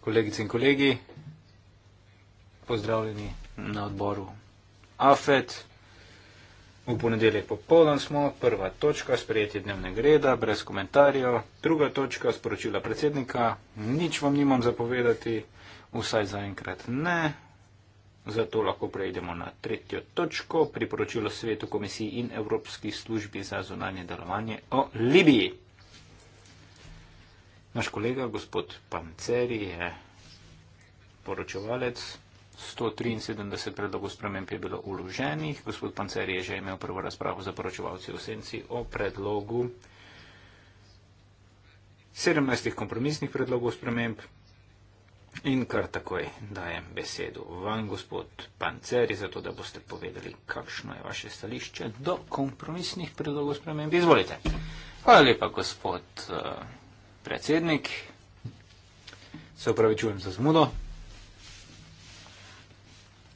Kolegice in kolegi, pozdravljeni na odboru AFET. V ponedeljek popoldan smo, prva točka, sprejetje dnevnega reda, brez komentarjev, druga točka, sporočila predsednika, nič vam nimam zapovedati, vsaj zaenkrat ne. Zato lahko prejdemo na tretjo točko, priporočilo svetu komisiji in Evropski službi za zunanje delovanje o Libiji. Naš kolega, gospod Panceri, je poročevalec. 173 predlogov sprememb je bilo uloženih. Gospod Panceri je že imel prvo razpravo za poročevalce v senci o predlogu 17 kompromisnih predlogov sprememb. In kar takoj dajem besedo vam, gospod Panceri, zato da boste povedali, kakšno je vaše stališče do kompromisnih predlogov sprememb. Izvolite. Hvala lepa, gospod. Uh, predsednik, se upravičujem za zmudo.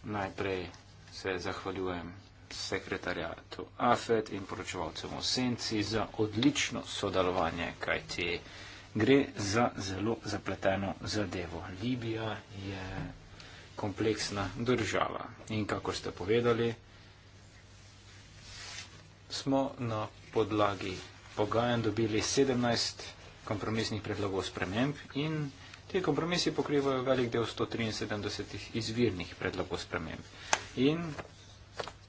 Najprej se zahvaljujem sekretarjatu AFED in poročevalcem Osenci za odlično sodelovanje, kaj ti gre za zelo zapleteno zadevo. Libija je kompleksna država in kako ste povedali, smo na podlagi pogajanj dobili 17 kompromisnih predlogov sprememb in ti kompromisi pokrivajo velik del 173 izvirnih predlogov sprememb. In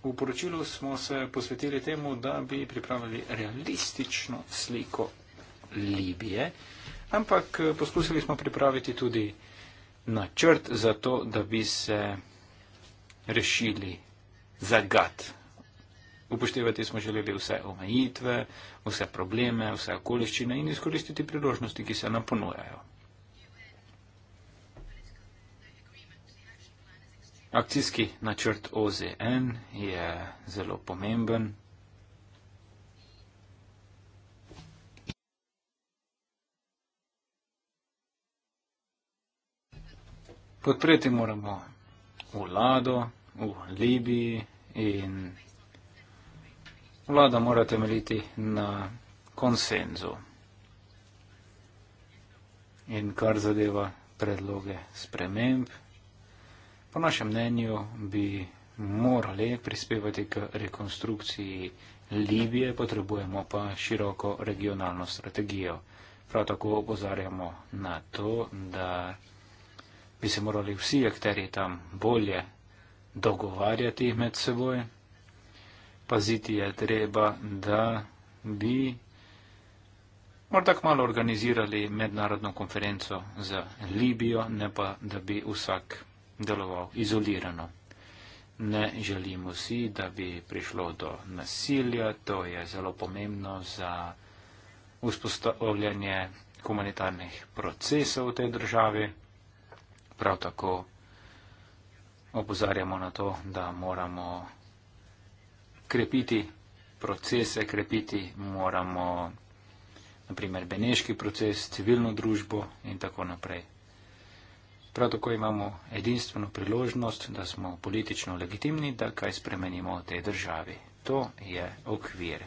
v poročilu smo se posvetili temu, da bi pripravili realistično sliko Libije, ampak eh, poskusili smo pripraviti tudi načrt za to, da bi se rešili zagad Upoštevati smo želeli vse omejitve, vse probleme, vse okoliščine in izkoristiti priložnosti, ki se nam ponujajo. Akcijski načrt OZN je zelo pomemben. Podpreti moramo vlado v Libiji in Vlada mora temeljiti na konsenzu. In kar zadeva predloge sprememb, po našem mnenju bi morali prispevati k rekonstrukciji Libije, potrebujemo pa široko regionalno strategijo. Prav tako opozarjamo na to, da bi se morali vsi akteri tam bolje dogovarjati med seboj paziti je treba, da bi morda kmalo organizirali mednarodno konferenco za Libijo, ne pa, da bi vsak deloval izolirano. Ne želimo si, da bi prišlo do nasilja, to je zelo pomembno za vzpostavljanje humanitarnih procesov v tej državi. Prav tako opozarjamo na to, da moramo krepiti procese, krepiti moramo naprimer beneški proces, civilno družbo in tako naprej. Prav tako imamo edinstveno priložnost, da smo politično legitimni, da kaj spremenimo v tej državi. To je okvir.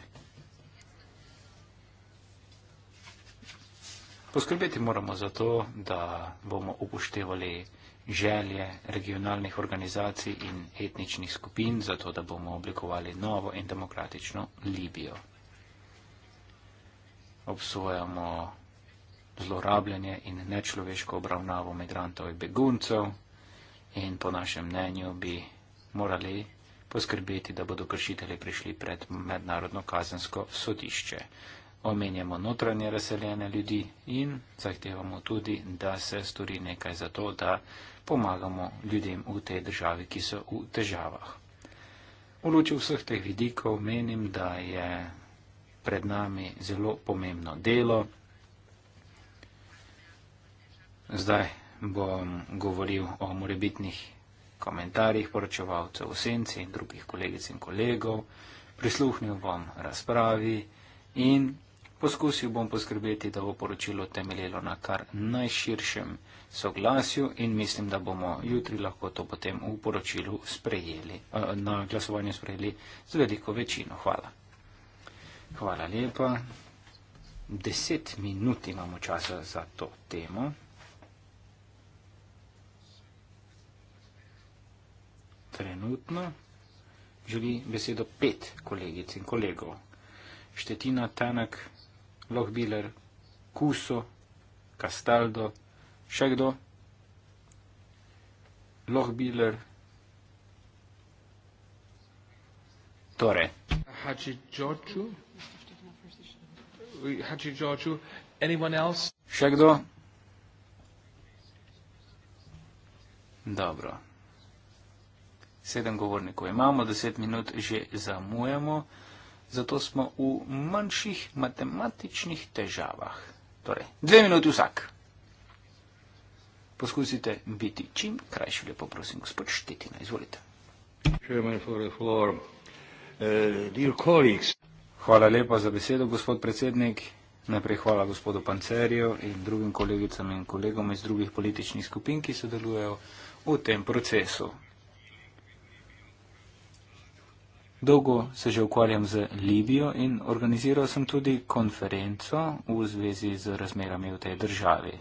Poskrbeti moramo za to, da bomo upoštevali želje regionalnih organizacij in etničnih skupin za to, da bomo oblikovali novo in demokratično Libijo. Obsojamo zlorabljanje in nečloveško obravnavo migrantov in beguncev in po našem mnenju bi morali poskrbeti, da bodo kršitelji prišli pred mednarodno kazensko sodišče. Omenjamo notranje razseljene ljudi in zahtevamo tudi, da se stori nekaj za to, da pomagamo ljudem v tej državi, ki so v težavah. V luči vseh teh vidikov menim, da je pred nami zelo pomembno delo. Zdaj bom govoril o morebitnih komentarjih poročevalcev v senci in drugih kolegic in kolegov, prisluhnil bom razpravi in poskusil bom poskrbeti, da bo poročilo temeljilo na kar najširšem soglasju in mislim, da bomo jutri lahko to potem v poročilu sprejeli, eh, na glasovanju sprejeli z veliko večino. Hvala. Hvala lepa. Deset minut imamo časa za to temo. Trenutno želi besedo pet kolegic in kolegov. Štetina, Tanak, Lohbiler, Kuso, Kastaldo, še kdo? Lohbiler. Torej. Hači Džoču. Hači Džoču. Še kdo? Dobro. Sedem govornikov imamo, deset minut že zamujamo, zato smo v manjših matematičnih težavah. Torej, dve minuti vsak poskusite biti čim krajši, lepo prosim, gospod Štetina, izvolite. Uh, hvala lepa za besedo, gospod predsednik. Najprej hvala gospodu Pancerju in drugim kolegicam in kolegom iz drugih političnih skupin, ki sodelujejo v tem procesu. Dolgo se že ukvarjam z Libijo in organiziral sem tudi konferenco v zvezi z razmerami v tej državi.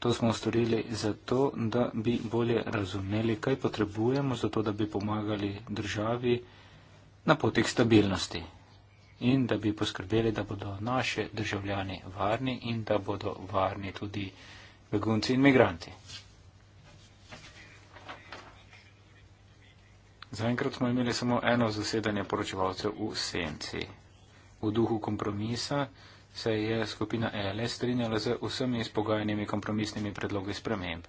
To smo storili zato, da bi bolje razumeli, kaj potrebujemo, zato da bi pomagali državi na poti k stabilnosti in da bi poskrbeli, da bodo naše državljani varni in da bodo varni tudi begunci in migranti. Zaenkrat smo imeli samo eno zasedanje poročevalcev v senci, v duhu kompromisa se je skupina ELE strinjala z vsemi izpogajanimi kompromisnimi predlogi sprememb.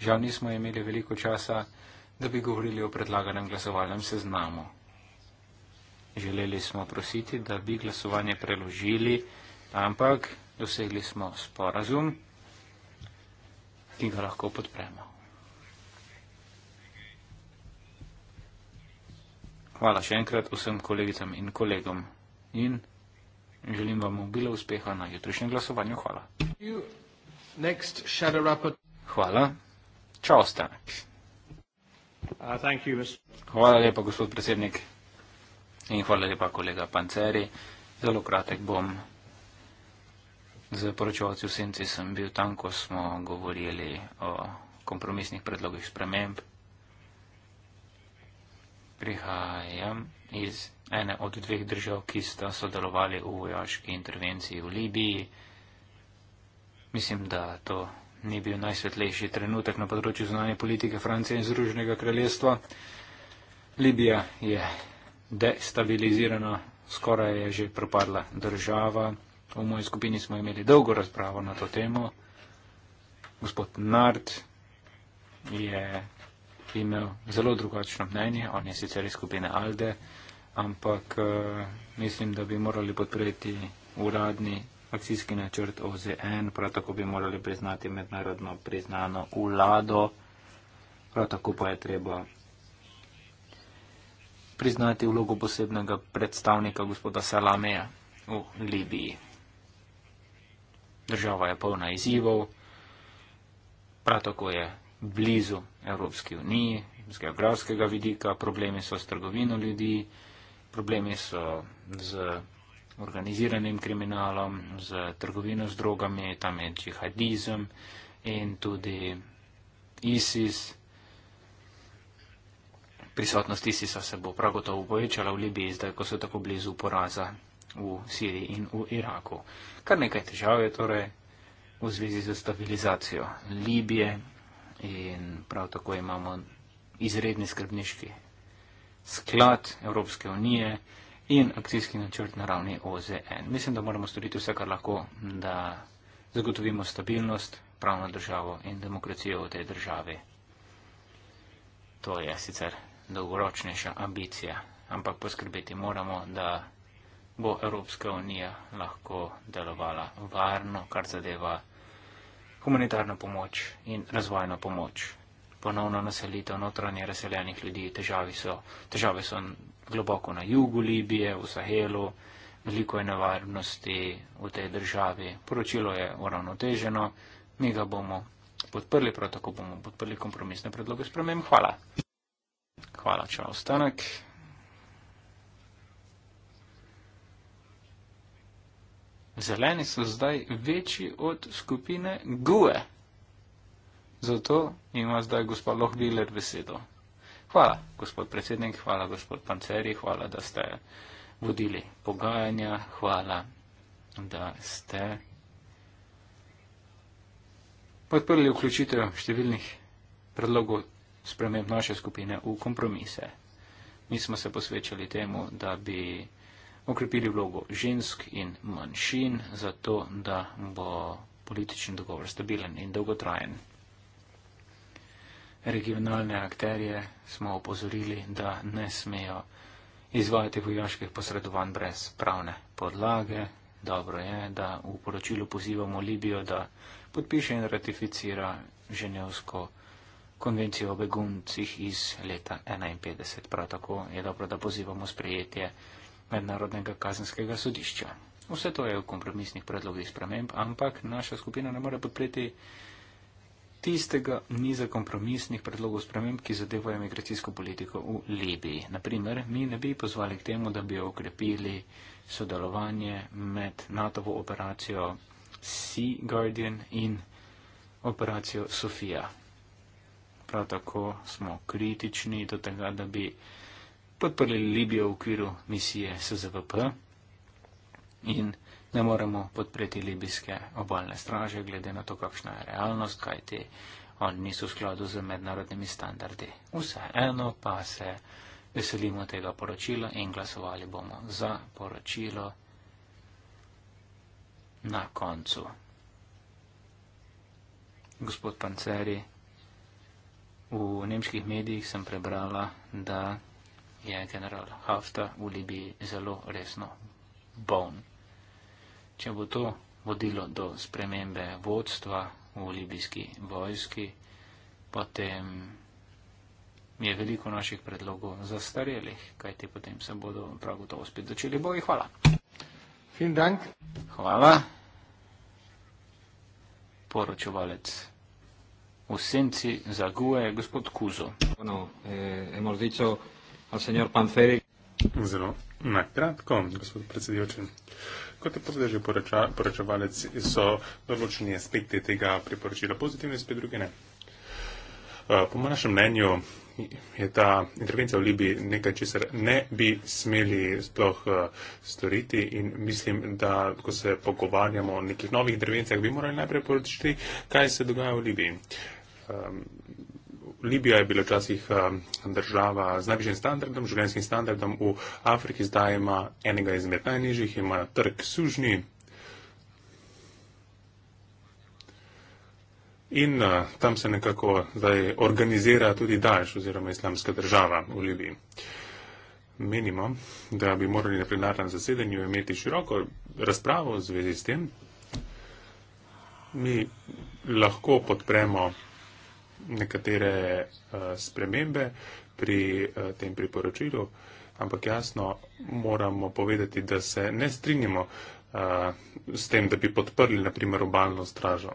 Žal nismo imeli veliko časa, da bi govorili o predlaganem glasovalnem seznamu. Želeli smo prositi, da bi glasovanje preložili, ampak dosegli smo sporazum, ki ga lahko podpremo. Hvala še enkrat vsem kolegicam in kolegom. In in želim vam obilo uspeha na jutrišnjem glasovanju. Hvala. Next, Hvala. Čau, Stanek. Uh, you, hvala lepa, gospod predsednik. In hvala lepa, kolega Panceri. Zelo kratek bom. Z poročevalci v Senci sem bil tam, ko smo govorili o kompromisnih predlogih sprememb. Prihajam iz ene od dveh držav, ki sta sodelovali v vojaški intervenciji v Libiji. Mislim, da to ni bil najsvetlejši trenutek na področju zunanje politike Francije in Združenega kraljestva. Libija je destabilizirana, skoraj je že propadla država. V moji skupini smo imeli dolgo razpravo na to temo. Gospod Nard je imel zelo drugačno mnenje, on je sicer iz skupine Alde ampak eh, mislim, da bi morali podpreti uradni akcijski načrt OZN, prav tako bi morali priznati mednarodno priznano vlado, prav tako pa je treba priznati vlogo posebnega predstavnika gospoda Salameja v Libiji. Država je polna izzivov, prav tako je blizu Evropski uniji, z geografskega vidika, problemi so s trgovino ljudi, problemi so z organiziranim kriminalom, z trgovino z drogami, tam je džihadizem in tudi ISIS. Prisotnost ISIS-a se bo prav gotovo povečala v Libiji, zdaj ko so tako blizu poraza v Siriji in v Iraku. Kar nekaj težav je torej v zvezi z stabilizacijo Libije in prav tako imamo izredni skrbniški sklad Evropske unije in akcijski načrt na ravni OZN. Mislim, da moramo storiti vse, kar lahko, da zagotovimo stabilnost, pravno državo in demokracijo v tej državi. To je sicer dolgoročnejša ambicija, ampak poskrbeti moramo, da bo Evropska unija lahko delovala varno, kar zadeva humanitarno pomoč in razvojno pomoč ponovno naselitev notranje razseljenih ljudi. So, težave so globoko na jugu Libije, v Sahelu, veliko je nevarnosti v tej državi. Poročilo je uravnoteženo, mi ga bomo podprli, prav tako bomo podprli kompromisne predloge spremem. Hvala. Hvala, če ostanek. Zeleni so zdaj večji od skupine GUE. Zato ima zdaj gospod Lohbiler besedo. Hvala, gospod predsednik, hvala, gospod Panceri, hvala, da ste vodili pogajanja, hvala, da ste podprli vključitev številnih predlogov sprememb naše skupine v kompromise. Mi smo se posvečali temu, da bi okrepili vlogo žensk in manjšin, zato da bo političen dogovor stabilen in dolgotrajen regionalne akterje smo opozorili, da ne smejo izvajati vojaških posredovanj brez pravne podlage. Dobro je, da v poročilu pozivamo Libijo, da podpiše in ratificira Ženevsko konvencijo o beguncih iz leta 1951. Prav tako je dobro, da pozivamo sprejetje Mednarodnega kazenskega sodišča. Vse to je v kompromisnih predlogih sprememb, ampak naša skupina ne more podpreti tistega niza kompromisnih predlogov sprememb, ki zadevajo migracijsko politiko v Libiji. Naprimer, mi ne bi pozvali k temu, da bi okrepili sodelovanje med NATO-vo operacijo Sea Guardian in operacijo Sofia. Prav tako smo kritični do tega, da bi podprli Libijo v okviru misije SZVP in ne moremo podpreti libijske obalne straže, glede na to, kakšna je realnost, kajti oni niso v skladu z mednarodnimi standardi. Vseeno pa se veselimo tega poročila in glasovali bomo za poročilo na koncu. Gospod Panceri, v nemških medijih sem prebrala, da je general Hafta v Libiji zelo resno bolen če bo to vodilo do spremembe vodstva v libijski vojski, potem je veliko naših predlogov zastarelih, kajti potem se bodo prav gotovo spet začeli boji. Hvala. Hvala. Poročevalec. V senci zaguje gospod Kuzo. Eh, Zelo na kratko, gospod predsedujoči kot je povedal že poročevalec, so določeni aspekti tega priporočila pozitivni, spet drugi ne. Eh, po našem mnenju je ta intervencija v Libiji nekaj, česar ne bi smeli sploh eh, storiti in mislim, da ko se pogovarjamo o nekih novih intervencijah, bi morali najprej poročiti, kaj se dogaja v Libiji. Ehm, Libija je bila včasih um, država z najvišjim standardom, življenjskim standardom v Afriki, zdaj ima enega izmed najnižjih, ima trg sužni. In uh, tam se nekako zdaj organizira tudi Daesh oziroma islamska država v Libiji. Menimo, da bi morali na plenarnem zasedanju imeti široko razpravo v zvezi s tem. Mi lahko podpremo nekatere uh, spremembe pri uh, tem priporočilu, ampak jasno moramo povedati, da se ne strinjamo uh, s tem, da bi podprli naprimer obalno stražo.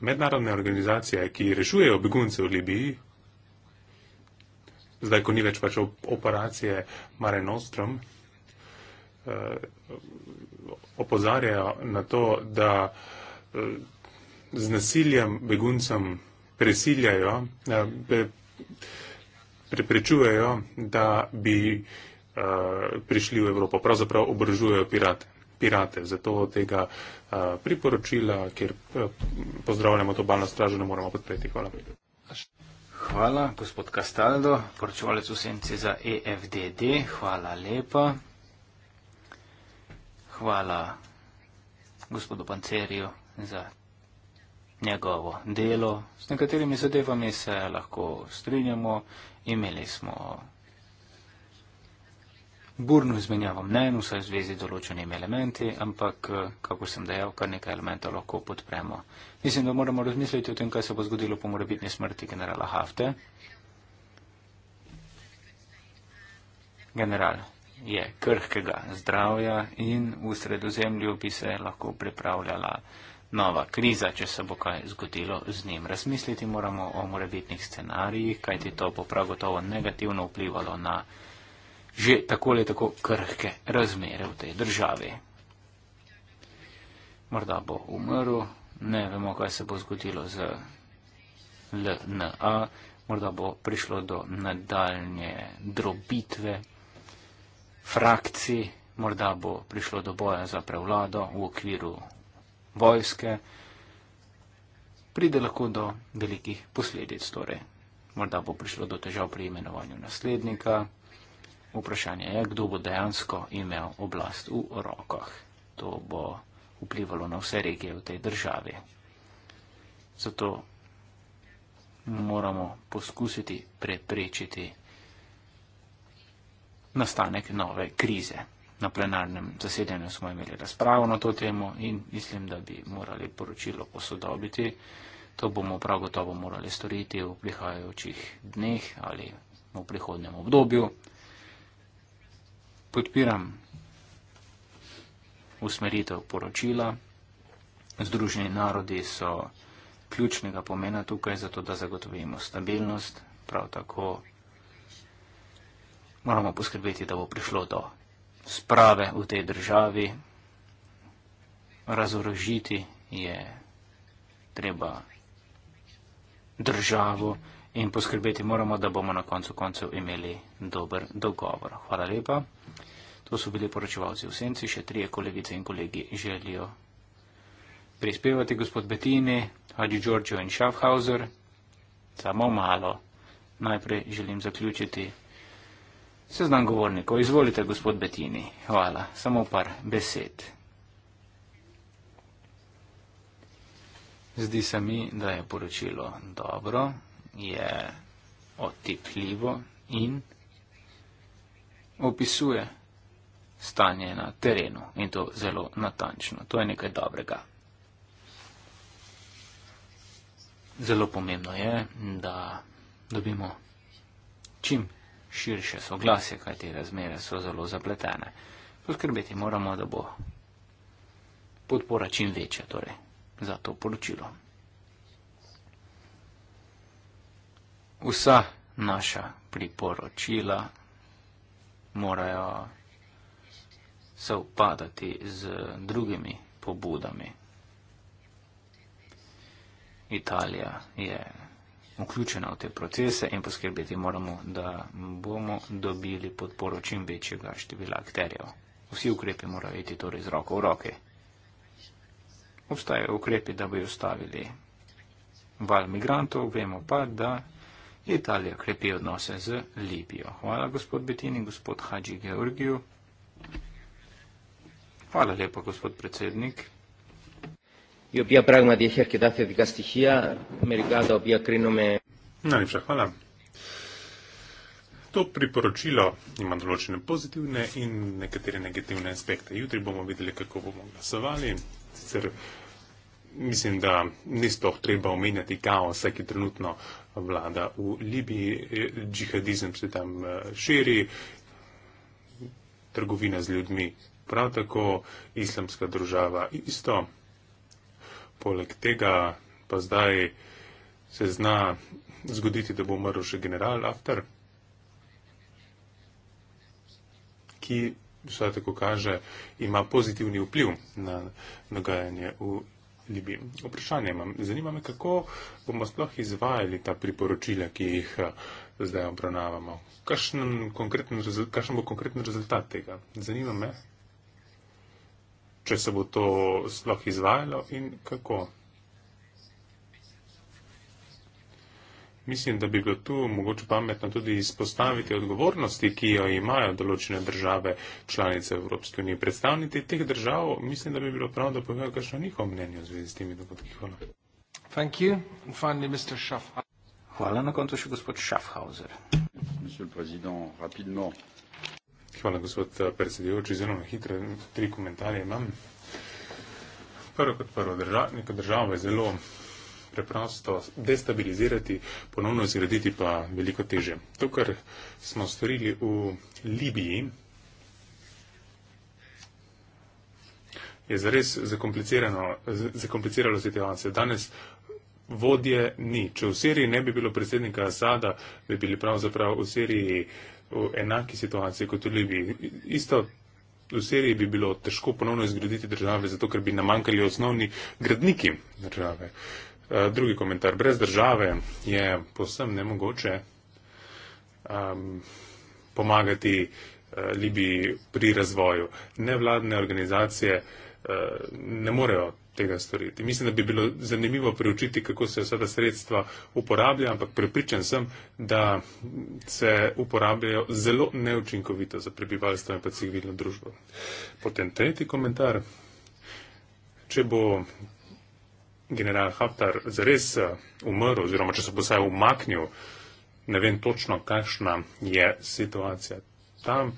Mednarodne organizacije, ki rešujejo begunce v Libiji, zdaj, ko ni več pač operacije Mare Nostrum, opozarjajo na to, da z nasiljem beguncem presiljajo, eh, pre, preprečujejo, da bi eh, prišli v Evropo. Pravzaprav obržujejo pirate. pirate. Zato tega eh, priporočila, ker pozdravljamo to balno stražo, ne moramo podpreti. Hvala. Hvala, gospod Castaldo, poročevalec v senci za EFDD. Hvala lepa. Hvala gospodu Pancerju za njegovo delo. S nekaterimi zadevami se lahko strinjamo, imeli smo burno izmenjavo mnen, vsaj v zvezi z določenimi elementi, ampak, eh, kako sem dejal, kar nekaj elementov lahko podpremo. Mislim, da moramo razmisliti o tem, kaj se bo zgodilo po morebitni smrti generala Hafte. General je krhkega zdravja in v sredozemlju bi se lahko pripravljala nova kriza, če se bo kaj zgodilo z njim. Razmisliti moramo o morebitnih scenarijih, kajti to bo prav gotovo negativno vplivalo na že tako ali tako krhke razmere v tej državi. Morda bo umrl, ne vemo, kaj se bo zgodilo z LNA, morda bo prišlo do nadaljne drobitve frakcij, morda bo prišlo do boja za prevlado v okviru vojske, pride lahko do velikih posledic. Torej, morda bo prišlo do težav pri imenovanju naslednika. Vprašanje je, kdo bo dejansko imel oblast v rokah. To bo vplivalo na vse regije v tej državi. Zato moramo poskusiti preprečiti nastanek nove krize na plenarnem zasedanju smo imeli razpravo na to temo in mislim, da bi morali poročilo posodobiti. To bomo prav gotovo morali storiti v prihajajočih dneh ali v prihodnem obdobju. Podpiram usmeritev poročila. Združeni narodi so ključnega pomena tukaj, zato da zagotovimo stabilnost. Prav tako moramo poskrbeti, da bo prišlo do sprave v tej državi, razorožiti je treba državo in poskrbeti moramo, da bomo na koncu koncev imeli dober dogovor. Hvala lepa. To so bili poročevalci v senci, še trije kolegice in kolegi želijo prispevati gospod Bettini, Hadži Giorgio in Schaffhauser. Samo malo. Najprej želim zaključiti. Seznam govornikov, izvolite, gospod Betini. Hvala, samo par besed. Zdi se mi, da je poročilo dobro, je otipljivo in opisuje stanje na terenu in to zelo natančno. To je nekaj dobrega. Zelo pomembno je, da dobimo čim širše soglasje, kajti razmere so zelo zapletene. Poskrbeti moramo, da bo podpora čim večja torej, za to poročilo. Vsa naša priporočila morajo se upadati z drugimi pobudami. Italija je vključena v te procese in poskrbeti moramo, da bomo dobili podporo čim večjega števila akterjev. Vsi ukrepi morajo iti torej z roko v roke. Obstajajo ukrepi, da bi ustavili val migrantov, vemo pa, da Italija krepi odnose z Libijo. Hvala, gospod Betini, gospod Hadži Georgiju. Hvala lepa, gospod predsednik η οποία πράγματι έχει αρκετά θετικά στοιχεία, μερικά τα οποία κρίνουμε. Να λοιπόν, χαλά. Το προποροτσίλο, η μαντρολόγηση είναι positive, είναι νεκατήρια νεκατήρια ασπέκτα. Ιού τρίμπομα βίδελε κακό που μόνο σαβάλει. Σε Mislim, da ni stoh treba omenjati kaosa, ki trenutno vlada v Libiji. Džihadizem se tam eh, širi, trgovina z ljudmi prav tako, islamska država isto poleg tega pa zdaj se zna zgoditi, da bo umrl še general Aftar, ki, vsaj tako kaže, ima pozitivni vpliv na nagajanje v Libiji. Vprašanje imam. Zanima me, kako bomo sploh izvajali ta priporočila, ki jih eh, zdaj obravnavamo. Kakšen bo konkreten rezultat tega? Zanima me če se bo to sploh izvajalo in kako. Mislim, da bi bilo tu mogoče pametno tudi izpostaviti odgovornosti, ki jo imajo določene države članice Evropske unije. Predstavniti teh držav, mislim, da bi bilo prav, da povejo, kakšno je njihovo mnenje v zvezi s temi dogodki. Hvala. Hvala na koncu še gospod Schaffhauser. Monsieur le Président, rapidement. Hvala, gospod eh, predsedujoči. Zelo na hitro tri komentarje imam. Prvo kot prvo, drža, neka država je zelo preprosto destabilizirati, ponovno zgraditi pa veliko teže. To, kar smo storili v Libiji, je zares zakompliciralo situacijo. Danes vodje ni. Če v Siriji ne bi bilo predsednika Asada, bi bili pravzaprav v Siriji v enaki situaciji kot v Libiji. Isto v Siriji bi bilo težko ponovno izgraditi države, zato ker bi nam manjkali osnovni gradniki države. Eh, drugi komentar. Brez države je posebno nemogoče um, pomagati uh, Libiji pri razvoju. Nevladne organizacije uh, ne morejo tega storiti. Mislim, da bi bilo zanimivo preučiti, kako se vse ta sredstva uporablja, ampak prepričan sem, da se uporabljajo zelo neučinkovito za prebivalstvo in pa civilno družbo. Potem tretji komentar. Če bo general Haftar zares eh, umrl oziroma če se bo vsaj umaknil, ne vem točno, kakšna je situacija tam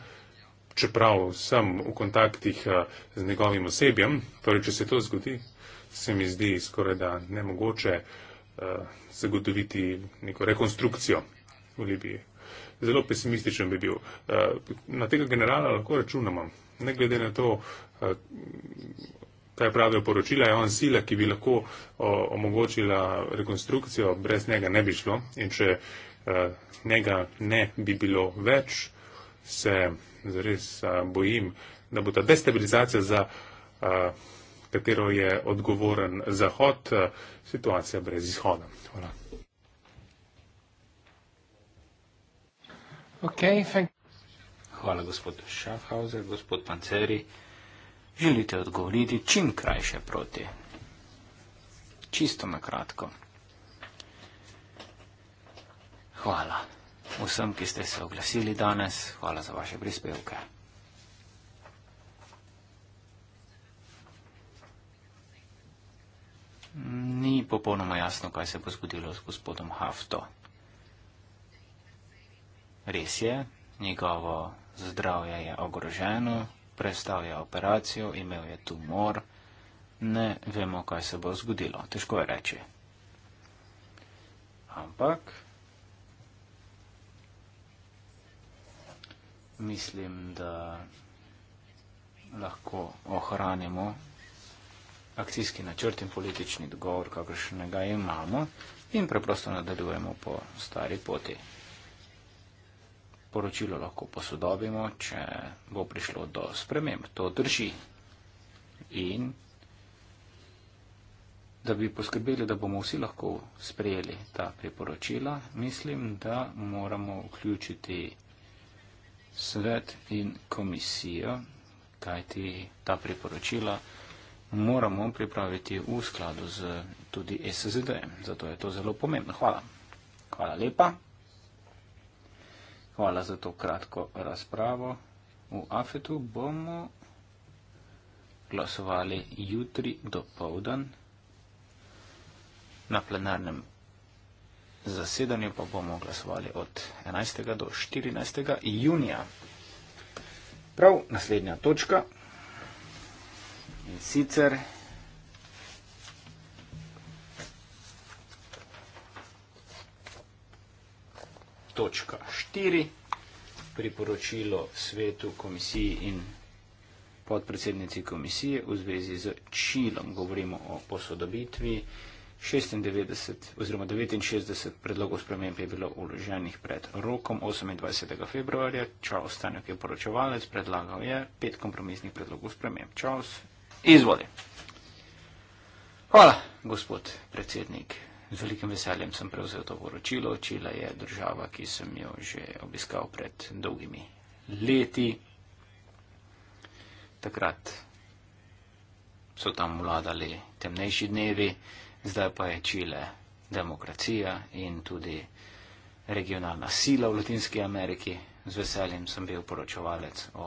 čeprav sem v kontaktih eh, z njegovim osebjem, torej če se to zgodi, se mi zdi skoraj da nemogoče eh, zagotoviti neko rekonstrukcijo v Libiji. Zelo pesimističen bi bil. Eh, na tega generala lahko računamo. Ne glede na to, kaj pravijo poročila, je on sila, ki bi lahko omogočila rekonstrukcijo, brez njega ne bi šlo. In če njega ne bi bilo več, se res bojim, da bo ta destabilizacija, za katero je odgovoren Zahod, situacija brez izhoda. Hvala. Okay, Hvala, gospod Schaffhauser, gospod Panceri. Želite odgovoriti čim krajše proti? Čisto na kratko. Hvala vsem, ki ste se oglasili danes. Hvala za vaše prispevke. Ni popolnoma jasno, kaj se bo zgodilo z gospodom Hafto. Res je, njegovo zdravje je ogroženo, prestal je operacijo, imel je tumor. Ne vemo, kaj se bo zgodilo. Težko je reči. Ampak. mislim, da lahko ohranimo akcijski načrt in politični dogovor, kakršnega imamo, in preprosto nadaljujemo po stari poti. Poročilo lahko posodobimo, če bo prišlo do sprememb. To drži. In da bi poskrbeli, da bomo vsi lahko sprejeli ta priporočila, mislim, da moramo vključiti svet in komisijo, kajti ta priporočila moramo pripraviti v skladu z tudi SZD. Zato je to zelo pomembno. Hvala. Hvala lepa. Hvala za to kratko razpravo. V Afetu bomo glasovali jutri do povdan na plenarnem zasedanju pa bomo glasovali od 11. do 14. junija. Prav naslednja točka in sicer točka 4, priporočilo svetu komisiji in podpredsednici komisije v zvezi z Čilom. Govorimo o posodobitvi. 96 oziroma 69 predlogov sprememb je bilo uloženih pred rokom 28. februarja. Charles Stanek je poročevalec, predlagal je pet kompromisnih predlogov sprememb. Charles, izvoli. Hvala, gospod predsednik. Z velikim veseljem sem prevzel to poročilo. Čile je država, ki sem jo že obiskal pred dolgimi leti. Takrat so tam vladali temnejši dnevi zdaj pa je Čile demokracija in tudi regionalna sila v Latinski Ameriki. Z veseljem sem bil poročevalec o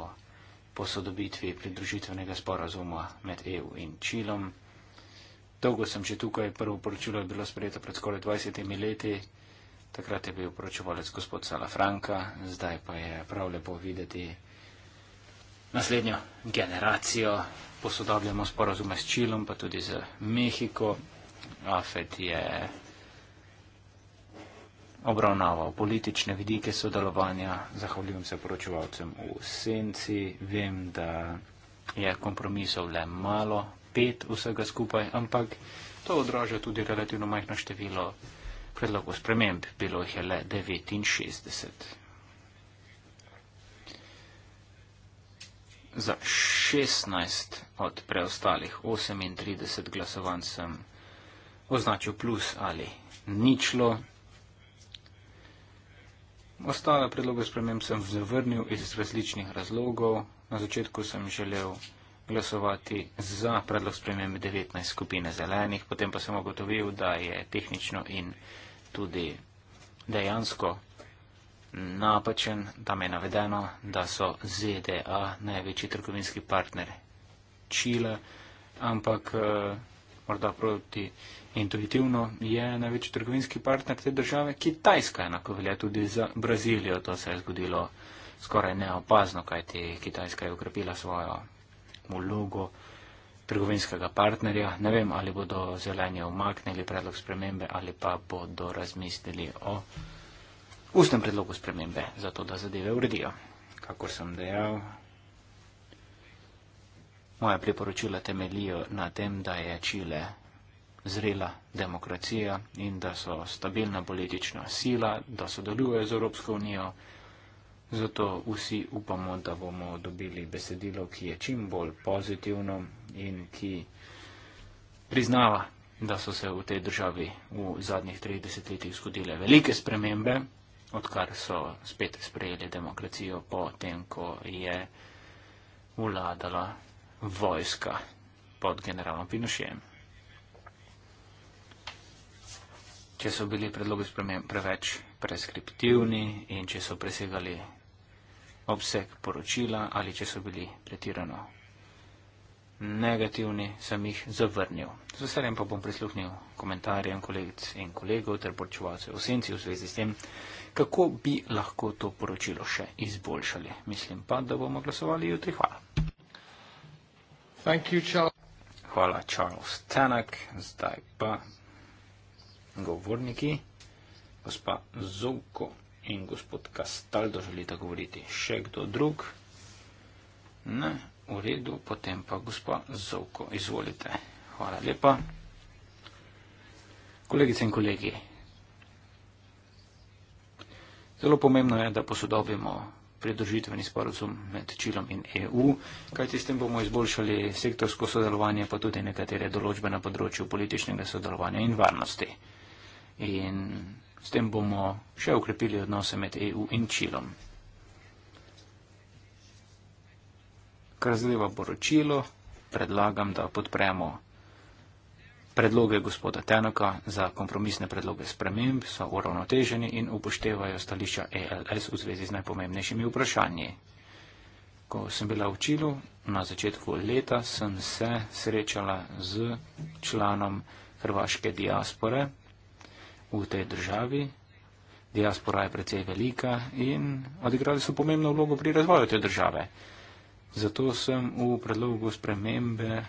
posodobitvi pridružitvenega sporazuma med EU in Čilom. Dolgo sem že tukaj, prvo poročilo je bilo sprejeto pred skoraj 20 leti, takrat je bil poročevalec gospod Salafranka, zdaj pa je prav lepo videti naslednjo generacijo. Posodobljamo sporazume s Čilom, pa tudi z Mehiko. Afet je obravnaval politične vidike sodelovanja. Zahvaljujem se poročevalcem v senci. Vem, da je kompromisov le malo, pet vsega skupaj, ampak to odraža tudi relativno majhno število predlogov sprememb. Bilo jih je le 69. Za 16 od preostalih 38 glasovancem označil plus ali ničlo. Ostale predloge sprememb sem zavrnil iz različnih razlogov. Na začetku sem želel glasovati za predlog sprememb 19 skupine zelenih, potem pa sem ugotovil, da je tehnično in tudi dejansko napačen, tam je navedeno, da so ZDA največji trgovinski partner Čile, ampak eh, morda proti intuitivno, je največji trgovinski partner te države Kitajska, enako velja tudi za Brazilijo. To se je zgodilo skoraj neopazno, kajti Kitajska je ukrepila svojo vlogo trgovinskega partnerja. Ne vem, ali bodo zeleni omaknili predlog spremembe ali pa bodo razmislili o ustnem predlogu spremembe, zato da zadeve uredijo. Kako sem dejal, Moja priporočila temelijo na tem, da je Čile zrela demokracija in da so stabilna politična sila, da sodelujejo z Evropsko unijo. Zato vsi upamo, da bomo dobili besedilo, ki je čim bolj pozitivno in ki priznava, da so se v tej državi v zadnjih 30 letih zgodile velike spremembe, odkar so spet sprejeli demokracijo po tem, ko je vladala vojska pod generalom Pinošem. Če so bili predlogi sprememb preveč preskriptivni in če so presegali obseg poročila ali če so bili pretirano negativni, sem jih zavrnil. Z veseljem pa bom prisluhnil komentarjem kolegic in kolegov ter poročevalcev v senci v zvezi s tem, kako bi lahko to poročilo še izboljšali. Mislim pa, da bomo glasovali jutri. Hvala. Thank you, Charles. Hvala, Charles Tanak. Zdaj pa govorniki, gospa Zuko in gospod Castaldo želite govoriti. Še kdo drug? Ne, v redu, potem pa gospa Zuko, izvolite. Hvala lepa. Kolegice in kolegi, zelo pomembno je, da posodobimo pridružitveni sporozum med Čilom in EU, kajti s tem bomo izboljšali sektorsko sodelovanje, pa tudi nekatere določbe na področju političnega sodelovanja in varnosti. In s tem bomo še ukrepili odnose med EU in Čilom. Krzljivo poročilo predlagam, da podpremo Predloge gospoda Tenoka za kompromisne predloge sprememb so uravnoteženi in upoštevajo stališča ELS v zvezi z najpomembnejšimi vprašanji. Ko sem bila v Čilu na začetku leta, sem se srečala z članom hrvaške diaspore v tej državi. Diaspora je precej velika in odigrali so pomembno vlogo pri razvoju te države. Zato sem v predlogu spremembe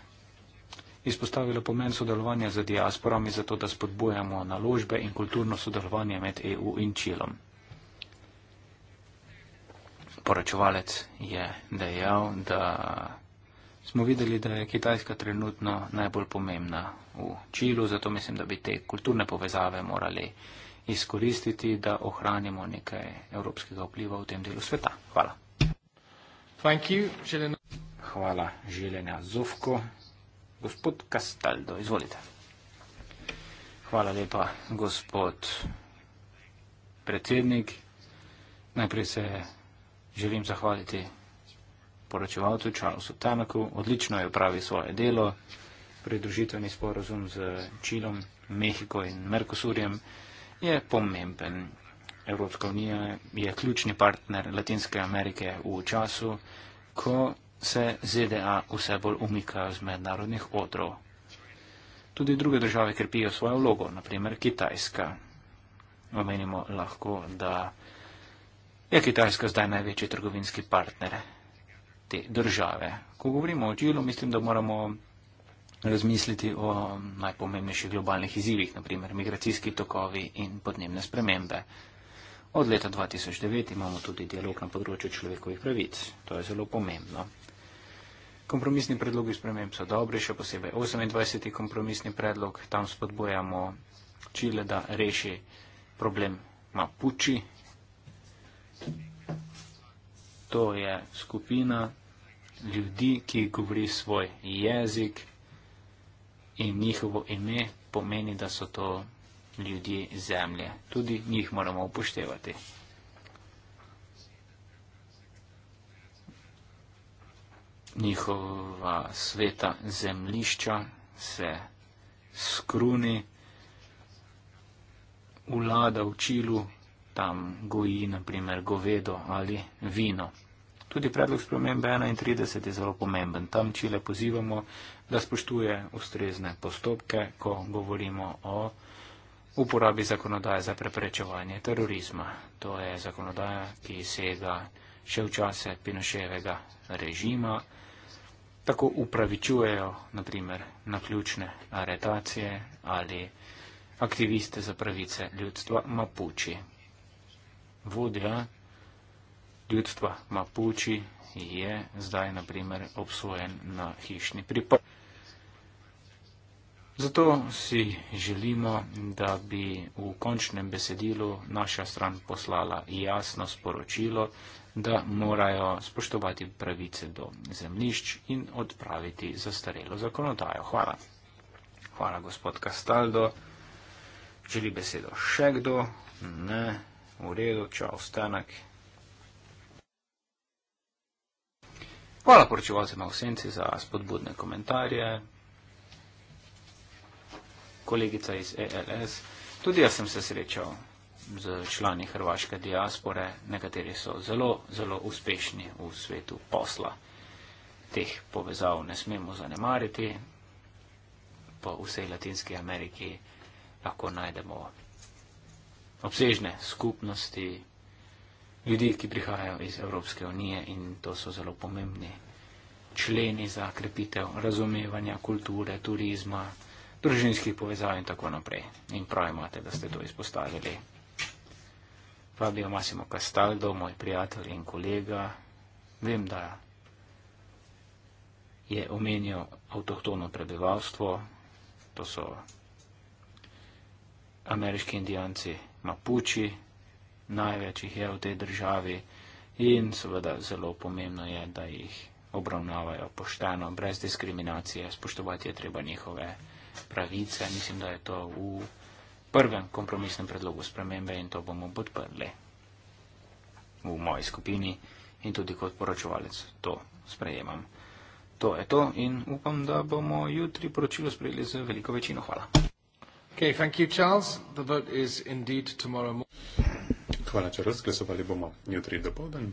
izpostavila pomen sodelovanja z diasporami, zato da spodbujamo naložbe in kulturno sodelovanje med EU in Čilom. Poračevalec je dejal, da smo videli, da je Kitajska trenutno najbolj pomembna v Čilu, zato mislim, da bi te kulturne povezave morali izkoristiti, da ohranimo nekaj evropskega vpliva v tem delu sveta. Hvala. Hvala, Željena Zovko. Gospod Kastaldo, izvolite. Hvala lepa, gospod predsednik. Najprej se želim zahvaliti poročevalcu Charlesu Tanaku. Odlično je upravi svoje delo. Pridružitveni sporozum z Čilom, Mehiko in Merkosurjem je pomemben. Evropska unija je ključni partner Latinske Amerike v času, ko se ZDA vse bolj umikajo z mednarodnih odrov. Tudi druge države krpijo svojo vlogo, naprimer Kitajska. Omenimo lahko, da je Kitajska zdaj največji trgovinski partner te države. Ko govorimo o Čilu, mislim, da moramo razmisliti o najpomembnejših globalnih izzivih, naprimer migracijski tokovi in podnebne spremembe. Od leta 2009 imamo tudi dialog na področju človekovih pravic. To je zelo pomembno. Kompromisni predlogi sprememb so dobri, še posebej 28. kompromisni predlog, tam spodbojamo Čile, da reši problem Mapuči. To je skupina ljudi, ki govori svoj jezik in njihovo ime pomeni, da so to ljudje zemlje. Tudi njih moramo upoštevati. njihova sveta zemlišča se skruni, vlada v Čilu tam goji naprimer govedo ali vino. Tudi predlog spremembe 31 je zelo pomemben. Tam Čile pozivamo, da spoštuje ustrezne postopke, ko govorimo o uporabi zakonodaje za preprečevanje terorizma. To je zakonodaja, ki sega še v čase Pinoševega režima tako upravičujejo, naprimer, na ključne aretacije ali aktiviste za pravice ljudstva Mapuči. Vodja ljudstva Mapuči je zdaj, naprimer, obsojen na hišni pripor. Zato si želimo, da bi v končnem besedilu naša stran poslala jasno sporočilo, da morajo spoštovati pravice do zemlišč in odpraviti zastarelo zakonodajo. Hvala. Hvala, gospod Castaldo. Želi besedo še kdo? Ne. V redu, čau, stanek. Hvala poročevalcema v senci za spodbudne komentarje. Kolegica iz ELS, tudi jaz sem se srečal z člani hrvaške diaspore, nekateri so zelo, zelo uspešni v svetu posla. Teh povezav ne smemo zanemariti, po vsej Latinski Ameriki lahko najdemo obsežne skupnosti ljudi, ki prihajajo iz Evropske unije in to so zelo pomembni členi za krepitev razumevanja kulture, turizma, družinskih povezav in tako naprej. In prav imate, da ste to izpostavili pravijo Massimo Castaldo, moj prijatelj in kolega. Vem, da je omenil avtohtono prebivalstvo, to so ameriški indijanci Mapuči, največ jih je v tej državi in seveda zelo pomembno je, da jih obravnavajo pošteno, brez diskriminacije, spoštovati je treba njihove pravice. Mislim, da je to v. Uh, prvem kompromisnem predlogu spremembe in to bomo podprli v moji skupini in tudi kot poročevalec to sprejemam. To je to in upam, da bomo jutri poročilo sprejeli z veliko večino. Hvala. Okay, thank you, Charles. The vote is indeed tomorrow morning. Hvala, Charles. Glasovali bomo jutri do povdan.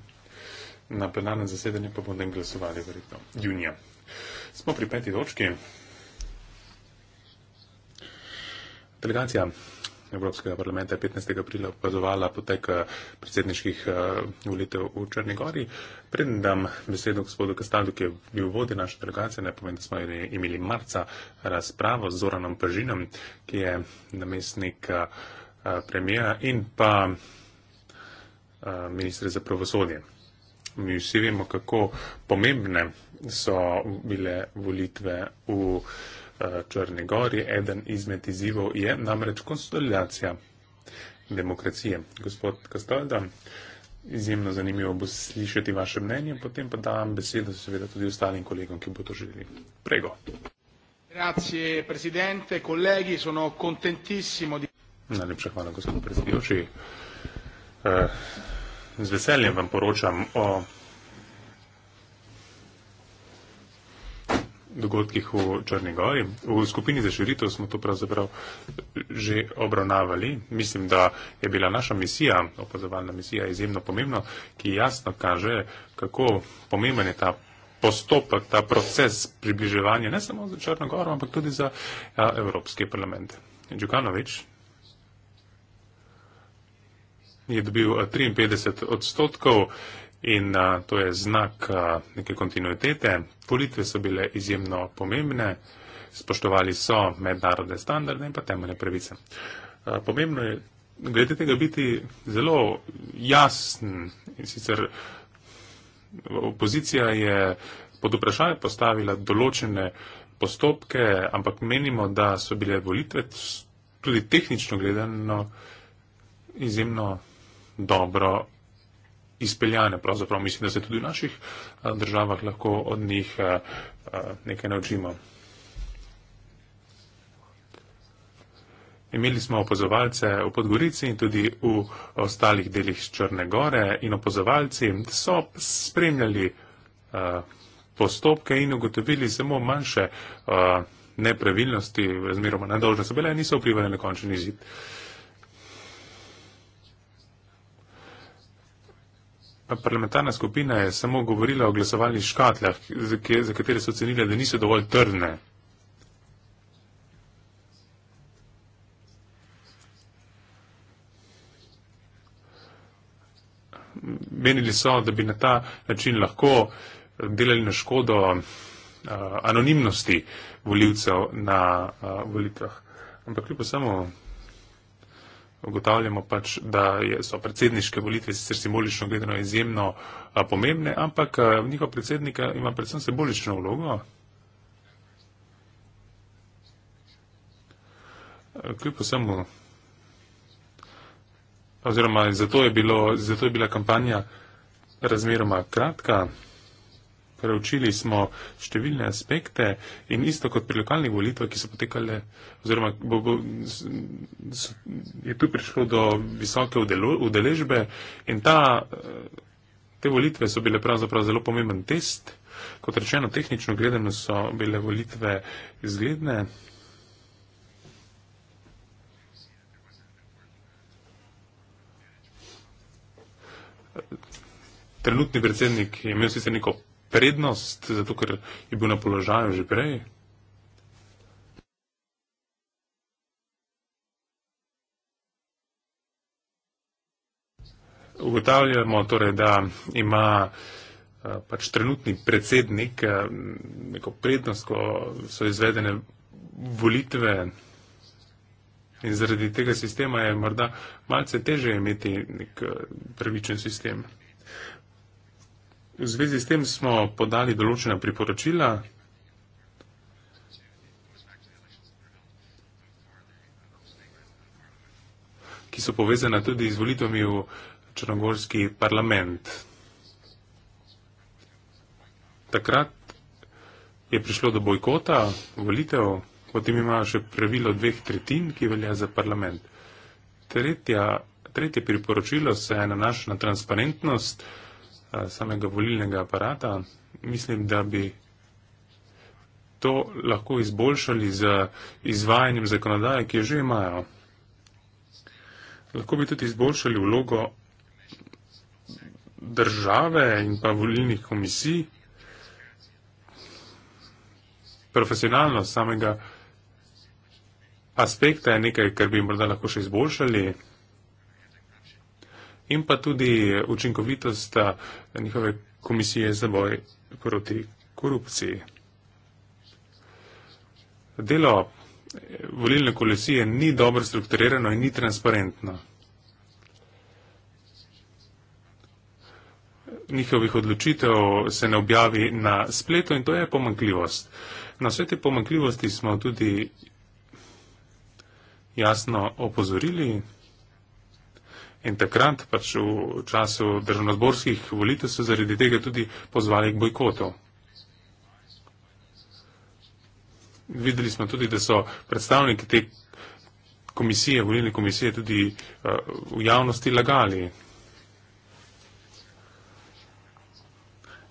Na plenarnem zasedanju pa bomo glasovali verjetno junija. Smo pri peti točki. Delegacija Evropskega parlamenta je 15. aprila opazovala potek eh, predsedniških eh, volitev v Črnegori. Preden dam besedo gospodu Kastandu, ki je bil vodi naše delegacije, naj povem, da smo imeli marca razpravo z Zoranom Pržinom, ki je namestnik eh, premija in pa ministre za pravosodje. Mi vsi vemo, kako pomembne so bile volitve v Črnegori. Črne gori. Eden izmed izzivov je namreč konsolidacija demokracije. Gospod Kastalda, izjemno zanimivo bo slišati vaše mnenje, potem pa dam besedo seveda tudi ostalim kolegom, ki bo to želeli. Prego. Grazie, presidente, kolegi, sono contentissimo di... Najlepša hvala, gospod predsedujoči. Eh, z veseljem vam poročam o dogodkih v Črnegori. V skupini za širitev smo to pravzaprav že obravnavali. Mislim, da je bila naša misija, opazovalna misija, izjemno pomembna, ki jasno kaže, kako pomemben je ta postopek, ta proces približevanja ne samo za Črnegoro, ampak tudi za ja, Evropske parlamente. Džukanovič je dobil 53 odstotkov. In a, to je znak a, neke kontinuitete. Politve so bile izjemno pomembne, spoštovali so mednarodne standarde in pa temeljne pravice. A, pomembno je glede tega biti zelo jasen in sicer opozicija je pod vprašanje postavila določene postopke, ampak menimo, da so bile volitve tudi tehnično gledano izjemno dobro izpeljane. Pravzaprav mislim, da se tudi v naših eh, državah lahko od njih eh, eh, nekaj naučimo. Imeli smo opozovalce v Podgorici in tudi v ostalih delih Črne gore in opozovalci so spremljali postopke in ugotovili samo manjše nepravilnosti, razmeroma nedolžne so bile in niso vplivali na končni izid. Parlamentarna skupina je samo govorila o glasovalnih škatlah, za katere so ocenili, da niso dovolj trdne. Menili so, da bi na ta način lahko delali na škodo anonimnosti voljivcev na volitvah. Ampak kljub samo ugotavljamo pač, da je, so predsedniške volitve sicer simbolično gledano izjemno a, pomembne, ampak njihov predsednik ima predvsem simbolično vlogo. Kljub vsemu. Oziroma, zato je, bilo, zato je bila kampanja razmeroma kratka preučili smo številne aspekte in isto kot pri lokalnih volitvah, ki so potekale, oziroma bo, bo, so, je tu prišlo do visoke udelo, udeležbe in ta, te volitve so bile pravzaprav zelo pomemben test. Kot rečeno, tehnično gledano so bile volitve izgledne. Trenutni predsednik je imel sicer neko prednost, zato ker je bil na položaju že prej? Ugotavljamo torej, da ima eh, pač trenutni predsednik eh, neko prednost, ko so izvedene volitve in zaradi tega sistema je morda malce teže imeti nek eh, prvičen sistem. V zvezi s tem smo podali določena priporočila. ki so povezana tudi z volitvami v črnogorski parlament. Takrat je prišlo do bojkota volitev, potem ima še pravilo dveh tretjin, ki velja za parlament. Tretja, tretje priporočilo se nanaša na transparentnost. Eh, samega volilnega aparata. Mislim, da bi to lahko izboljšali z izvajanjem zakonodaje, ki jo že imajo. Lahko bi tudi izboljšali vlogo države in pa volilnih komisij, profesionalnost samega aspekta je nekaj, kar bi morda lahko še izboljšali in pa tudi učinkovitost njihove komisije za boj proti korupciji. Delo volilne komisije ni dobro strukturirano in ni transparentno. Njihovih odločitev se ne objavi na spletu in to je pomankljivost. Na vse te pomankljivosti smo tudi jasno opozorili. In takrat, pač v času državnozborskih volitev, so zaradi tega tudi pozvali k bojkotu. Videli smo tudi, da so predstavniki te komisije, volilne komisije, tudi uh, v javnosti lagali.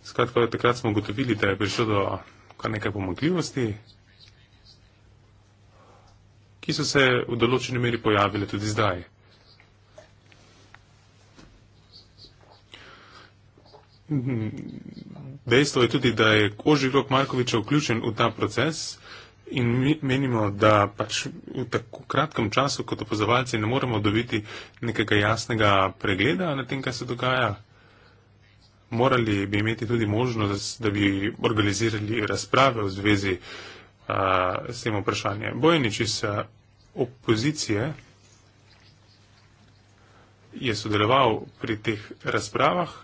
Skratka, takrat smo ugotovili, da je prišlo do kar nekaj pomagljivosti, ki so se v določeni meri pojavile tudi zdaj. Dejstvo je tudi, da je Koži Rok Markovič vključen v ta proces in menimo, da pač v tako kratkem času kot opozovalci ne moremo dobiti nekega jasnega pregleda na tem, kaj se dogaja. Morali bi imeti tudi možnost, da bi organizirali razprave v zvezi a, s tem vprašanjem. Bojenič iz opozicije je sodeloval pri teh razpravah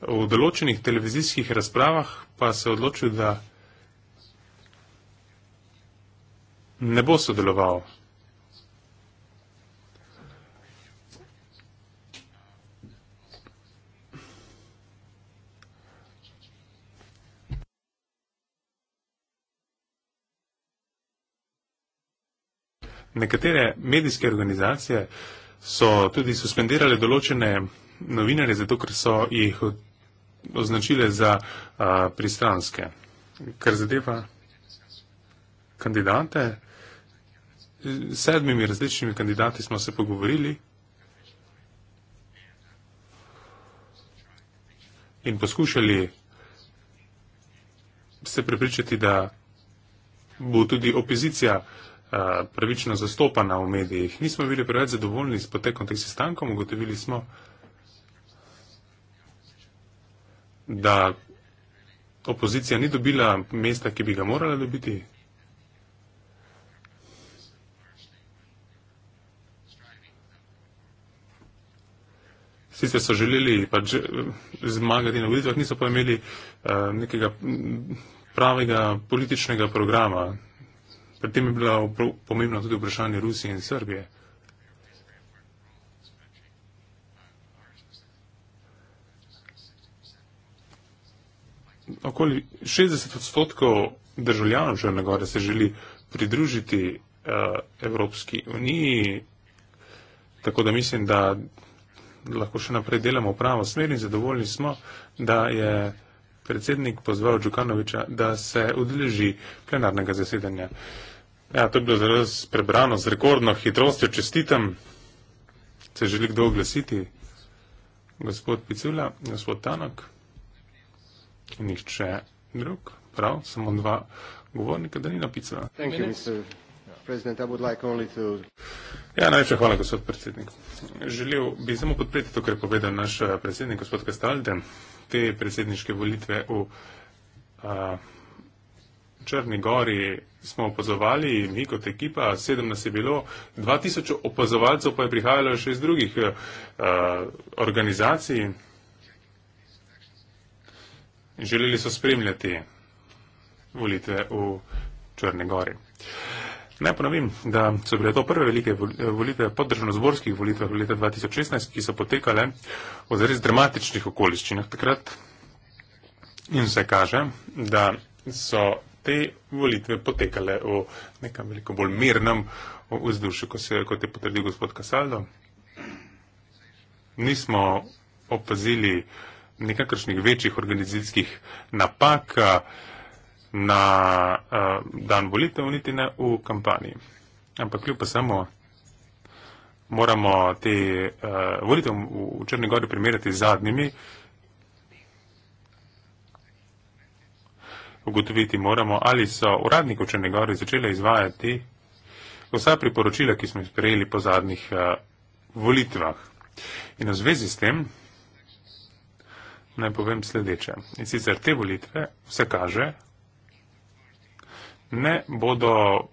v določenih televizijskih razpravah pa se odločil, da ne bo sodeloval. Nekatere medijske organizacije so tudi suspendirale določene novinarje, zato ker so jih označile za uh, pristranske. Kar zadeva kandidate, s sedmimi različnimi kandidati smo se pogovorili in poskušali se prepričati, da bo tudi opozicija pravično zastopana v medijih. Nismo bili preveč zadovoljni s potekom teh sestankov, ugotovili smo, da opozicija ni dobila mesta, ki bi ga morala dobiti? Sicer so želeli pač zmagati na volitvah, niso pa imeli uh, nekega pravega političnega programa. Pri tem je bilo pomembno tudi vprašanje Rusije in Srbije. okoli 60 odstotkov državljanov Črne gore se želi pridružiti uh, Evropski uniji, tako da mislim, da lahko še naprej delamo v pravo smer in zadovoljni smo, da je predsednik pozval Džukanoviča, da se odleži plenarnega zasedanja. Ja, to je bilo zelo prebrano z rekordno hitrostjo. Čestitam, se želi kdo oglasiti. Gospod Picula, gospod Tanak. Nihče drug, prav, samo dva govornika, da ni napisala. Ja, najlepša hvala, gospod predsednik. Želel bi samo podpreti to, kar je povedal naš eh, predsednik, gospod Kastalde. Te predsedniške volitve v a, eh, Črni gori smo opazovali, mi kot ekipa, sedem nas je bilo, 2000 opazovalcev pa je prihajalo še iz drugih a, eh, organizacij želeli so spremljati volitve v Črne Gori. Naj ponovim, da so bile to prve velike volitve po državnozborskih volitvah v leta 2016, ki so potekale v zares dramatičnih okoliščinah takrat in se kaže, da so te volitve potekale v nekam veliko bolj mirnem vzdušju, kot, kot je potrdil gospod Kasaldo. Nismo opazili uh, nekakršnih večjih organizacijskih napak eh, na eh, dan volitev, niti ne v kampanji. Ampak kljub pa samo moramo te eh, volitev v Črni Gori primerjati z zadnjimi. Ugotoviti moramo, ali so uradniki v Črni Gori začeli izvajati vsa priporočila, ki smo jih sprejeli po zadnjih volitvah. In v zvezi s tem, naj povem sledeče. In sicer te volitve, vse kaže, ne bodo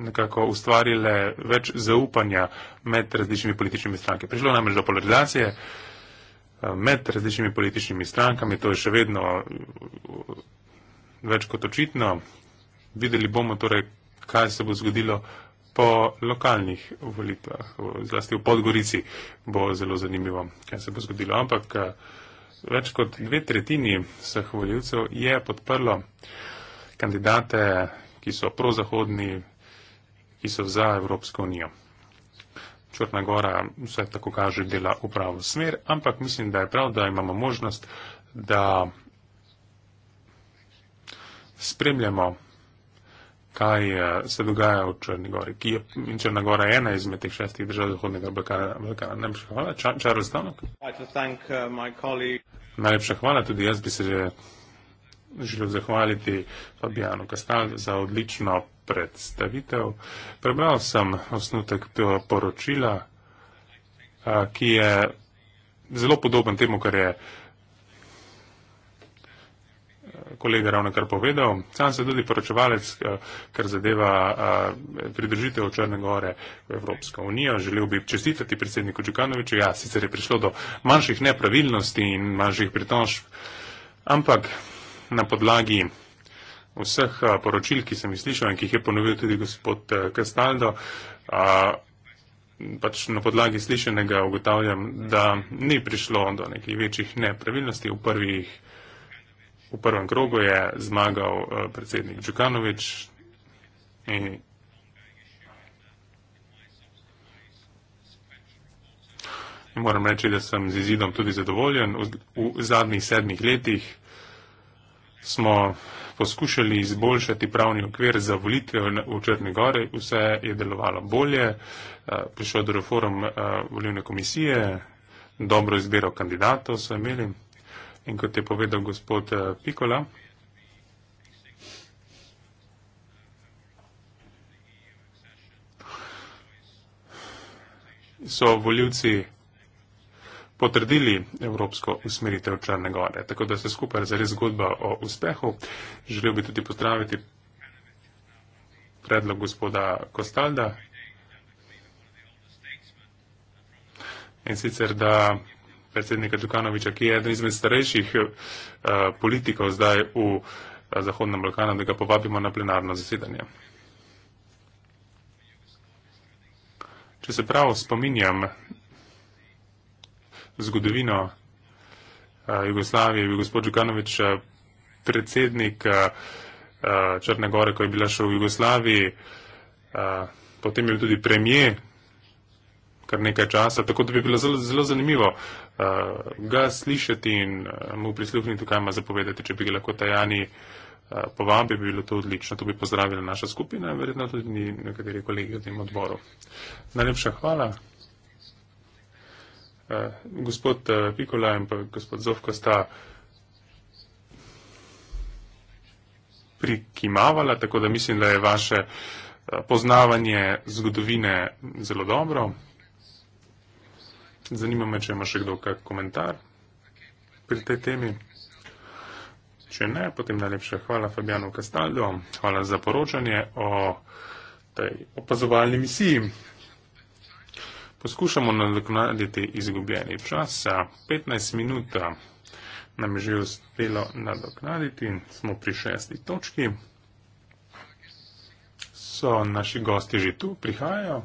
nekako ustvarile več zaupanja med različnimi političnimi stranke. Prišlo namreč do polarizacije eh, med različnimi političnimi strankami, to je še vedno več kot očitno. Videli bomo torej, kaj se bo zgodilo po lokalnih volitvah, zlasti v Podgorici bo zelo zanimivo, kaj se bo zgodilo. Ampak eh, več kot dve tretjini vseh voljivcev je podprlo kandidate, ki so prozahodni, ki so za Evropsko unijo. Črna Gora vse tako kaže dela v pravo smer, ampak mislim, da je prav, da imamo možnost, da spremljamo kaj eh, se dogaja v Črni gori. Je, in Črna gora je ena izmed teh šestih držav Zahodnega Balkana. Najlepša hvala, Charles Donok. Uh, Najlepša hvala, tudi jaz bi se že želel zahvaliti Fabijanu Kastal za odlično predstavitev. Prebral sem osnutek tega poročila, eh, ki je zelo podoben temu, kar je uh, kolega ravno kar povedal. Sam sem tudi poročevalec, eh, kar zadeva eh, pridružitev Črne Gore v Evropsko unijo. Želel bi čestitati predsedniku Čukanoviču. Ja, sicer je prišlo do manjših nepravilnosti in manjših pritožb, ampak na podlagi vseh eh, poročil, ki sem jih slišal in ki jih je ponovil tudi gospod Kastaldo, pač na podlagi slišenega ugotavljam, da ni prišlo do nekih večjih nepravilnosti v prvih V prvem krogu je zmagal eh, predsednik Džukanovič in moram reči, da sem z izidom tudi zadovoljen. V zadnjih sedmih letih smo poskušali izboljšati pravni okvir za volitve v Črni Gori, vse je delovalo bolje, eh, prišel do reform eh, volivne komisije, dobro izbiro kandidatov so imeli. In kot je povedal gospod eh, Pikola, so voljivci potrdili evropsko usmeritev Črne gore. Tako da se skupaj zari zgodba o uspehu. Želel bi tudi pozdraviti predlog gospoda Kostalda. In sicer, da predsednika Djukanoviča, ki je eden izmed starejših eh, politikov zdaj v eh, Zahodnem Balkanu, da ga povabimo na plenarno zasedanje. Če se prav spominjam zgodovino eh, Jugoslavije, je bil gospod Djukanovič predsednik Črne Gore, ko je bila še v Jugoslaviji, potem je bil tudi premijer kar nekaj časa, tako da bi bilo zelo, zelo zanimivo uh, ga slišati in uh, mu prisluhniti, kaj ima zapovedati. Če bi ga lahko tajani uh, eh, po vam, bi bilo to odlično. To bi pozdravila naša skupina in verjetno tudi nekateri kolegi v tem odboru. Najlepša hvala. Uh, gospod uh, Pikola in pa gospod Zovko sta prikimavala, tako da mislim, da je vaše poznavanje zgodovine zelo dobro. Zanima me, če ima še kdo kak komentar pri tej temi. Če ne, potem najlepše hvala Fabijanu Kastaldo, hvala za poročanje o tej opazovalni misiji. Poskušamo nadoknaditi izgubljeni čas, 15 minut nam je že uspelo nadoknaditi, smo pri šesti točki. So naši gosti že tu, prihajajo.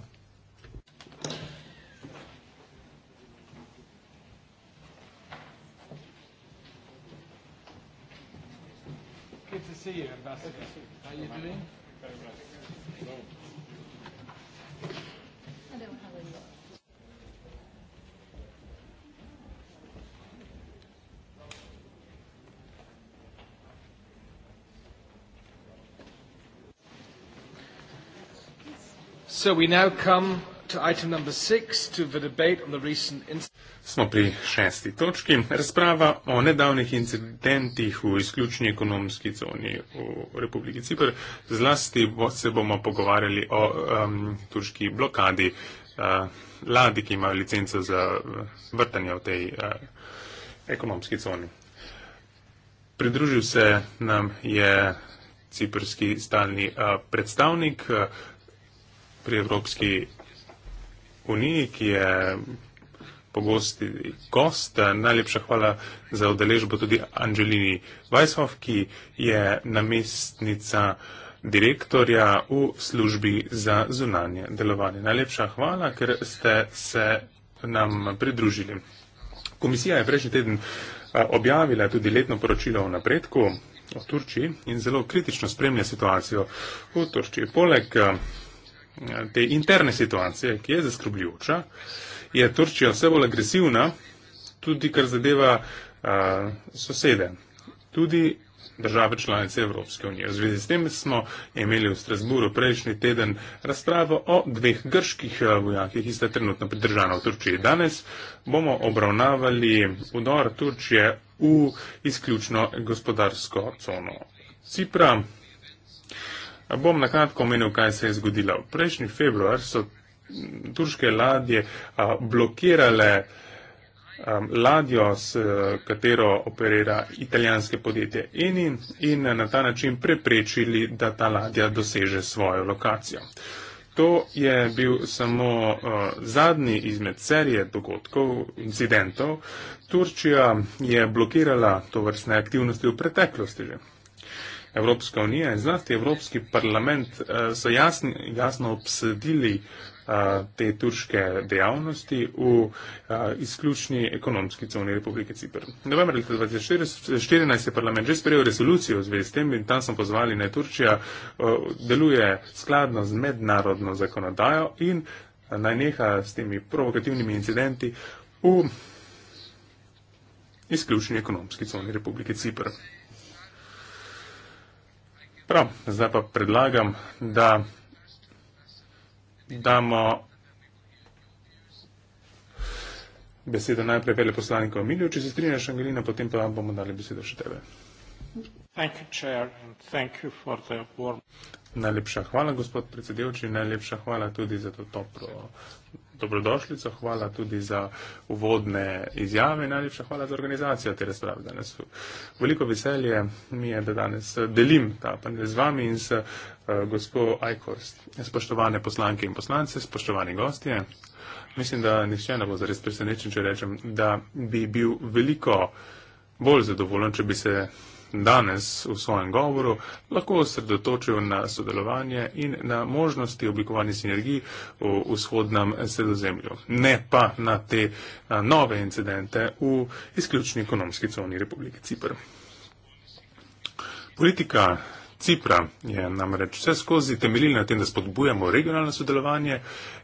see you, Ambassador. How are you doing? Very well. I don't have any. So we now come. Smo pri šesti točki. Razprava o nedavnih incidentih v izključni ekonomski coni v Republiki Cipr. Zlasti bo, se bomo pogovarjali o um, turški blokadi uh, eh, ladi, ki imajo licenco za vrtanje v tej uh, ekonomski coni. Pridružil se nam je ciprski stalni uh, predstavnik uh, pri Evropski Uniji, ki je pogosti gost. Najlepša hvala za odeležbo tudi Angelini Weishoff, ki je namestnica direktorja v službi za zunanje delovanje. Najlepša hvala, ker ste se nam pridružili. Komisija je prejšnji teden objavila tudi letno poročilo o napredku o Turčiji in zelo kritično spremlja situacijo v Turčiji. Poleg te interne situacije, ki je zaskrbljujoča, je Turčija vse bolj agresivna, tudi kar zadeva a, sosede, tudi države članice Evropske unije. V zvezi s tem smo imeli v Strasburu prejšnji teden razpravo o dveh grških vojakih, ki sta trenutno pridržana v Turčiji. Danes bomo obravnavali udor Turčije v izključno gospodarsko cono. Cipra, Bom na kratko omenil, kaj se je zgodilo. V prejšnji februar so turške ladje a, blokirale a, ladjo, s katero operira italijanske podjetje Eni in na ta način preprečili, da ta ladja doseže svojo lokacijo. To je bil samo uh, zadnji izmed serije dogodkov, incidentov. Turčija je blokirala to vrstne aktivnosti v preteklosti že. Evropska unija in zlasti Evropski parlament eh, so jasni, jasno obsedili eh, te turške dejavnosti v eh, izključni ekonomski coni Republike Cipr. Novembra 2014 je parlament že sprejel resolucijo v zvezi s tem in tam smo pozvali, da Turčija deluje skladno z mednarodno zakonodajo in naj neha s temi provokativnimi incidenti v izključni ekonomski coni Republike Cipr. Prav, zdaj pa predlagam, da damo besedo najprej vele poslanika Omilijo, če se strinjaš, Angelina, potem pa bomo dali besedo še tebe. Thank you, chair, and thank you for the warm... Najlepša hvala, gospod predsedevči, najlepša hvala tudi za to toplo dobrodošljico, hvala tudi za uvodne izjave in najlepša hvala za organizacijo te razprave danes. Veliko veselje mi je, da danes eh, delim ta panel z vami in s eh, gospod Ajkost. Spoštovane poslanke in poslance, spoštovani gostje, mislim, da nišče ne bo zares presenečen, če rečem, da bi bil veliko bolj zadovoljen, če bi se danes v svojem govoru lahko osredotočil na sodelovanje in na možnosti oblikovanja sinergij v vzhodnem sredozemlju, ne pa na te nove incidente v izključni ekonomski coni Republike Cipr. Politika Cipra je namreč vse skozi temeljila na tem, da spodbujamo regionalno sodelovanje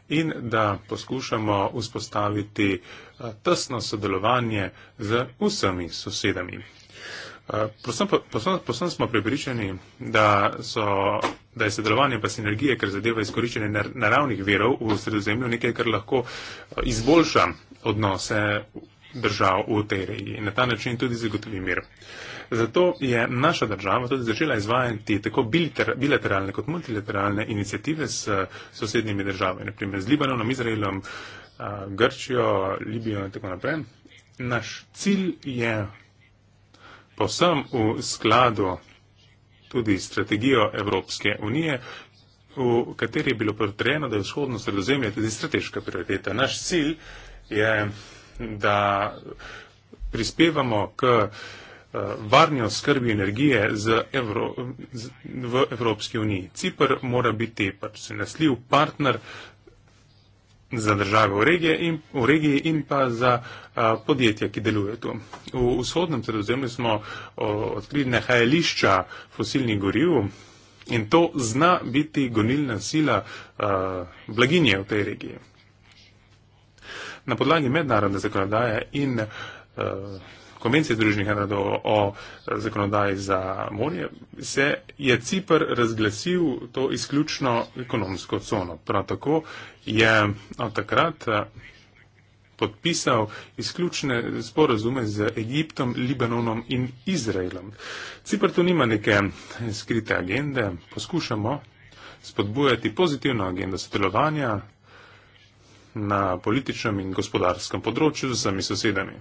in da poskušamo vzpostaviti eh, tesno sodelovanje z vsemi sosedami. Eh, Predvsem pa sem, smo prepričani, da, so, da je sodelovanje pa sinergije, ker zadeva izkoriščenje naravnih verov v sredozemlju, nekaj, kar lahko eh, izboljša odnose držav v tej regiji in na ta način tudi zagotovi mir. Zato je naša država tudi začela izvajati tako bilateralne kot multilateralne inicijative s sosednjimi državami, naprimer z Libanonom, Izraelom, eh, Grčijo, Libijo in tako naprej. Naš cilj je posem v skladu tudi strategijo Evropske unije, v kateri je bilo potrejeno, da je vzhodno sredozemlje tudi strateška prioriteta. Naš cilj je, da prispevamo k eh, varni oskrbi energije Evro, v Evropski uniji. Cipr mora biti pač nasljiv partner za države v, regije in, v regiji in pa za a, podjetja, ki delujejo tu. V vzhodnem sredozemlju smo odkrili nahajališča fosilnih goriv in to zna biti gonilna sila a, blaginje v tej regiji. Na podlagi mednarodne zakonodaje in a, konvencije Združenih narodov o zakonodaji za morje, se je Cipr razglasil to izključno ekonomsko cono. Prav tako je od takrat eh, podpisal izključne sporazume z Egiptom, Libanonom in Izraelom. Cipr tu nima neke skrite agende, poskušamo spodbujati pozitivno agendo sodelovanja na političnem in gospodarskem področju z vsemi sosedami.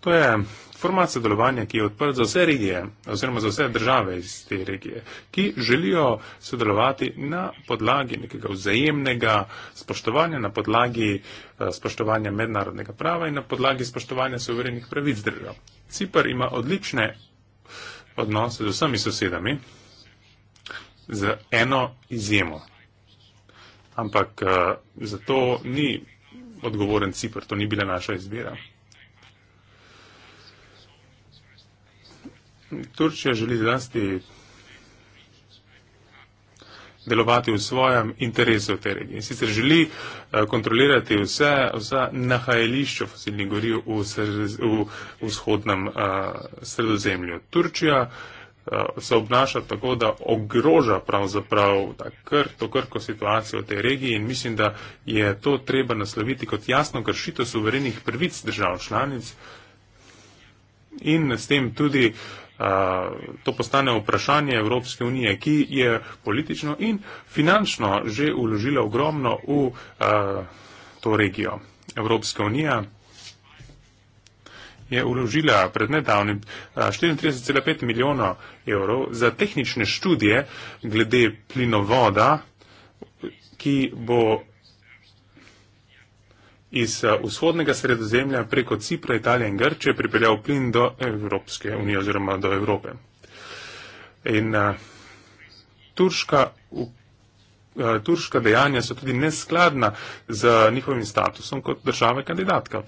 To je format sodelovanja, ki je odprt za vse regije oziroma za vse države iz te regije, ki želijo sodelovati na podlagi nekega vzajemnega spoštovanja, na podlagi eh, spoštovanja mednarodnega prava in na podlagi spoštovanja soverenih pravic držav. Cipr ima odlične odnose z vsemi sosedami, z eno izjemo. Ampak eh, zato ni odgovoren Cipr, to ni bila naša izbira. Turčija želi zlasti delovati v svojem interesu v tej regiji. Sicer želi eh, kontrolirati vse, vse nahajališče fosilnih goril v, v vzhodnem uh, sredozemlju. Turčija uh, se obnaša tako, da ogroža pravzaprav ta kr, to krko situacijo v tej regiji in mislim, da je to treba nasloviti kot jasno kršitev suverenih prvic držav članic in s tem tudi uh, to postane vprašanje Evropske unije, ki je politično in finančno že uložila ogromno v a, to regijo. Evropska unija je uložila pred nedavnim 34,5 milijona evrov za tehnične študije glede plinovoda, ki bo iz eh, vzhodnega sredozemlja preko Cipra, Italije in Grče pripeljal plin do Evropske unije oziroma do Evrope. In eh, turška, eh, turška dejanja so tudi neskladna z njihovim statusom kot države kandidatka.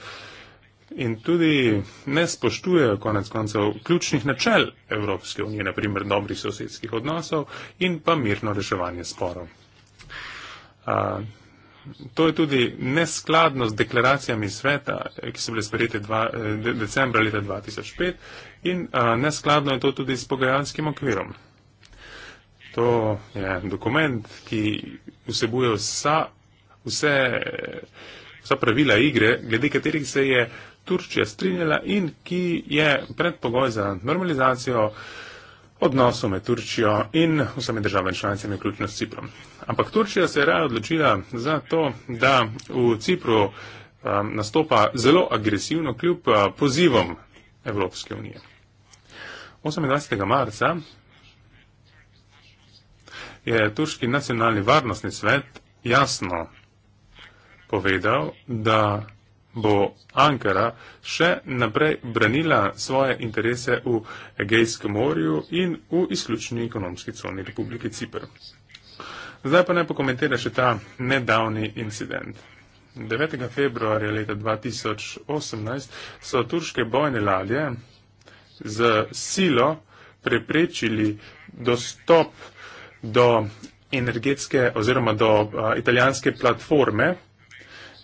In tudi ne spoštujejo konec koncev ključnih načel Evropske unije, naprimer dobrih sosedskih odnosov in pa mirno reševanje sporov. To je tudi neskladno z deklaracijami sveta, ki so bile sprejete eh, de decembra leta 2005 in a, eh, neskladno je to tudi s pogajalskim okvirom. To je dokument, ki vsebuje vsa, vse, vsa pravila igre, glede katerih se je Turčija strinjala in ki je predpogoj za normalizacijo odnosov med Turčijo in vsemi državami članicami, vključno s Ciprom. Ampak Turčija se je raje odločila za to, da v Cipru um, nastopa zelo agresivno kljub uh, pozivom Evropske unije. 28. marca je Turški nacionalni varnostni svet jasno povedal, da bo Ankara še naprej branila svoje interese v Egejskem morju in v izključni ekonomski coni Republike Cipr. Zdaj pa naj pokomentira še ta nedavni incident. 9. februarja leta 2018 so turške bojne ladje z silo preprečili dostop do energetske oziroma do a, italijanske platforme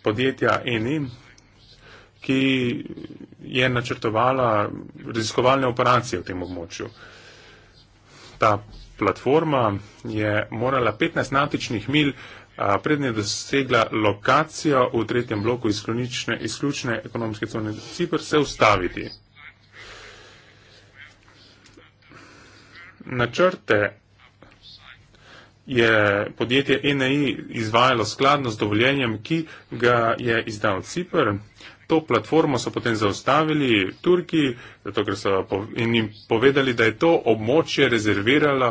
podjetja Eni, ki je načrtovala raziskovalne operacije v tem območju. Ta platforma je morala 15 natičnih mil prednje dosegla lokacijo v tretjem bloku izključne, izključne ekonomske cone Cipr se ustaviti. Načrte je podjetje NEI izvajalo skladno z dovoljenjem, ki ga je izdal Cipr. To platformo so potem zaustavili Turki, zato ker so in jim povedali, da je to območje rezerviralo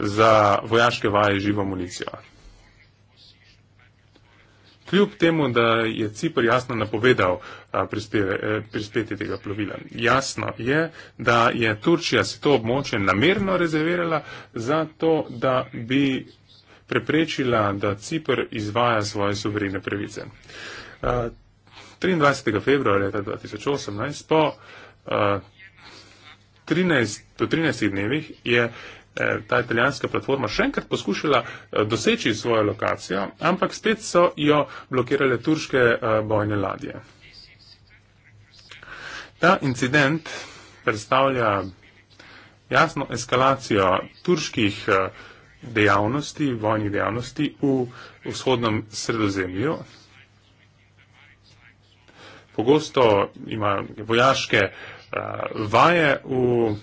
za vojaške vaje živo municijo. Kljub temu, da je Cipr jasno napovedal e, prispeti tega plovila, jasno je, da je Turčija si to območje namerno rezervirala zato, da bi preprečila, da Cipr izvaja svoje suverene pravice. A, 23. februarja 2018, po, uh, eh, 13, po 13 dnevih, je eh, ta italijanska platforma še enkrat poskušala eh, doseči svojo lokacijo, ampak spet so jo blokirale turške bojne ladje. Ta incident predstavlja jasno eskalacijo turških dejavnosti, vojnih dejavnosti v vzhodnem sredozemlju, pogosto ima vojaške uh, vaje v uh,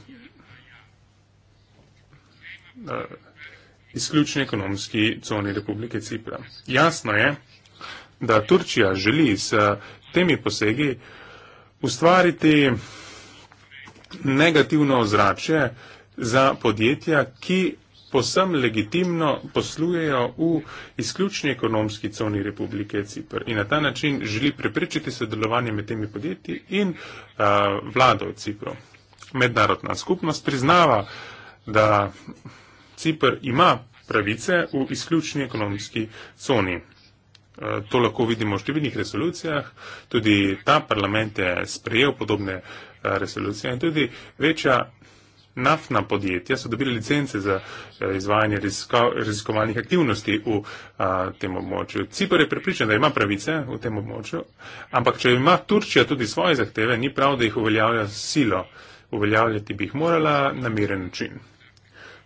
izključni ekonomski coni Republike Cipra. Jasno je, da Turčija želi s eh, temi posegi ustvariti negativno ozračje za podjetja, ki posem legitimno poslujejo v izključni ekonomski coni Republike Cipr in na ta način želi preprečiti sodelovanje med temi podjetji in a, eh, vlado Cipro. Mednarodna skupnost priznava, da Cipr ima pravice v izključni ekonomski coni. Eh, to lahko vidimo v številnih resolucijah, tudi ta parlament je sprejel podobne eh, resolucije in tudi večja naftna podjetja so dobili licence za eh, izvajanje raziskovalnih aktivnosti v a, eh, tem območju. Cipr je pripričan, da ima pravice v tem območju, ampak če ima Turčija tudi svoje zahteve, ni prav, da jih uveljavlja silo. Uveljavljati bi jih morala na miren način.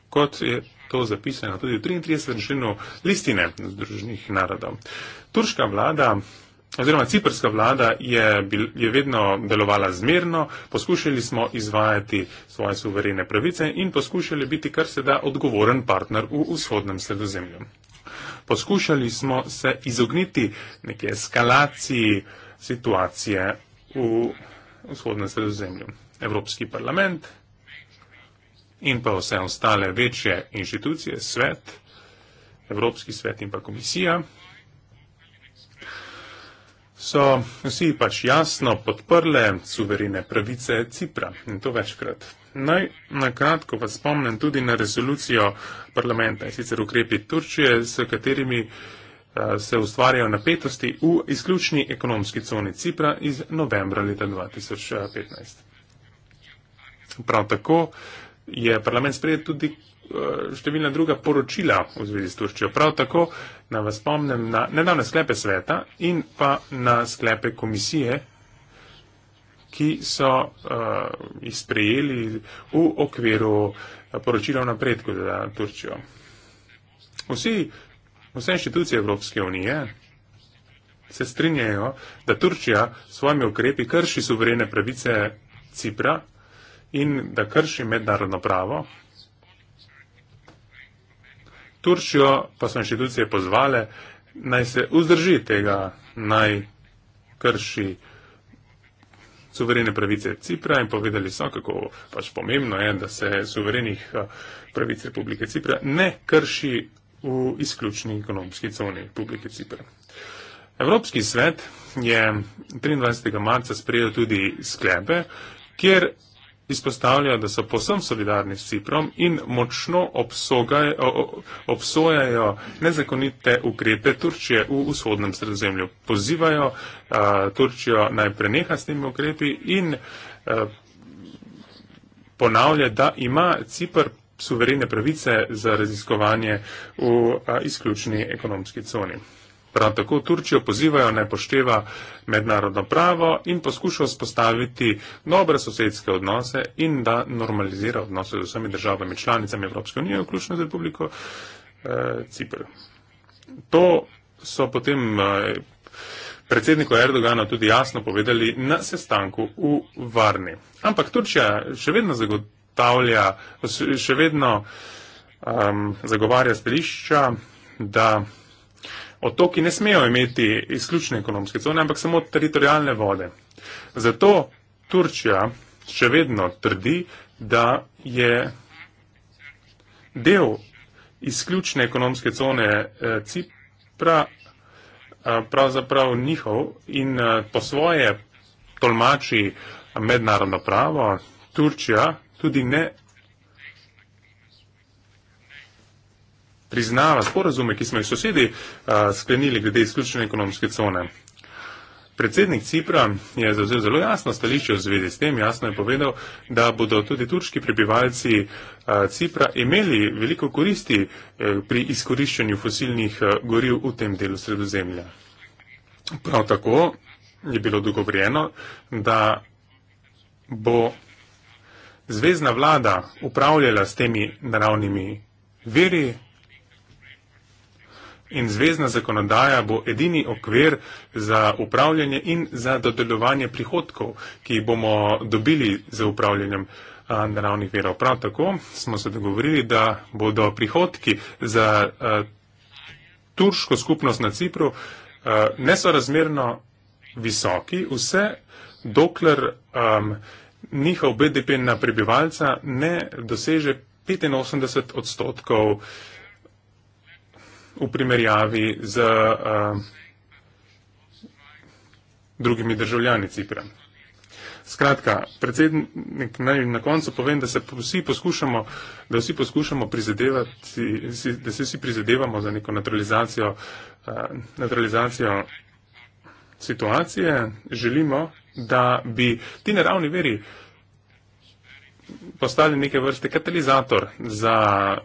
Kot je to zapisano tudi v 33. členu listine Združenih narodov. Turška vlada oziroma ciperska vlada je, bil, je vedno delovala zmerno, poskušali smo izvajati svoje suverene pravice in poskušali biti kar se da odgovoren partner v vzhodnem sredozemlju. Poskušali smo se izogniti neke eskalaciji situacije v vzhodnem sredozemlju. Evropski parlament in pa vse ostale večje inštitucije, svet, Evropski svet in pa komisija, so vsi pač jasno podprle suverene pravice Cipra in to večkrat. Naj na kratko vas spomnem tudi na rezolucijo parlamenta in sicer ukrepi Turčije, s katerimi eh, se ustvarjajo napetosti v izključni ekonomski coni Cipra iz novembra leta 2015. Eh, Prav tako je parlament sprejet tudi Eh, številna druga poročila v zvezi s Turčijo. Prav tako nam vas spomnim na nedavne sklepe sveta in pa na sklepe komisije, ki so uh, eh, izprejeli v okviru eh, poročila o napredku za Turčijo. Vsi, vse inštitucije Evropske unije se strinjajo, da Turčija s svojimi ukrepi krši suverene pravice Cipra in da krši mednarodno pravo Turčijo pa so inštitucije pozvale, naj se vzdrži tega, naj krši suverene pravice Cipra in povedali so, kako pač pomembno je, da se suverenih eh, pravic Republike Cipra ne krši v izključni ekonomski coni Republike Cipra. Evropski svet je 23. marca sprejel tudi sklepe, kjer izpostavljajo, da so posem solidarni s Ciprom in močno obsojajo nezakonite ukrepe Turčije v vzhodnem sredozemlju. Pozivajo a, Turčijo naj preneha s temi ukrepi in a, ponavlja, da ima Cipr suverene pravice za raziskovanje v a, izključni ekonomski coni. Prav tako Turčijo pozivajo ne pošteva mednarodno pravo in poskuša spostaviti dobre sosedske odnose in da normalizira odnose z vsemi državami članicami Evropske unije, vključno z Republiko eh, Cipr. To so potem eh, predsedniku Erdogana tudi jasno povedali na sestanku v Varni. Ampak Turčija še vedno zagotavlja, še vedno eh, zagovarja stališča, da otoki ne smejo imeti izključne ekonomske cone, ampak samo teritorijalne vode. Zato Turčija še vedno trdi, da je del izključne ekonomske cone eh, Cipra eh, pravzaprav njihov in eh, po svoje tolmači mednarodno pravo Turčija tudi ne priznava sporazume, ki smo jih sosedi eh, sklenili glede izključene ekonomske cone. Predsednik Cipra je zauzel zelo jasno stališče v zvezi s tem, jasno je povedal, da bodo tudi turški prebivalci eh, Cipra imeli veliko koristi eh, pri izkoriščanju fosilnih goril v tem delu sredozemlja. Prav tako je bilo dogovorjeno, da bo zvezdna vlada upravljala s temi naravnimi veri in zvezdna zakonodaja bo edini okvir za upravljanje in za dodeljovanje prihodkov, ki jih bomo dobili z upravljanjem naravnih verov. Prav tako smo se dogovorili, da bodo prihodki za turško skupnost na Cipru nesorazmerno visoki, vse dokler um, njihov BDP na prebivalca ne doseže 85 odstotkov uh, v primerjavi z uh, drugimi državljani Cipra. Skratka, predsednik, naj na koncu povem, da se vsi poskušamo, da vsi poskušamo prizadevati, da se vsi prizadevamo za neko naturalizacijo, eh, naturalizacijo situacije. Želimo, da bi ti naravni veri postali neke vrste katalizator za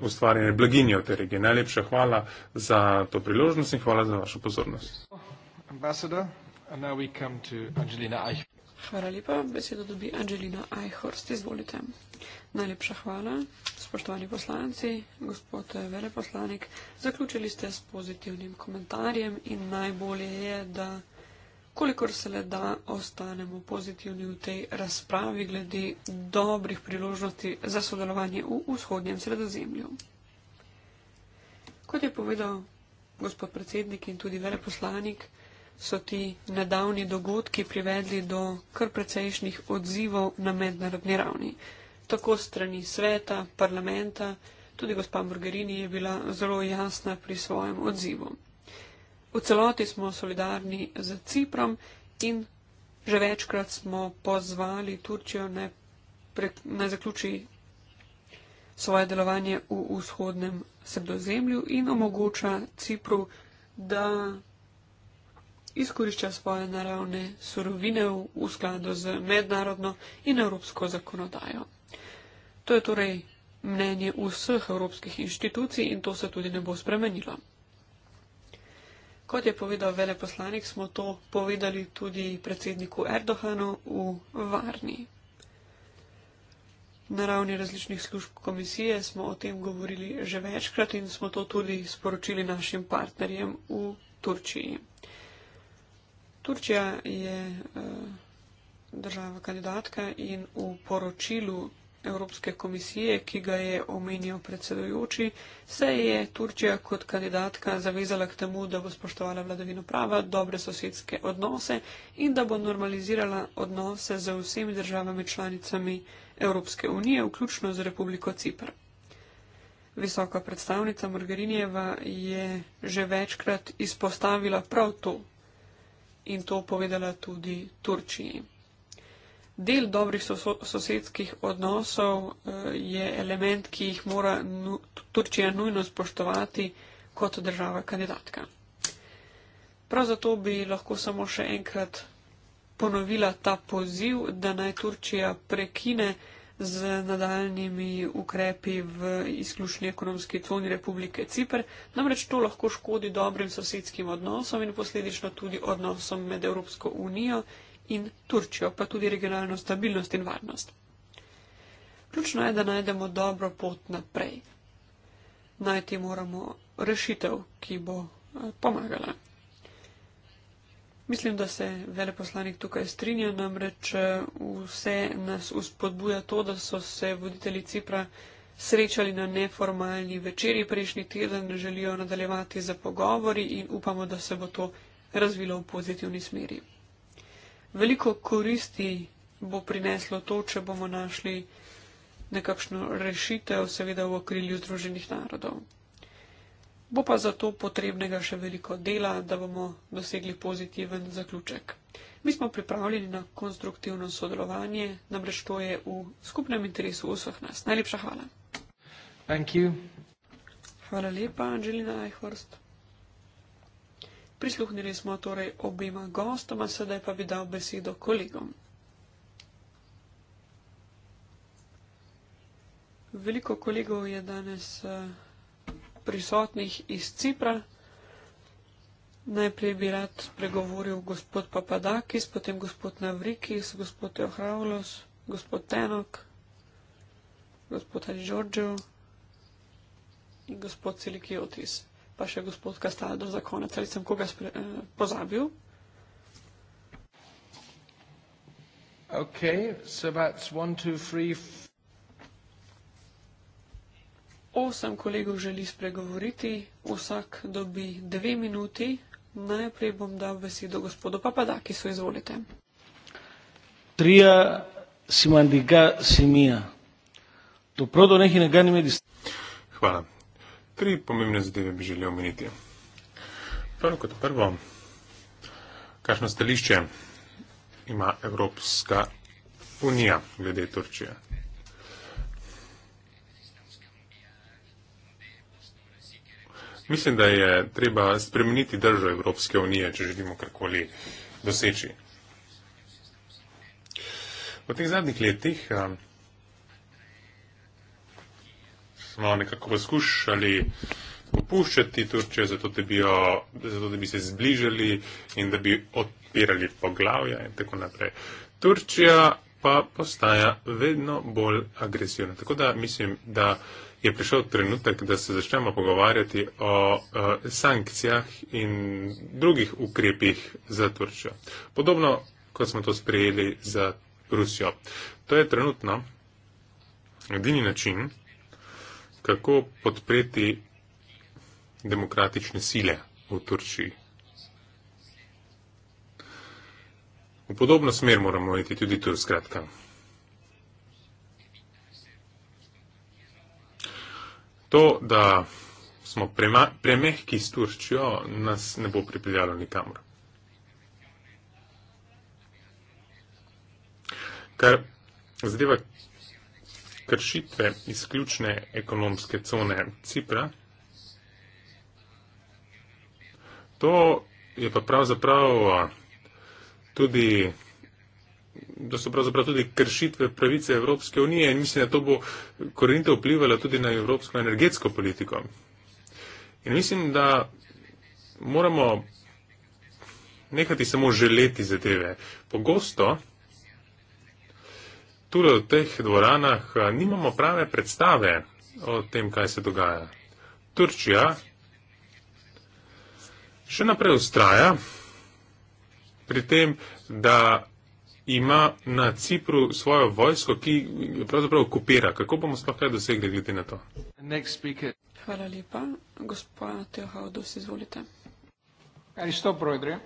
ustvarjanje blaginje v tej regiji. Najlepša hvala za to priložnost in hvala za vašo pozornost. Hvala lepa. Besedo dobi Angelina Eichhorst. Izvolite. Najlepša hvala. Spoštovani poslanci, gospod veleposlanik, zaključili ste s pozitivnim komentarjem in najbolje je, da kolikor se le da, ostanemo pozitivni v tej razpravi glede dobrih priložnosti za sodelovanje v vzhodnjem sredozemlju. Kot je povedal gospod predsednik in tudi veleposlanik, so ti nedavni dogodki privedli do kar precejšnjih odzivov na mednarodni ravni. Tako strani sveta, parlamenta, tudi gospa Morgerini je bila zelo jasna pri svojem odzivu v celoti smo solidarni z Ciprom in že večkrat smo pozvali Turčijo ne, prek, ne zaključi svoje delovanje v vzhodnem sredozemlju in omogoča Cipru, da izkorišča svoje naravne surovine v skladu z mednarodno in evropsko zakonodajo. To je torej mnenje vseh evropskih inštitucij in to se tudi ne bo spremenilo. Kot je povedal veleposlanik, smo to povedali tudi predsedniku Erdohanu v Varni. Na ravni različnih služb komisije smo o tem govorili že večkrat in smo to tudi sporočili našim partnerjem v Turčiji. Turčija je eh, država kandidatka in v poročilu Evropske komisije, ki ga je omenil predsedujoči, se je Turčija kot kandidatka zavezala k temu, da bo spoštovala vladavino prava, dobre sosedske odnose in da bo normalizirala odnose z vsemi državami članicami Evropske unije, vključno z Republiko Cipr. Visoka predstavnica Morgarinjeva je že večkrat izpostavila prav to in to povedala tudi Turčiji. Del dobrih sos sosedskih odnosov uh, je element, ki jih mora nu Turčija nujno spoštovati kot država kandidatka. Prav zato bi lahko samo še enkrat ponovila ta poziv, da naj Turčija prekine z nadaljnimi ukrepi v izključni ekonomski coni Republike Cipr. Namreč to lahko škodi dobrim sosedskim odnosom in posledično tudi odnosom med Evropsko unijo in Turčijo, pa tudi regionalno stabilnost in varnost. Ključno je, da najdemo dobro pot naprej. Najti moramo rešitev, ki bo eh, pomagala. Mislim, da se veleposlanik tukaj strinja, namreč eh, vse nas uspodbuja to, da so se voditelji Cipra srečali na neformalni večeri prejšnji teden, želijo nadaljevati za pogovori in upamo, da se bo to razvilo v pozitivni smeri veliko koristi bo prineslo to, če bomo našli nekakšno rešitev, seveda v okrilju Združenih narodov. Bo pa zato potrebnega še veliko dela, da bomo dosegli pozitiven zaključek. Mi smo pripravljeni na konstruktivno sodelovanje, namreč to je v skupnem interesu vseh nas. Najlepša hvala. Hvala lepa, Angelina Eichhorst. Prisluhnili smo torej obima gostoma, sedaj pa bi dal besedo kolegom. Veliko kolegov je danes eh, prisotnih iz Cipra. Najprej bi rad pregovoril gospod Papadakis, potem gospod Navrikis, gospod Johravlos, gospod Tenok, gospod Ali Đorđev in gospod Silikiotis pa še gospod Kastador za konec, ali sem koga spre, eh, pozabil. Ok, so that's one, two, three. Osem kolegov želi spregovoriti, vsak dobi dve minuti. Najprej bom dal besedo gospodu Papadaki, so izvolite. Trija simandiga simija. Dobrodo nekaj nekaj ne medis. Hvala tri pomembne zadeve bi želel omeniti. Prvo kot prvo, kakšno stališče ima Evropska unija glede Turčije. Mislim, da je treba spremeniti držo Evropske unije, če želimo karkoli doseči. V teh zadnjih letih um, smo nekako poskušali popuščati Turčijo, zato da bi, jo, zato da bi se zbližali in da bi odpirali poglavja in tako naprej. Turčija pa postaja vedno bolj agresivna. Tako da mislim, da je prišel trenutek, da se začnemo pogovarjati o uh, sankcijah in drugih ukrepih za Turčijo. Podobno, kot smo to sprejeli za Rusijo. To je trenutno edini način, kako podpreti demokratične sile v Turčiji. V podobno smer moramo iti tudi tu, skratka. To, da smo prema, premehki s Turčijo, nas ne bo pripeljalo nikamor. Kar zadeva kršitve izključne ekonomske cone Cipra. To je pa pravzaprav tudi da so pravzaprav tudi kršitve pravice Evropske unije in mislim, da to bo korenito vplivalo tudi na evropsko energetsko politiko. In mislim, da moramo nekati samo želeti zadeve. Pogosto tudi v teh dvoranah nimamo prave predstave o tem, kaj se dogaja. Turčija še naprej ustraja pri tem, da ima na Cipru svojo vojsko, ki jo pravzaprav okupira. Kako bomo sploh kaj dosegli glede na to? Hvala lepa. Gospa Teohaudos, izvolite. Aristopro, Edre.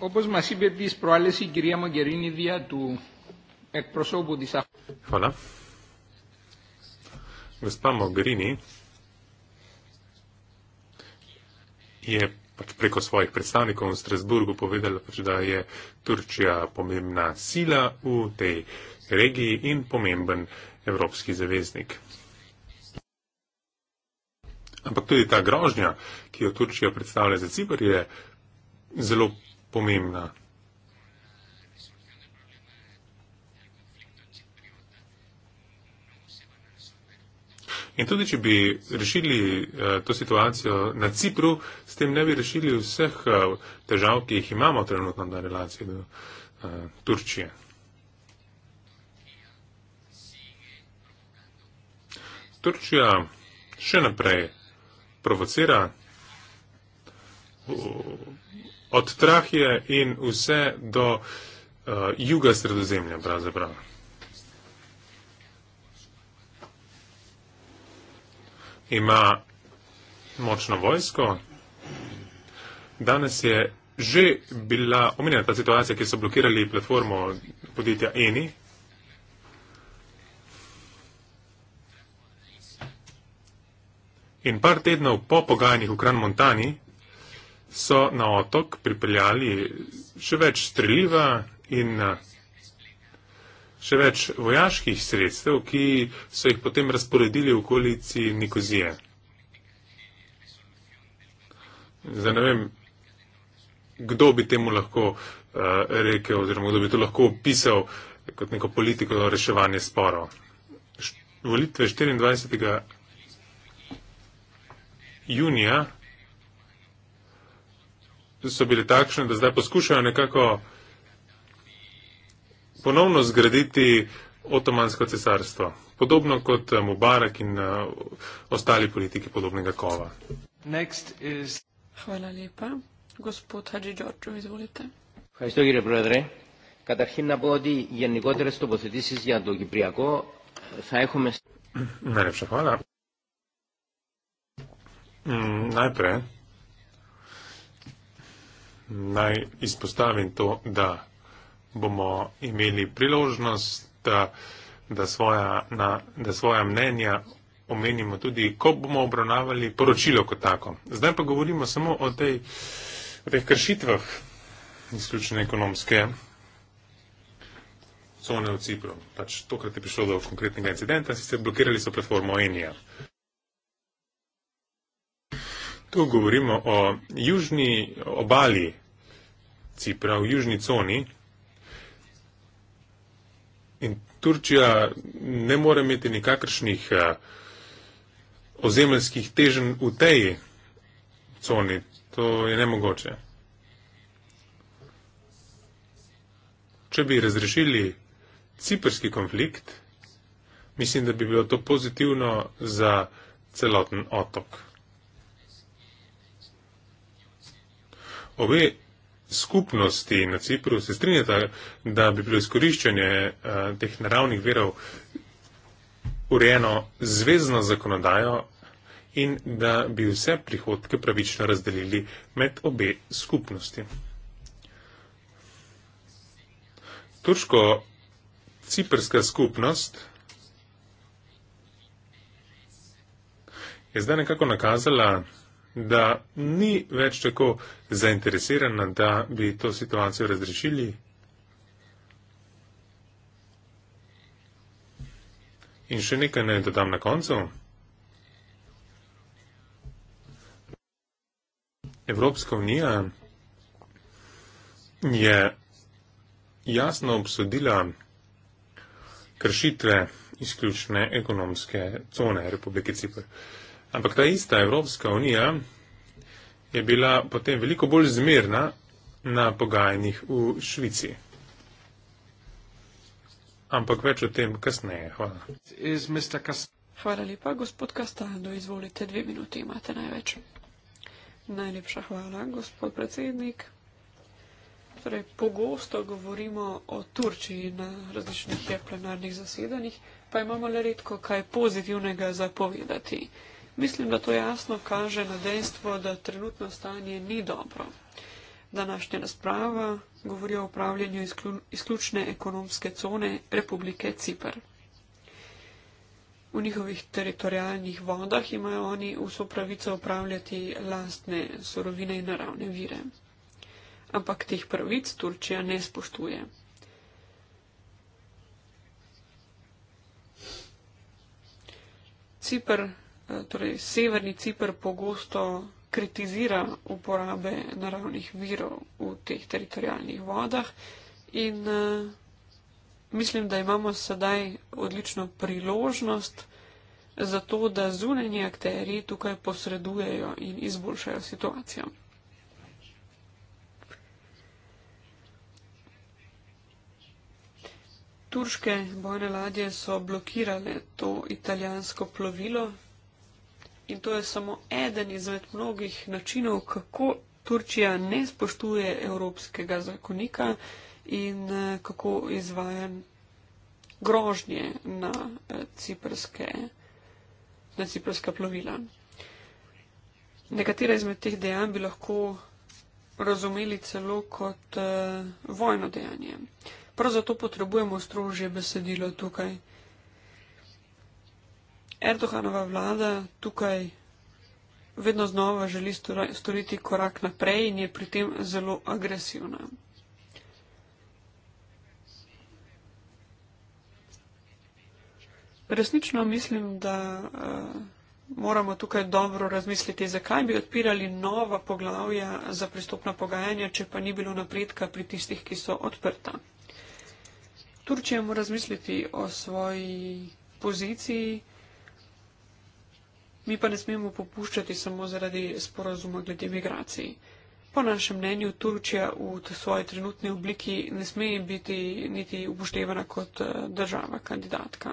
Όπως μας είπε επίσης προάλλες η κυρία Μαγκερίνη δια του Ek prosobu di sa. Hvala. Gospa Mogrini je pač preko svojih predstavnikov v Strasburgu povedala, pač, da je Turčija pomembna sila v tej regiji in pomemben evropski zaveznik. Ampak tudi ta grožnja, ki jo Turčija predstavlja za Cipr, je zelo pomembna In tudi, če bi rešili eh, to situacijo na Cipru, s tem ne bi rešili vseh eh, težav, ki jih imamo trenutno na relaciji do eh, Turčije. Turčija še naprej provocira od Trahije in vse do uh, juga sredozemlja, pravzaprav. ima močno vojsko. Danes je že bila omenjena ta situacija, ki so blokirali platformo podjetja Eni. In par tednov po pogajanjih v Kran Montani so na otok pripeljali še več streljiva in še več vojaških sredstev, ki so jih potem razporedili v okolici Nikozije. Zdaj ne vem, kdo bi temu lahko uh, rekel oziroma kdo bi to lahko opisal kot neko politiko za reševanje sporov. Volitve 24. junija so bile takšne, da zdaj poskušajo nekako uh, ponovno zgraditi Otomansko cesarstvo, podobno kot eh, Mubarak in eh, ostali politiki podobnega kova. Is... Hvala lepa. Gospod Hadži Đorđo, izvolite. Hvala lepa, brodre. Kada hinna bodi je nikodresto bo se disizija dogi prijako, sajhome... Mm, najlepša hvala. Mm, najprej naj izpostavim to, da bomo imeli priložnost, da, da, svoja, na, da svoja mnenja omenimo tudi, ko bomo obravnavali poročilo kot tako. Zdaj pa govorimo samo o, tej, o teh kršitvah izključne ekonomske cone v Cipru. Pač tokrat je prišlo do konkretnega incidenta, sicer blokirali so platformo Enija. Tu govorimo o južni obali Cipra, v južni coni, In Turčija ne more imeti nikakršnih uh, ozemeljskih teženj v tej coni. To je nemogoče. Če bi razrešili ciperski konflikt, mislim, da bi bilo to pozitivno za celoten otok. Obe skupnosti na Cipru se strinjata, da bi bilo izkoriščanje eh, teh naravnih verov urejeno zvezno zakonodajo in da bi vse prihodke pravično razdelili med obe skupnosti. Turško-ciprska skupnost je zdaj nekako nakazala, da ni več tako zainteresirana, da bi to situacijo razrešili. In še nekaj naj ne dodam na koncu. Evropska unija je jasno obsodila kršitve izključne ekonomske cone Republike Cipr. Ampak ta ista Evropska unija je bila potem veliko bolj zmerna na pogajanjih v Švici. Ampak več o tem kasneje. Hvala. Hvala lepa, gospod Kastaldo. Izvolite, dve minuti imate največ. Najlepša hvala, gospod predsednik. Torej, pogosto govorimo o Turčiji na različnih plenarnih zasedanjih, pa imamo le redko kaj pozitivnega zapovedati. povedati. Mislim, da to jasno kaže na dejstvo, da trenutno stanje ni dobro. Današnja razprava govori o upravljanju izklju, izključne ekonomske cone Republike Cipr. V njihovih teritorijalnih vodah imajo oni vso pravico upravljati lastne sorovine in naravne vire. Ampak teh pravic Turčija ne spoštuje. Cipr Eh, torej severni Cipr pogosto kritizira uporabe naravnih virov v teh teritorijalnih vodah in eh, mislim, da imamo sedaj odlično priložnost za to, da zunanji akteri tukaj posredujejo in izboljšajo situacijo. Turške bojne ladje so blokirale to italijansko plovilo, In to je samo eden izmed mnogih načinov, kako Turčija ne spoštuje evropskega zakonika in eh, kako izvaja grožnje na eh, ciprske, na ciprska plovila. Nekatera izmed teh dejanj bi lahko razumeli celo kot uh, vojno dejanje. Prav zato potrebujemo strožje besedilo tukaj. Erdoganova vlada tukaj vedno znova želi storiti korak naprej in je pri tem zelo agresivna. Resnično mislim, da uh, moramo tukaj dobro razmisliti, zakaj bi odpirali nova poglavja za pristopna pogajanja, če pa ni bilo napredka pri tistih, ki so odprta. Turčija mora razmisliti o svoji poziciji. Mi pa ne smemo popuščati samo zaradi sporazuma glede migracij. Po našem mnenju Turčija v svoji trenutni obliki ne sme biti niti upoštevana kot eh, država kandidatka.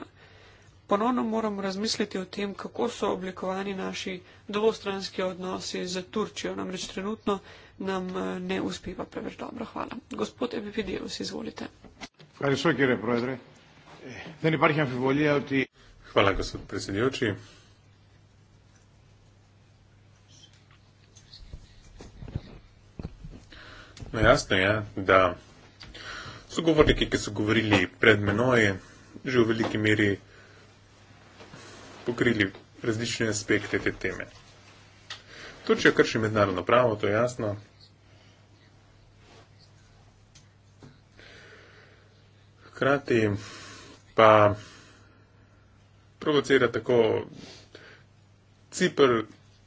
Ponovno moramo razmisliti o tem, kako so oblikovani naši dvostranski odnosi z Turčijo. Namreč trenutno nam eh, ne uspeva preveč dobro. Hvala. Gospod Epipedijev, si izvolite. Hvala, gospod predsedujoči. No, jasno je, da so govorniki, ki so govorili pred menoj, že v veliki meri pokrili različne aspekte te teme. Turčija krši mednarodno pravo, to je jasno. Hkrati pa provocira tako Cipr,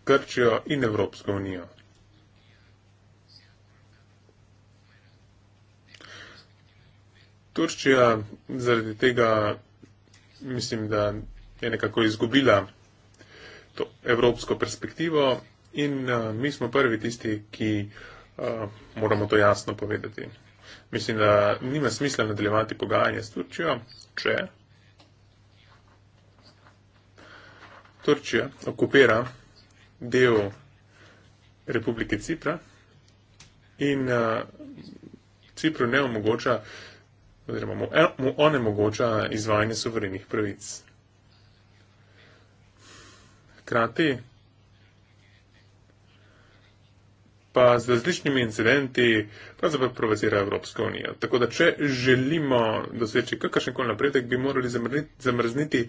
Grčijo in Evropsko unijo. Turčija zaradi tega mislim, da je nekako izgubila to evropsko perspektivo in mi smo prvi tisti, ki moramo to jasno povedati. Mislim, da nima smisla nadaljevati pogajanje s Turčijo, če Turčija okupira del Republike Cipra in Cipru ne omogoča uh, oziroma mu, mu onemogoča izvajanje suverenih pravic. Hkrati pa z različnimi incidenti pravzaprav provocira Evropska unija. Tako da, če želimo doseči kakršen koli napredek, bi morali zamrzniti, zamrzniti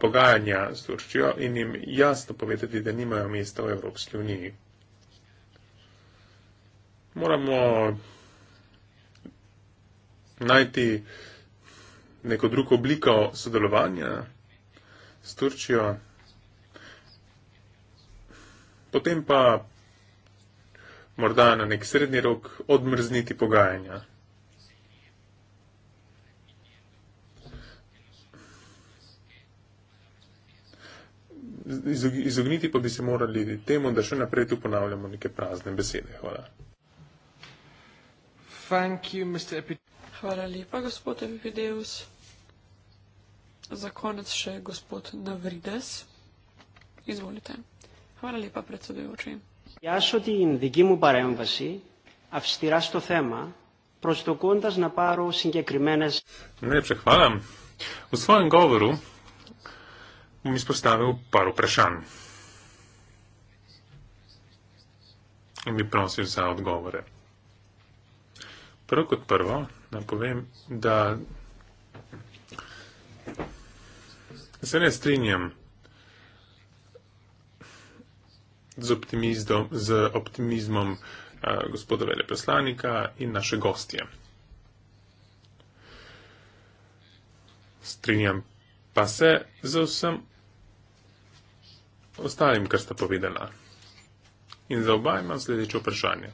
pogajanja s Turčijo in jim jasno povedati, da nimajo mesta v Evropski uniji. Moramo najti neko drugo obliko sodelovanja s Turčijo. Potem pa morda na nek srednji rok odmrzniti pogajanja. Izogniti pa bi se morali temu, da še naprej tu ponavljamo neke prazne besede. Hvala. Thank you, Mr. Epidemiolog. Hvala lepa, gospod Epideus. Za konec še gospod Navrides. Izvolite. Hvala lepa, predsedujoči. Jaz od in digi mu parembasi, avstira sto tema, prostokontas na paru sinkekrimenes. Najlepša hvala. V svojem govoru bom izpostavil par vprašanj. In bi prosil za odgovore. Prvo kot prvo, napovem, da se ne strinjam z, z optimizmom uh, gospoda veleposlanika in naše gostje. Strinjam pa se z vsem ostalim, kar sta povedala. In za oba imam sledeče vprašanje.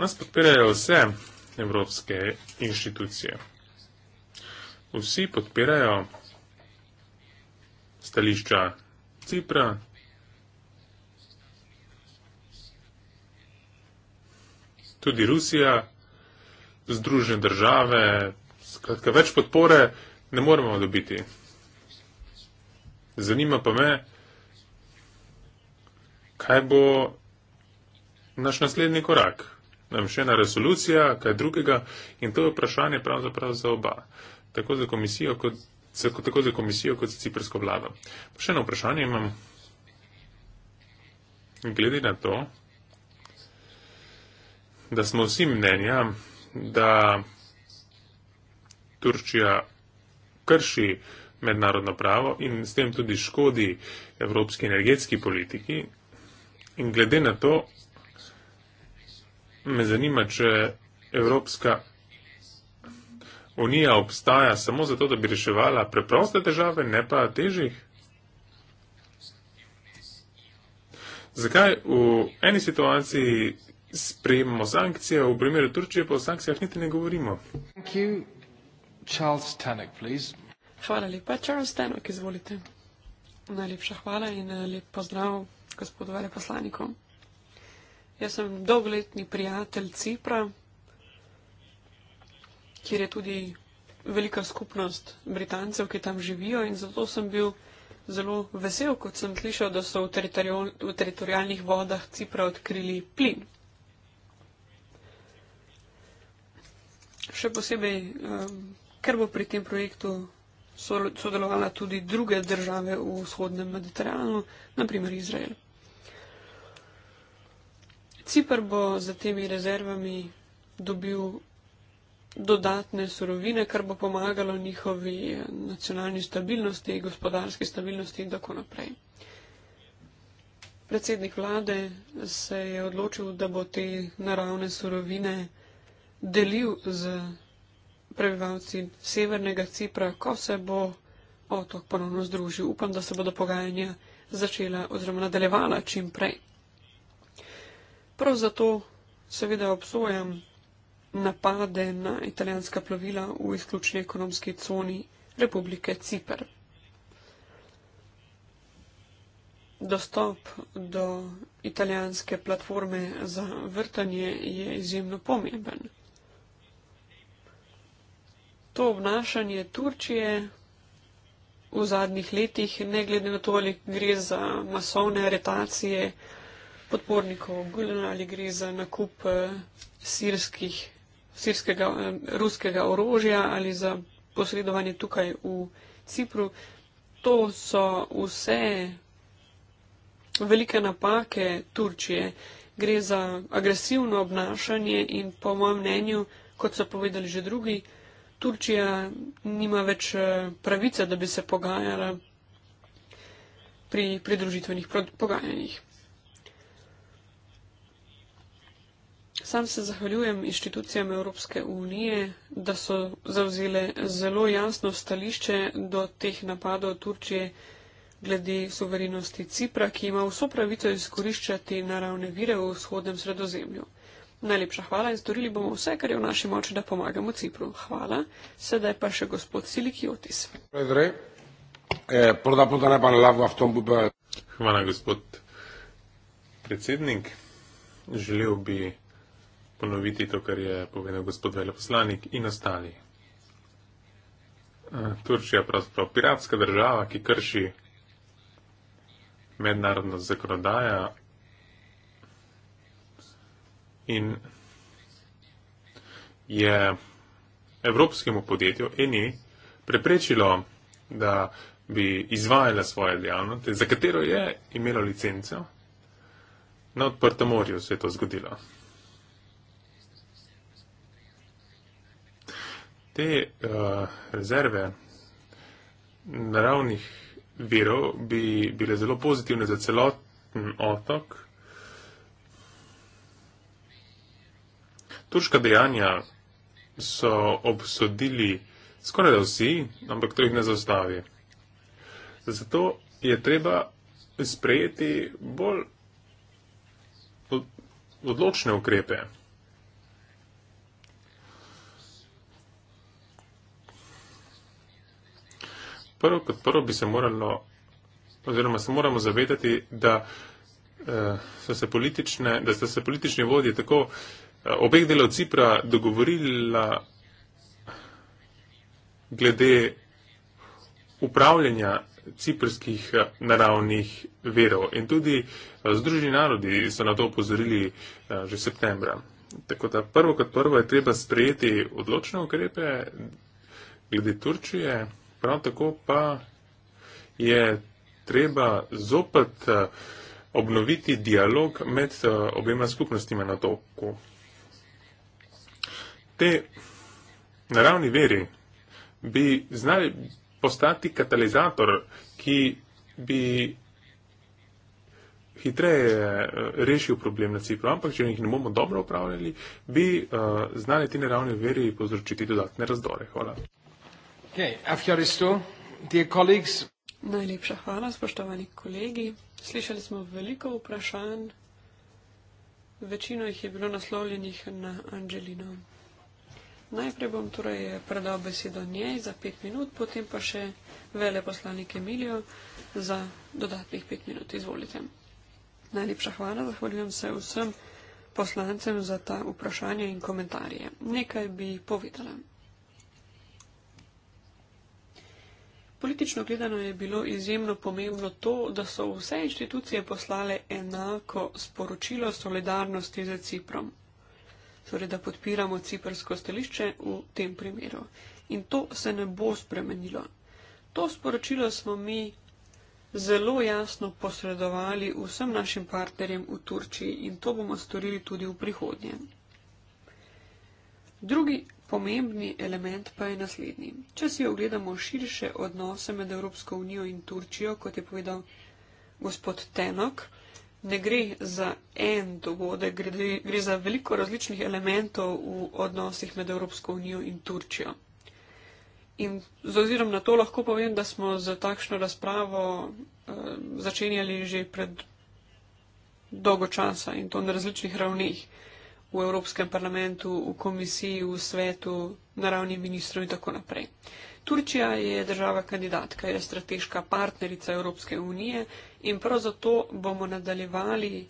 Nas podpirajo vse evropske inštitucije. Vsi podpirajo stališča Cipra. Tudi Rusija, združene države, skratka več podpore ne moremo dobiti. Zanima pa me, kaj bo naš naslednji korak nam še ena resolucija, kaj drugega in to je vprašanje pravzaprav za oba, tako za komisijo kot za, tako za, komisijo, kot za ciprsko vlado. Še eno vprašanje imam. Glede na to, da smo vsi mnenja, da Turčija krši mednarodno pravo in s tem tudi škodi evropski energetski politiki. In glede na to, Me zanima, če Evropska unija obstaja samo zato, da bi reševala preproste države, ne pa težjih. Zakaj v eni situaciji sprejemamo sankcije, v primeru Turčije pa o sankcijah niti ne govorimo? Tannock, hvala lepa, Charles Tenok, izvolite. Najlepša hvala in eh, lep pozdrav gospodu veleposlaniku. Jaz sem dolgoletni prijatelj Cipra, kjer je tudi velika skupnost Britancev, ki tam živijo in zato sem bil zelo vesel, kot sem slišal, da so v, teritorial, v teritorijalnih vodah Cipra odkrili plin. Še posebej, ehm, ker bo pri tem projektu sodelovala tudi druge države v vzhodnem Mediteranu, naprimer Izrael. Cipr bo za temi rezervami dobil dodatne surovine, kar bo pomagalo njihovi nacionalni stabilnosti, gospodarski stabilnosti in tako naprej. Predsednik vlade se je odločil, da bo te naravne surovine delil z prebivalci severnega Cipra, ko se bo otok ponovno združil. Upam, da se bodo pogajanja začela oziroma nadaljevala čim prej. Prav zato seveda obsojam napade na italijanska plovila v izključni ekonomski coni Republike Cipr. Dostop do italijanske platforme za vrtanje je izjemno pomemben. To obnašanje Turčije v zadnjih letih, ne glede na to, ali gre za masovne aretacije, podpornikov Gulena ali gre za nakup eh, sirskih, sirskega, eh, ruskega orožja ali za posredovanje tukaj v Cipru. To so vse velike napake Turčije. Gre za agresivno obnašanje in po mojem mnenju, kot so povedali že drugi, Turčija nima več eh, pravice, da bi se pogajala pri pridružitvenih pogajanjih. Sam se zahvaljujem inštitucijam Evropske unije, da so zauzele zelo jasno stališče do teh napadov Turčije glede suverenosti Cipra, ki ima vso pravico izkoriščati naravne vire v vzhodnem sredozemlju. Najlepša hvala in storili bomo vse, kar je v naši moči, da pomagamo Cipru. Hvala. Sedaj pa še gospod Silikiotis. Eh, hvala, gospod predsednik. Želel bi ponoviti to, kar je povedal gospod veleposlanik in ostali. Eh, Turčija je pravzaprav piratska država, ki krši mednarodno zakonodajo in je evropskemu podjetju Eni preprečilo, da bi izvajala svoje dejavnosti, za katero je imela licenco, na odprtem morju se je to zgodilo. te uh, rezerve naravnih virov bi bile zelo pozitivne za celoten otok. Turška dejanja so obsodili skoraj da vsi, ampak to jih ne zaustavi. Zato je treba sprejeti bolj odločne ukrepe. prvo kot prvo bi se moralo, oziroma se moramo zavedati, da eh, so se politične, da so se politični vodje tako eh, obeh delov Cipra dogovorila glede upravljanja ciprskih eh, naravnih verov. In tudi Združeni narodi so na to upozorili že septembra. Tako da prvo kot prvo je treba sprejeti odločne ukrepe glede Turčije. Prav tako pa je treba zopet eh, obnoviti dialog med eh, obema skupnostima na toku. Te naravni veri bi znali postati katalizator, ki bi hitreje eh, rešil problem na Cipru, ampak če jih ne bomo dobro upravljali, bi znali ti naravni veri povzročiti dodatne razdore. Hvala. Najlepša hvala, spoštovani kolegi. Slišali smo veliko vprašanj. Večino jih je bilo naslovljenih na Angelino. Najprej bom torej predal besedo njej za pet minut, potem pa še veleposlanik Emilijo za dodatnih pet minut. Izvolite. Najlepša hvala, zahvaljujem se vsem poslancem za ta vprašanja in komentarje. Nekaj bi povedala. Politično gledano je bilo izjemno pomembno to, da so vse inštitucije poslale enako sporočilo solidarnosti z Ciprom. Torej, da podpiramo ciprsko stališče v tem primeru. In to se ne bo spremenilo. To sporočilo smo mi zelo jasno posredovali vsem našim partnerjem v Turčiji in to bomo storili tudi v prihodnje. Drugi Pomembni element pa je naslednji. Če si ogledamo širše odnose med Evropsko unijo in Turčijo, kot je povedal gospod Tenok, ne gre za en dogodek, gre, gre za veliko različnih elementov v odnosih med Evropsko unijo in Turčijo. In z ozirom na to lahko povem, da smo za takšno razpravo eh, začenjali že pred dolgo časa in to na različnih ravneh v Evropskem parlamentu, v komisiji, v svetu, na ravni ministrov in tako naprej. Turčija je država kandidatka, je strateška partnerica Evropske unije in prav zato bomo nadaljevali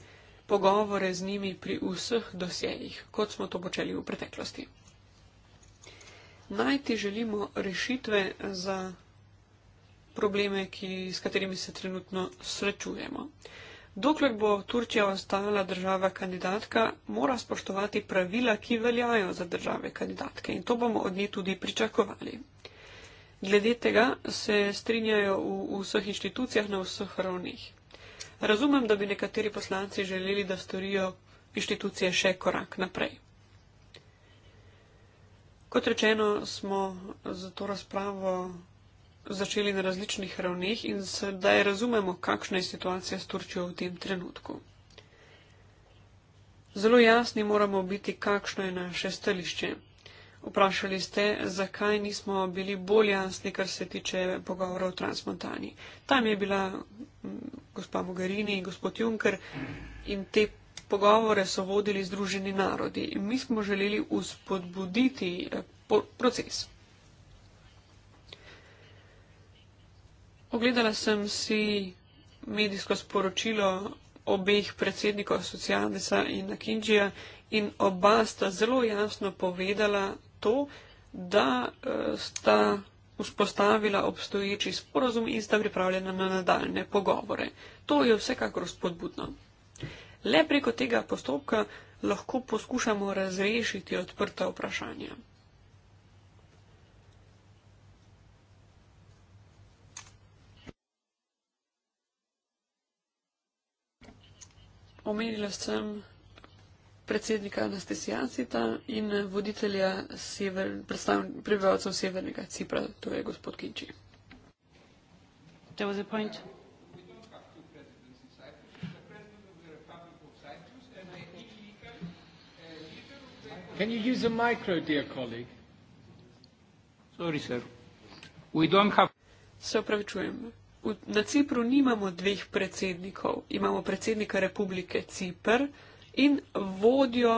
pogovore z njimi pri vseh dosjejih, kot smo to počeli v preteklosti. Najti želimo rešitve za probleme, ki, s katerimi se trenutno srečujemo. Dokler bo Turčija ostala država kandidatka, mora spoštovati pravila, ki veljajo za države kandidatke in to bomo od nje tudi pričakovali. Glede tega se strinjajo v vseh inštitucijah na vseh ravnih. Razumem, da bi nekateri poslanci želeli, da storijo inštitucije še korak naprej. Kot rečeno, smo za to razpravo začeli na različnih ravneh in sedaj razumemo, kakšna je situacija s Turčijo v tem trenutku. Zelo jasni moramo biti, kakšno je naše stališče. Vprašali ste, zakaj nismo bili bolj jasni, kar se tiče pogovorov o transmontani. Tam je bila mm, gospa Mogherini in gospod Juncker in te pogovore so vodili združeni narodi. Mi smo želeli uspodbuditi eh, proces. Ogledala sem si medijsko sporočilo obeh predsednikov Socialdesa in Nakinđija in oba sta zelo jasno povedala to, da eh, sta vzpostavila obstoječi sporozum in sta pripravljena na nadaljne pogovore. To je vsekakor spodbudno. Le preko tega postopka lahko poskušamo razrešiti odprta vprašanja. omenila sem predsednika Anastasijancita in voditelja sever, prebivalcev severnega Cipra, to je gospod Kinči. Can you use a micro, dear colleague? Sorry, sir. We don't have... Se opravičujem. V, na Cipru nimamo dveh predsednikov. Imamo predsednika republike Cipr in vodjo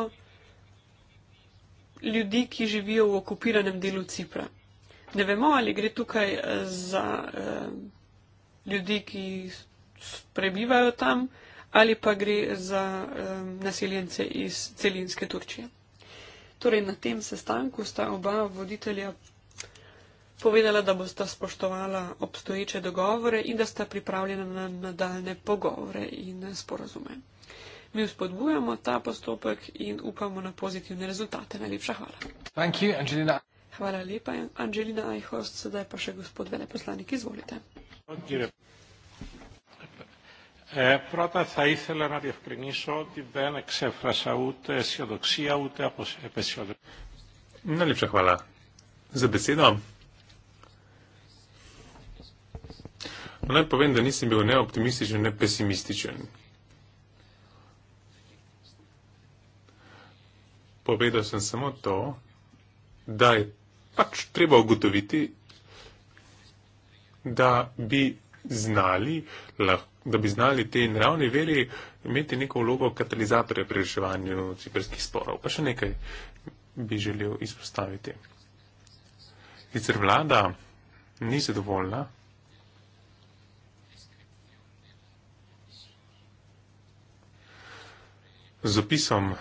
ljudi, ki živijo v okupiranem delu Cipra. Ne vemo, ali gre tukaj eh, za eh, ljudi, ki prebivajo tam, ali pa gre za eh, naseljence iz celinske Turčije. Torej, na tem sestanku sta oba voditelja povedala, da bosta spoštovala obstoječe dogovore in da sta pripravljena na nadaljne pogovore in sporazume. Mi vzpodbujamo ta postopek in upamo na pozitivne rezultate. Najlepša hvala. You, hvala lepa, Angelina Eichhorst. Sedaj pa še gospod veleposlanik, izvolite. Πρώτα θα ήθελα να διευκρινίσω ότι δεν εξέφρασα ούτε αισιοδοξία ούτε απεσιοδοξία. Να λείψα χαλά. Ζεμπεσίδω. Naj povem, da nisem bil ne optimističen, ne pesimističen. Povedal sem samo to, da je pač treba ugotoviti, da bi znali, da bi znali te naravne veri imeti neko vlogo katalizatorja pri reševanju ciperskih sporov. Pa še nekaj bi želel izpostaviti. Sicer vlada ni zadovoljna, z opisom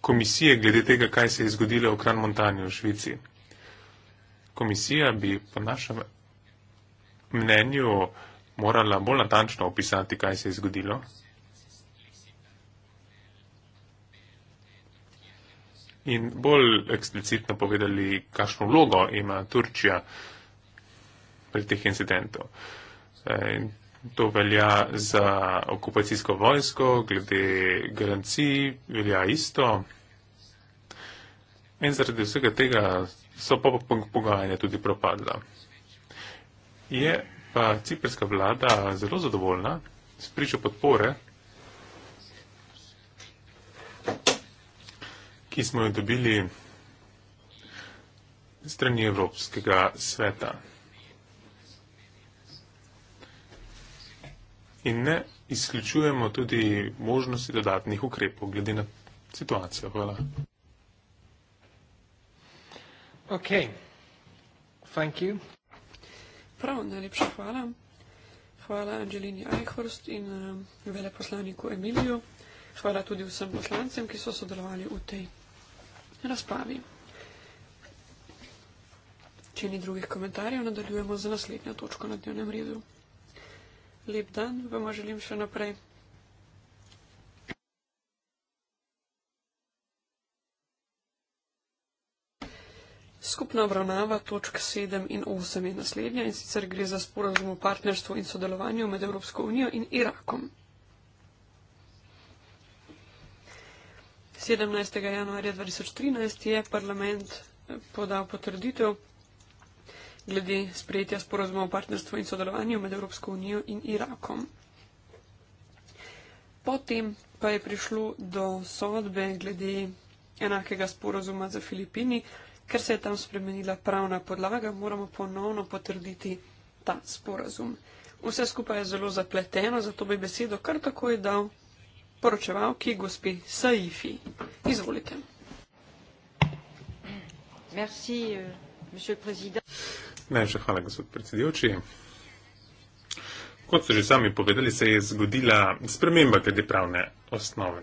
komisije glede tega, kaj se je zgodilo v Kran Montani v Švici. Komisija bi po našem mnenju morala bolj natančno opisati, kaj se je zgodilo. In bolj eksplicitno povedali, kakšno vlogo ima Turčija pri teh incidentov. Eh, To velja za okupacijsko vojsko, glede garancij velja isto. In zaradi vsega tega so pa pogajanja tudi propadla. Je pa ciperska vlada zelo zadovoljna s pričo podpore, ki smo jo dobili strani Evropskega sveta. in ne izključujemo tudi možnosti dodatnih ukrepov glede na situacijo. Hvala. Ok, thank you. Prav, najlepša hvala. Hvala Anželini Eichhorst in uh, veleposlaniku Emiliju. Hvala tudi vsem poslancem, ki so sodelovali v tej razpravi. Če ni drugih komentarjev, nadaljujemo z naslednjo točko na dnevnem redu lep dan, vam želim še naprej. Skupna obravnava točk 7 in 8 je naslednja in sicer gre za sporozum o partnerstvu in sodelovanju med Evropsko unijo in Irakom. 17. januarja 2013 je parlament podal potrditev glede sprejetja sporozuma o partnerstvu in sodelovanju med Evropsko unijo in Irakom. Potem pa je prišlo do sodbe glede enakega sporozuma za Filipini, ker se je tam spremenila pravna podlaga, moramo ponovno potrditi ta sporozum. Vse skupaj je zelo zapleteno, zato bi besedo kar tako je dal poročevalki gospi Saifi. Izvolite. Merci, uh, Najlepša hvala, gospod predsedujoči. Kot so že sami povedali, se je zgodila sprememba glede pravne osnove.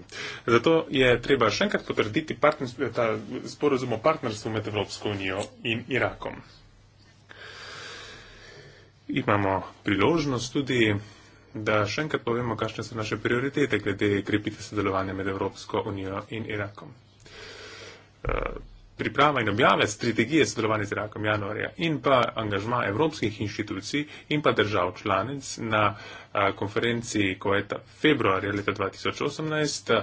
Zato je treba še enkrat potrditi ta sporozum o partnerstvu med Evropsko unijo in Irakom. Imamo priložnost tudi, da še enkrat povemo, kakšne so naše prioritete glede krepitve sodelovanja med Evropsko unijo in Irakom. Eh, priprava in objave strategije sodelovanja z Irakom januarja in pa angažma evropskih inštitucij in pa držav članic na a, konferenciji Koeta februarja leta 2018 a,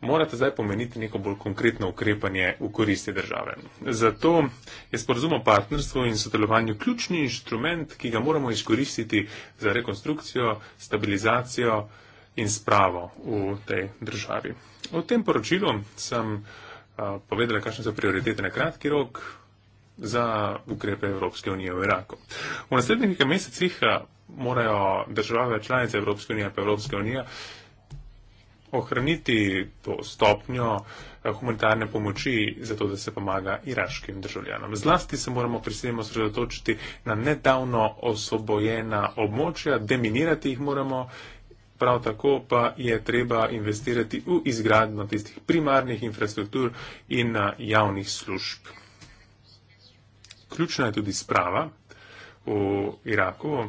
morate zdaj pomeniti neko bolj konkretno ukrepanje v koristi države. Zato je sporozum o partnerstvu in sodelovanju ključni inštrument, ki ga moramo izkoristiti za rekonstrukcijo, stabilizacijo in spravo v tej državi. O tem poročilu sem povedala, kakšne so prioritete na kratki rok za ukrepe Evropske unije v Iraku. V naslednjih mesecih morajo države članice Evropske unije in Evropske unije ohraniti to stopnjo humanitarne pomoči za to, da se pomaga iraškim državljanom. Zlasti se moramo prisiljeno sredotočiti na nedavno osvobojena območja, deminirati jih moramo prav tako pa je treba investirati v izgradno tistih primarnih infrastruktur in na javnih služb. Ključna je tudi sprava v Iraku.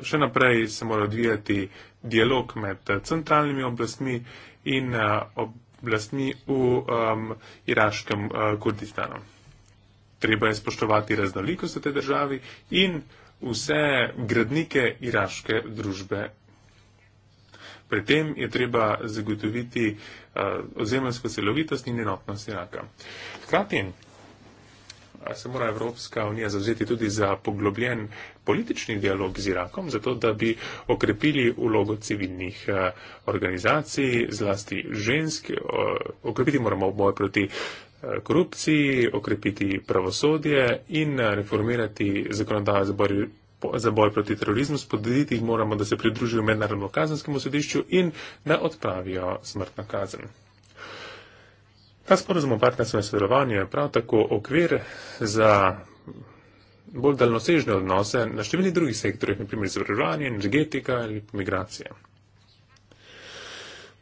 Še naprej se mora odvijati dialog med centralnimi oblastmi in eh, oblastmi v um, iraškem uh, Kurdistanu. Treba je spoštovati raznolikost v tej državi in vse gradnike iraške družbe Pri tem je treba zagotoviti uh, eh, ozemljsko celovitost in enotnost Iraka. Hkrati eh, se mora Evropska unija zavzeti tudi za poglobljen politični dialog z Irakom, zato da bi okrepili vlogo civilnih uh, organizacij, zlasti žensk. Uh, okrepiti moramo boj proti korupciji, okrepiti pravosodje in reformirati zakonodajo za boj za boj proti terorizmu, spodbuditi jih moramo, da se pridružijo mednarodno kazenskemu sodišču in da odpravijo smrtno kazen. Ta sporozum o partnerstvu in sodelovanju je prav tako okvir za bolj daljnosežne odnose na številnih drugih sektorjih, naprimer izobraževanje, energetika ali migracije.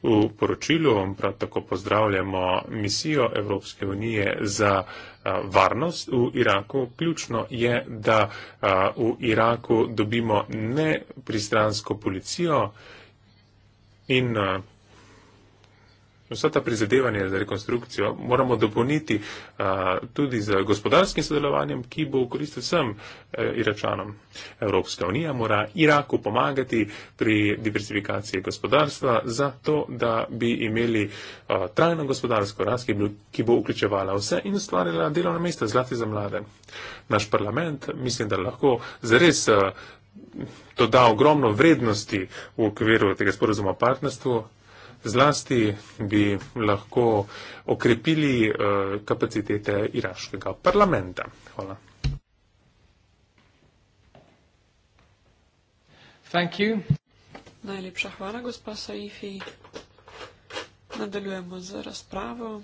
V poročilu prav tako pozdravljamo misijo Evropske unije za uh, Eh, varnost v Iraku. Ključno je, da eh, v Iraku dobimo nepristransko policijo in eh, Vsa ta prizadevanja za rekonstrukcijo moramo dopolniti uh, tudi z gospodarskim sodelovanjem, ki bo koristil vsem uh, Iračanom. Evropska unija mora Iraku pomagati pri diversifikaciji gospodarstva, zato da bi imeli uh, trajno gospodarsko rast, ki, ki bo vključevala vse in ustvarjala delovna mesta zlati za mlade. Naš parlament mislim, da lahko zares. Uh, To da ogromno vrednosti v okviru tega sporozuma o partnerstvu, zlasti bi lahko okrepili eh, kapacitete iraškega parlamenta. Hvala. Thank you. Najlepša hvala, gospa Saifi. Nadaljujemo z razpravo.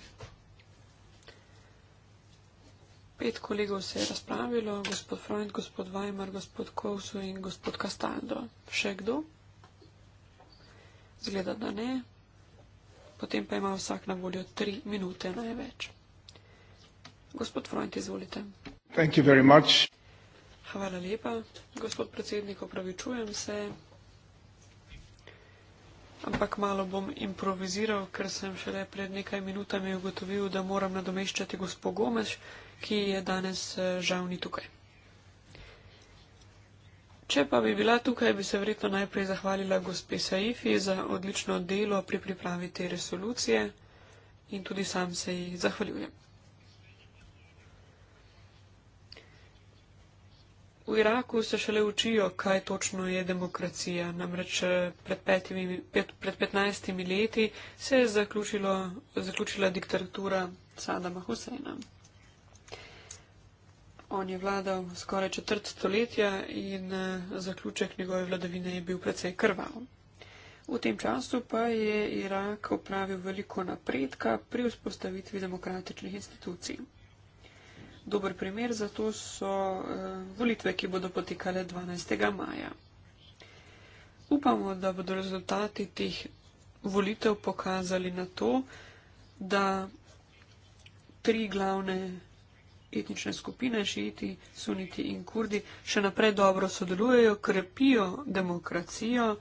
Pet kolegov se je razpravilo, gospod Freund, gospod Weimar, gospod Kovsu in gospod Castaldo. Še kdo? Zgleda, da ne potem pa ima vsak na voljo tri minute največ. Gospod Freund, izvolite. Hvala lepa. Gospod predsednik, opravičujem se, ampak malo bom improviziral, ker sem šele pred nekaj minutami ugotovil, da moram nadomeščati gospod Gomeš, ki je danes eh, žal ni tukaj. Če pa bi bila tukaj, bi se verjetno najprej zahvalila gospe Saifi za odlično delo pri pripravi te resolucije in tudi sam se ji zahvaljujem. V Iraku se šele učijo, kaj točno je demokracija. Namreč eh, pred, petimi, pet, pred 15 leti se je zaključila diktatura Sadama Huseina. On je vladal skoraj četrt stoletja in eh, zaključek njegove vladavine je bil precej krvav. V tem času pa je Irak upravil veliko napredka pri vzpostavitvi demokratičnih institucij. Dober primer za to so eh, volitve, ki bodo potekale 12. maja. Upamo, da bodo rezultati teh volitev pokazali na to, da tri glavne etnične skupine, šiiti, suniti in kurdi, še naprej dobro sodelujejo, krepijo demokracijo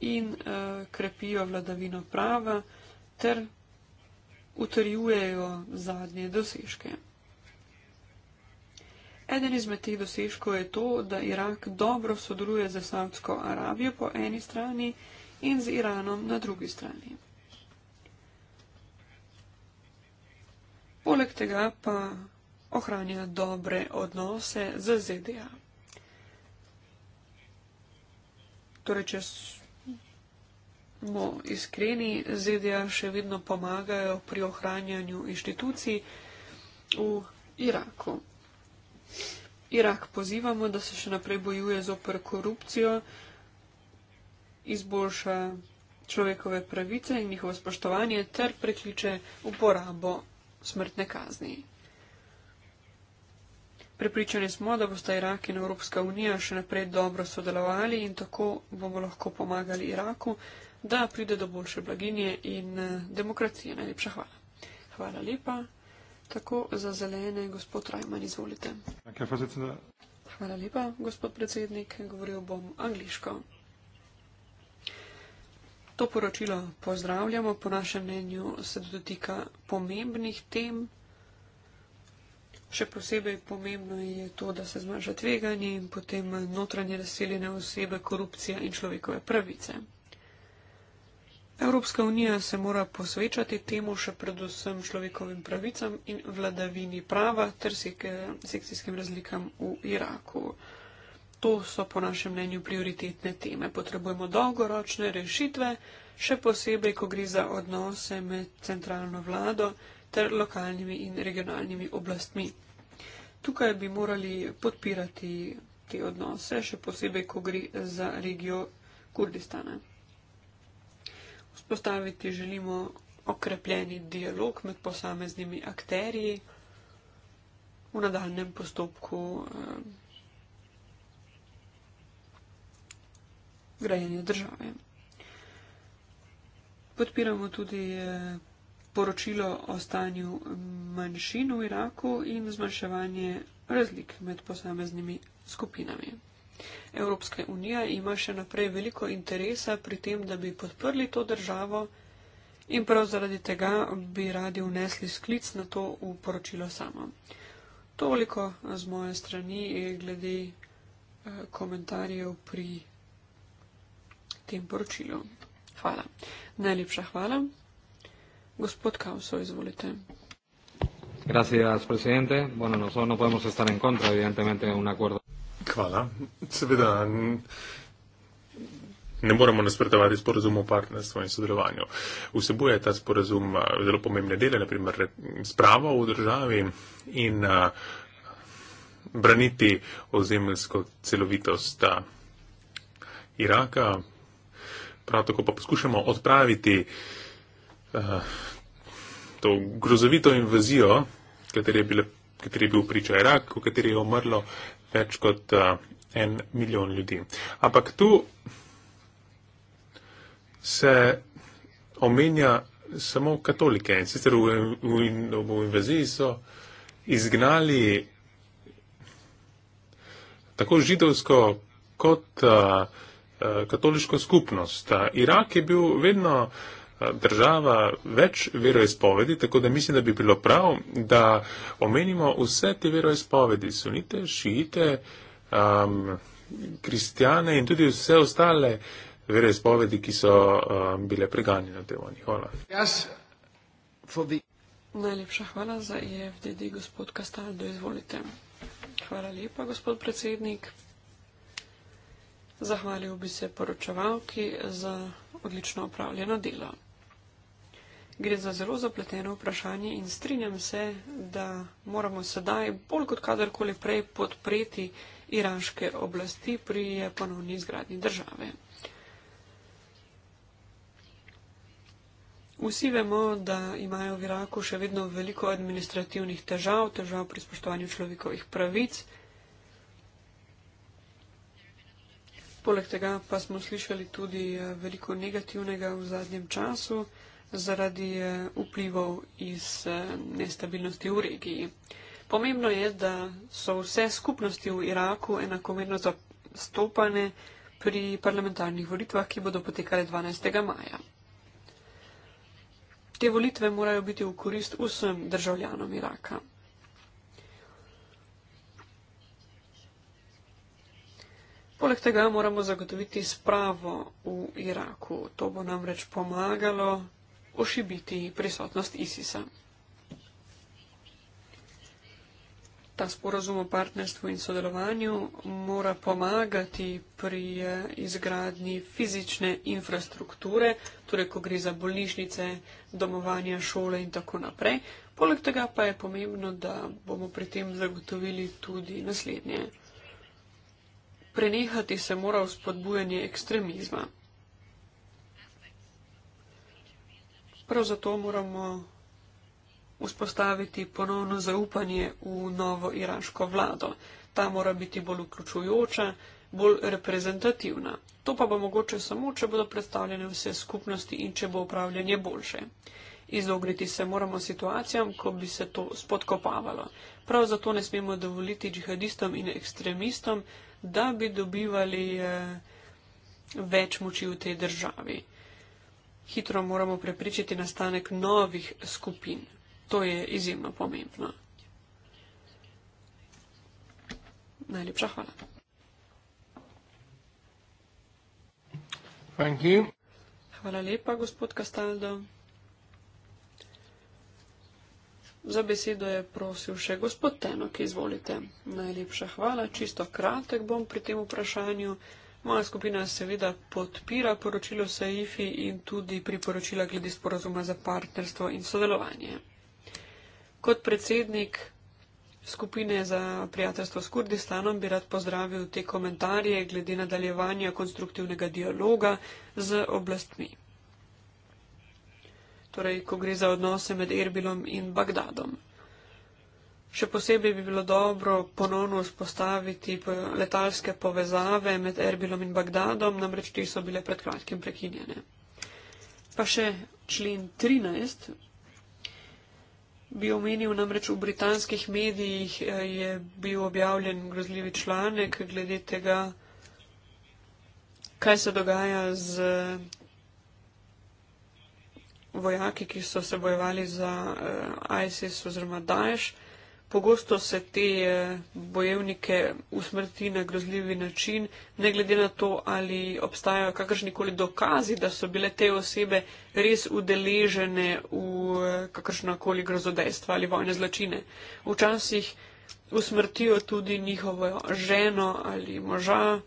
in uh, krepijo vladavino prava ter utrjujejo zadnje dosežke. Eden izmed teh dosežkov je to, da Irak dobro sodeluje z Saudsko Arabijo po eni strani in z Iranom na drugi strani. Poleg tega pa ohranja dobre odnose z ZDA. Torej, če smo iskreni, ZDA še vedno pomagajo pri ohranjanju inštitucij v Iraku. Irak pozivamo, da se še naprej bojuje zoper korupcijo, izboljša človekove pravice in njihovo spoštovanje ter prekliče uporabo smrtne kazni. Prepričani smo, da bosta Irak in Evropska unija še naprej dobro sodelovali in tako bomo lahko pomagali Iraku, da pride do boljše blaginje in eh, demokracije. Najlepša hvala. Hvala lepa. Tako za zelene, gospod Rajman, izvolite. Hvala lepa, gospod predsednik. Govoril bom angliško. To poročilo pozdravljamo, po našem mnenju se dotika pomembnih tem, Še posebej pomembno je to, da se zmanjša tveganje in potem notranje razseljene osebe, korupcija in človekove pravice. Evropska unija se mora posvečati temu še predvsem človekovim pravicam in vladavini prava ter sekcijskim razlikam v Iraku. To so po našem mnenju prioritetne teme. Potrebujemo dolgoročne rešitve, še posebej, ko gre za odnose med centralno vlado ter lokalnimi in regionalnimi oblastmi tukaj bi morali podpirati te odnose, še posebej, ko gre za regijo Kurdistana. Vzpostaviti želimo okrepljeni dialog med posameznimi akterji v nadaljem postopku eh, grajenja države. Podpiramo tudi eh, poročilo o stanju manjšin v Iraku in zmanjševanje razlik med posameznimi skupinami. Evropska unija ima še naprej veliko interesa pri tem, da bi podprli to državo in prav zaradi tega bi radi vnesli sklic na to v poročilo samo. Toliko z moje strani glede eh, komentarjev pri tem poročilu. Hvala. Najlepša hvala. Gospod Kauso, izvolite. No Hvala. Seveda ne moremo nasprotovati sporazumu o partnerstvu in sodelovanju. Vsebuje ta sporazum zelo pomembne dele, naprimer spravo v državi in braniti ozemljsko celovitost Iraka. Prav tako pa poskušamo odpraviti uh, Eh, to grozovito invazijo, kateri je, bile, kateri je bil priča Irak, v kateri je umrlo več kot uh, en milijon ljudi. Ampak tu se omenja samo katolike in sicer v, v, v, v invaziji so izgnali tako židovsko kot uh, katoliško skupnost. Uh, Irak je bil vedno uh, država več veroizpovedi, tako da mislim, da bi bilo prav, da omenimo vse te veroizpovedi, sunite, šijite, um, kristjane in tudi vse ostale veroizpovedi, ki so um, bile preganjene v Tevoni. Hvala. Yes, Najlepša hvala za IFDD, e gospod Kastaldo, izvolite. Hvala lepa, gospod predsednik. Zahvalil bi se poročevalki za odlično opravljeno delo. Gre za zelo zapleteno vprašanje in strinjam se, da moramo sedaj bolj kot kadarkoli prej podpreti iraške oblasti pri ponovni izgradnji države. Vsi vemo, da imajo v Iraku še vedno veliko administrativnih težav, težav pri spoštovanju človekovih pravic. Poleg tega pa smo slišali tudi eh, veliko negativnega v zadnjem času zaradi eh, vplivov iz eh, nestabilnosti v regiji. Pomembno je, da so vse skupnosti v Iraku enakomerno zastopane pri parlamentarnih volitvah, ki bodo potekale 12. maja. Te volitve morajo biti v korist vsem državljanom Iraka. Poleg tega moramo zagotoviti spravo v Iraku. To bo namreč pomagalo ošibiti prisotnost ISIS-a. Ta sporazum o partnerstvu in sodelovanju mora pomagati pri eh, izgradnji fizične infrastrukture, torej ko gre za bolnišnice, domovanja, šole in tako naprej. Poleg tega pa je pomembno, da bomo pri tem zagotovili tudi naslednje. Prenehati se mora v spodbujanje ekstremizma. Prav zato moramo vzpostaviti ponovno zaupanje v novo iraško vlado. Ta mora biti bolj vključujoča, bolj reprezentativna. To pa bo mogoče samo, če bodo predstavljene vse skupnosti in če bo upravljanje boljše. Izogniti se moramo situacijam, ko bi se to spodkopavalo. Prav zato ne smemo dovoliti džihadistom in ekstremistom, da bi dobivali eh, več moči v tej državi hitro moramo prepričati nastanek novih skupin. To je izjemno pomembno. Najlepša hvala. Thank you. Hvala lepa, gospod Kastaldo. Za besedo je prosil še gospod Tenok, izvolite. Najlepša hvala, čisto kratek bom pri tem vprašanju. Moja skupina seveda podpira poročilo SAIFI in tudi priporočila glede sporozuma za partnerstvo in sodelovanje. Kot predsednik skupine za prijateljstvo s Kurdistanom bi rad pozdravil te komentarje glede nadaljevanja konstruktivnega dialoga z oblastmi. Torej, ko gre za odnose med Erbilom in Bagdadom. Še posebej bi bilo dobro ponovno vzpostaviti letalske povezave med Erbilom in Bagdadom, namreč ti so bile pred kratkim prekinjene. Pa še člen 13 bi omenil, namreč v britanskih medijih eh, je bil objavljen grozljivi članek glede tega, kaj se dogaja z vojaki, ki so se bojevali za eh, ISIS oziroma Daesh. Pogosto se te eh, bojevnike usmrti na grozljivi način, ne glede na to, ali obstajajo kakršnikoli dokazi, da so bile te osebe res udeležene v eh, kakršnakoli grozodejstva ali vojne zločine. Včasih usmrtijo tudi njihovo ženo ali moža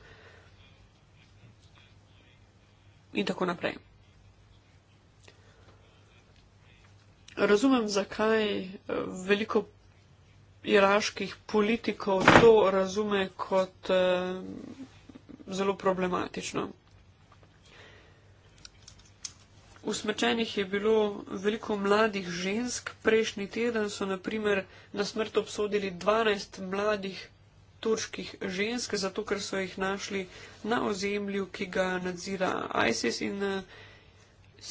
in tako naprej. Razumem, zakaj eh, veliko iraških politikov to razume kot eh, zelo problematično. Usmrčenih je bilo veliko mladih žensk. Prejšnji teden so naprimer na smrt obsodili 12 mladih turških žensk, zato ker so jih našli na ozemlju, ki ga nadzira ISIS in eh,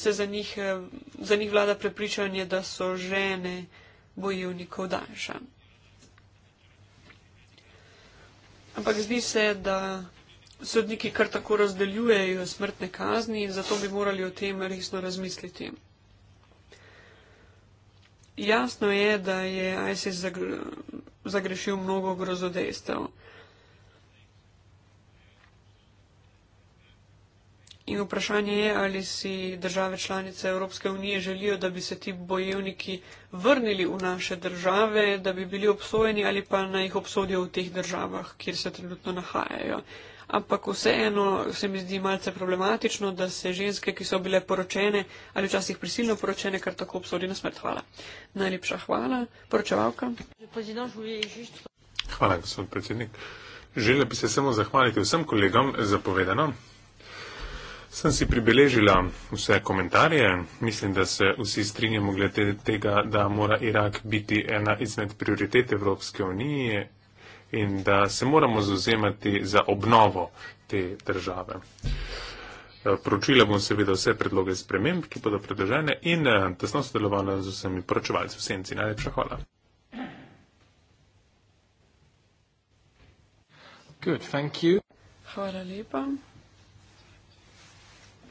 se za njih, eh, za njih vlada prepričanje, da so žene bojevnikov Daesha. Ampak zdi se, da sodniki kar tako razdeljujejo smrtne kazni in zato bi morali o tem resno razmisliti. Jasno je, da je ISIS zagrešil mnogo grozodejstev. In vprašanje je, ali si države članice Evropske unije želijo, da bi se ti bojevniki vrnili v naše države, da bi bili obsojeni ali pa naj jih obsodijo v teh državah, kjer se trenutno nahajajo. Ampak vseeno se mi zdi malce problematično, da se ženske, ki so bile poročene ali včasih prisilno poročene, kar tako obsodi na smrt. Hvala. Najlepša hvala, poročevalka. Hvala, gospod predsednik. Želel bi se samo zahvaliti vsem kolegom za povedano. Sem si pribeležila vse komentarje. Mislim, da se vsi strinjamo glede tega, da mora Irak biti ena izmed prioritet Evropske unije in da se moramo zauzemati za obnovo te države. Eh, Pročila bom seveda vse predloge sprememb, ki bodo predložene in eh, tesno sodelovala z vsemi poročevalci v Senci. Najlepša hvala. Good, hvala lepa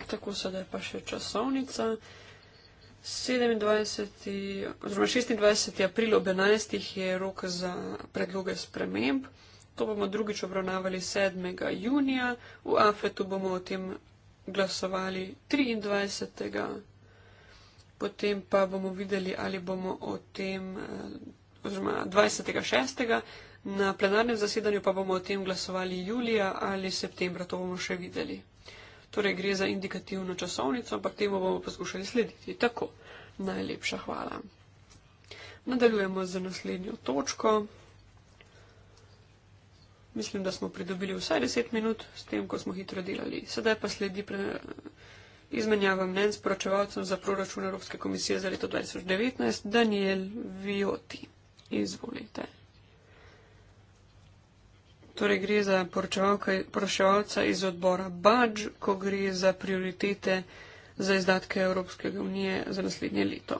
tako sedaj pa še časovnica. 27, oziroma 26. april ob 11. je rok za predloge sprememb. To bomo drugič obravnavali 7. junija. V Afetu bomo o tem glasovali 23. Potem pa bomo videli, ali bomo o tem, eh, oziroma 26. na plenarnem zasedanju pa bomo o tem glasovali julija ali septembra. To bomo še videli. Torej gre za indikativno časovnico, ampak temu bomo poskušali slediti. Tako, najlepša hvala. Nadaljujemo z naslednjo točko. Mislim, da smo pridobili vsaj 10 minut s tem, ko smo hitro delali. Sedaj pa sledi pre... izmenjava mnen s poročevalcem za proračun Evropske komisije za leto 2019, Daniel Vioti. Izvolite. Torej gre za poročevalca iz odbora Bač, ko gre za prioritete za izdatke Evropske unije za naslednje leto.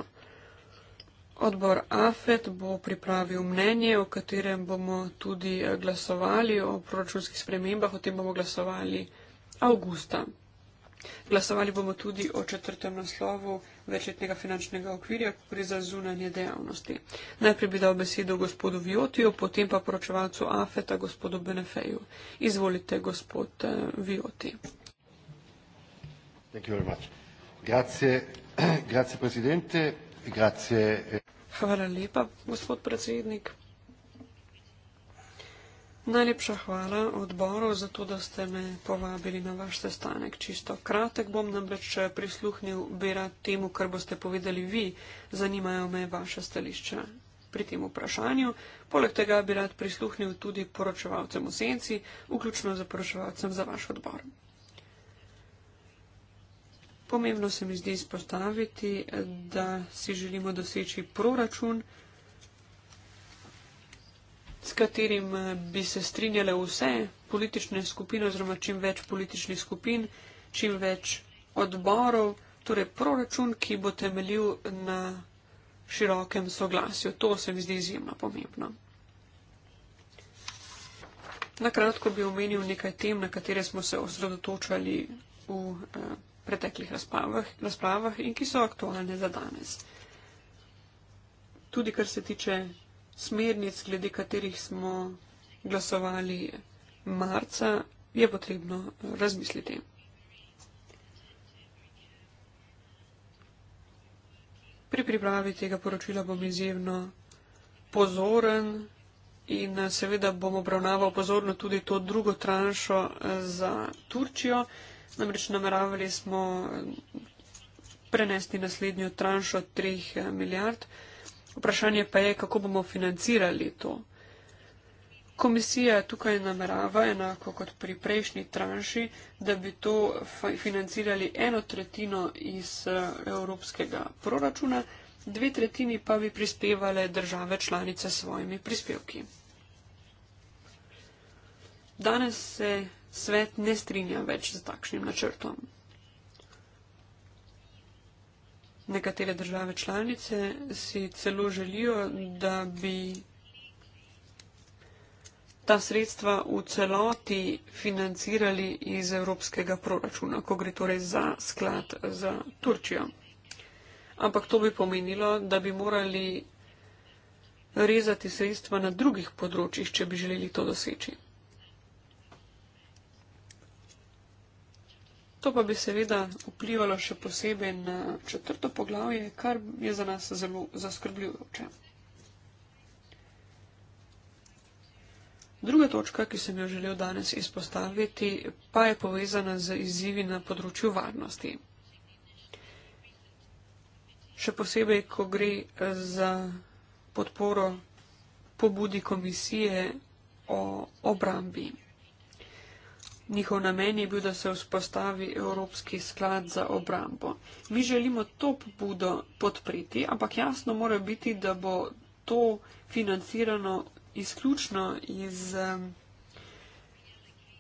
Odbor AFET bo pripravil mnenje, o katerem bomo tudi glasovali, o proračunskih spremembah, o tem bomo glasovali avgusta. Glasovali bomo tudi o četrtem naslovu večletnega finančnega okvirja, gre za zunanje dejavnosti. Najprej bi dal besedo gospodu Viotiju, potem pa poročevalcu Afeta, gospodu Benefeju. Izvolite, gospod eh, Vioti. Eh. Hvala lepa, gospod predsednik. Najlepša hvala odboru za to, da ste me povabili na vaš sestanek. Čisto kratek bom namreč eh, prisluhnil bera temu, kar boste povedali vi. Zanimajo me vaše stališča pri tem vprašanju. Poleg tega bi rad prisluhnil tudi poročevalcem v senci, vključno z poročevalcem za vaš odbor. Pomembno se mi zdi izpostaviti, eh, da si želimo doseči proračun, s katerim eh, bi se strinjale vse politične skupine oziroma čim več političnih skupin, čim več odborov, torej proračun, ki bo temeljil na širokem soglasju. To se mi zdi izjemno pomembno. Na kratko bi omenil nekaj tem, na katere smo se osredotočali v eh, preteklih razpravah, razpravah in ki so aktualne za danes. Tudi kar se tiče smernic, glede katerih smo glasovali marca, je potrebno eh, razmisliti. Pri pripravi tega poročila bom izjemno pozoren in eh, seveda bom obravnaval pozorno tudi to drugo tranšo eh, za Turčijo. Namreč nameravali smo prenesti naslednjo tranšo 3 milijard. Vprašanje pa je, kako bomo financirali to. Komisija tukaj namerava, enako kot pri prejšnji tranši, da bi to financirali eno tretjino iz eh, evropskega proračuna, dve tretjini pa bi prispevale države članice svojimi prispevki. Danes se svet ne strinja več z takšnim načrtom. nekatere države članice si celo želijo, da bi ta sredstva v celoti financirali iz evropskega proračuna, ko gre torej za sklad za Turčijo. Ampak to bi pomenilo, da bi morali rezati sredstva na drugih področjih, če bi želeli to doseči. To pa bi seveda vplivalo še posebej na četrto poglavje, kar je za nas zelo zaskrbljujoče. Druga točka, ki sem jo želel danes izpostaviti, pa je povezana z izzivi na področju varnosti. Še posebej, ko gre eh, za podporo pobudi komisije o obrambi. Njihov namen je bil, da se vzpostavi Evropski sklad za obrambo. Mi želimo to pobudo podpreti, ampak jasno mora biti, da bo to financirano izključno iz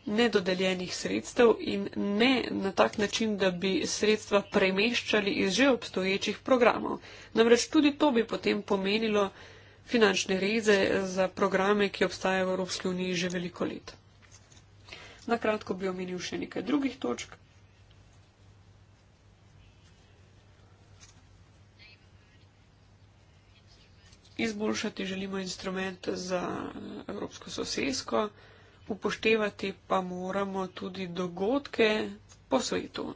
nedodeljenih sredstev in ne na tak način, da bi sredstva premeščali iz že obstoječih programov. Namreč tudi to bi potem pomenilo finančne reze za programe, ki obstajajo v Evropski uniji že veliko leto. Na kratko bi omenil še nekaj drugih točk. Izboljšati želimo instrument za evropsko sosesko, upoštevati pa moramo tudi dogodke po svetu.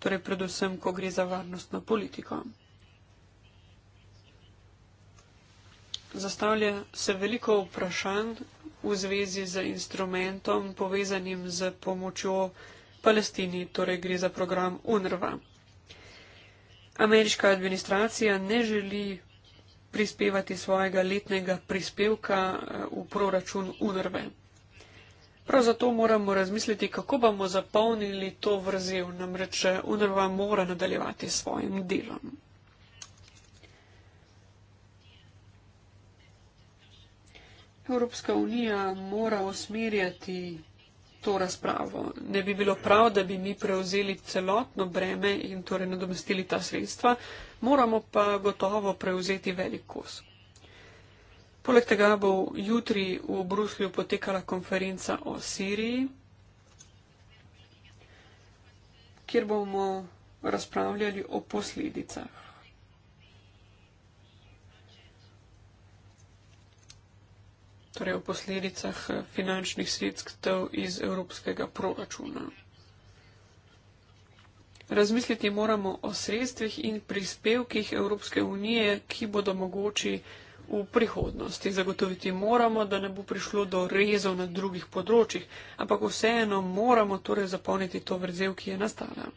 Torej, predvsem, ko gre za varnostno politiko. Zastavlja se veliko vprašanj v zvezi z instrumentom povezanim z pomočjo Palestini, torej gre za program UNRWA. Ameriška administracija ne želi prispevati svojega letnega prispevka eh, v proračun UNRWE. Prav zato moramo razmisliti, kako bomo zapolnili to vrzel, namreč eh, UNRWA mora nadaljevati s svojim delom. Evropska unija mora osmerjati to razpravo. Ne bi bilo prav, da bi mi prevzeli celotno breme in torej nadomestili ta sredstva, moramo pa gotovo prevzeti velik kos. Poleg tega bo jutri v Bruslju potekala konferenca o Siriji, kjer bomo razpravljali o posledicah. torej o posledicah eh, finančnih sredstev iz evropskega proračuna. Razmisliti moramo o sredstvih in prispevkih Evropske unije, ki bodo mogoči v prihodnosti. Zagotoviti moramo, da ne bo prišlo do rezov na drugih področjih, ampak vseeno moramo torej zapolniti to vrzel, ki je nastala.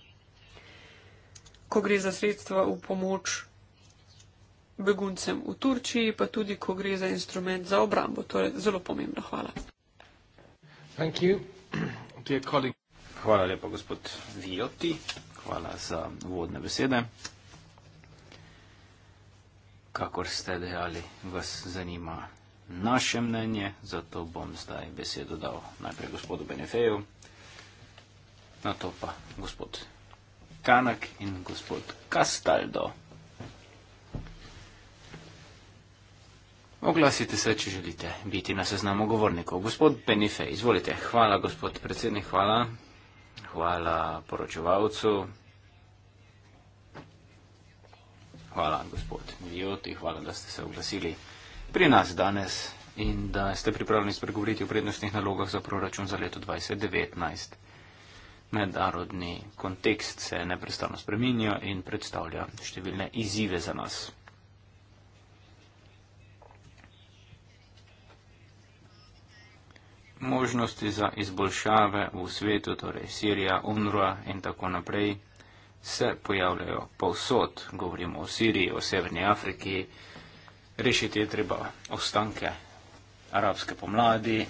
Ko gre za sredstva v pomoč beguncem v Turčiji, pa tudi, ko gre za instrument za obrambo. To je zelo pomembno. Hvala. Hvala lepa, gospod Vijoti. Hvala za vodne besede. Kakor ste dejali, vas zanima naše mnenje, zato bom zdaj besedo dal najprej gospodu Benefeju, na to pa gospod Kanak in gospod Kastaldo. Oglasite se, če želite biti na seznamu govornikov. Gospod Benife, izvolite. Hvala, gospod predsednik, hvala. Hvala poročevalcu. Hvala, gospod Mijoti, hvala, da ste se oglasili pri nas danes in da ste pripravljeni spregovoriti o prednostnih nalogah za proračun za leto 2019. Mednarodni kontekst se neprestano spreminja in predstavlja številne izzive za nas. možnosti za izboljšave v svetu, torej Sirija, UNRWA in tako naprej, se pojavljajo povsod. Govorimo o Siriji, o Severni Afriki. Rešiti je treba ostanke arabske pomladi.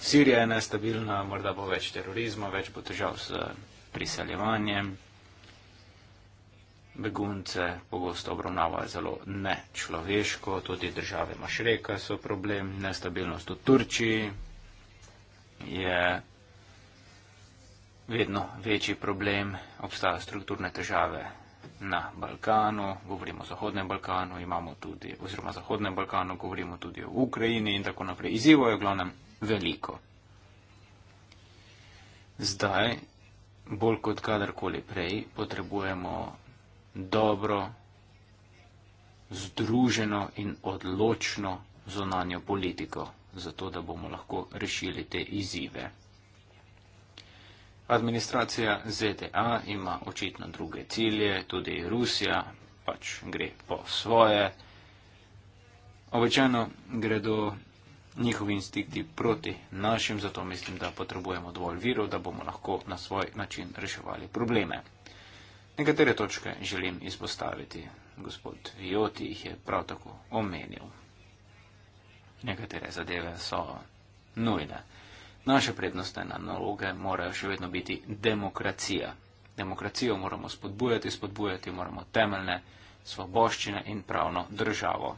Sirija je nestabilna, morda bo več terorizma, več bo težav s priseljevanjem. Begunce pogosto obravnavajo zelo nečloveško, tudi države Mašreka so problem, nestabilnost v Turčiji, je vedno večji problem, obstajajo strukturne težave na Balkanu, govorimo o Zahodnem Balkanu, imamo tudi, oziroma Zahodnem Balkanu, govorimo tudi o Ukrajini in tako naprej. Izivo je glavnem veliko. Zdaj, bolj kot kadarkoli prej, potrebujemo dobro, združeno in odločno zonanjo politiko zato da bomo lahko rešili te izzive. Administracija ZDA ima očitno druge cilje, tudi Rusija pač gre po svoje. Običajno gredo njihovi instikti proti našim, zato mislim, da potrebujemo dovolj virov, da bomo lahko na svoj način reševali probleme. Nekatere točke želim izpostaviti. Gospod Vioti jih je prav tako omenil nekatere zadeve so nujne. Naše prednostne naloge morajo še vedno biti demokracija. Demokracijo moramo spodbujati, spodbujati moramo temeljne svoboščine in pravno državo.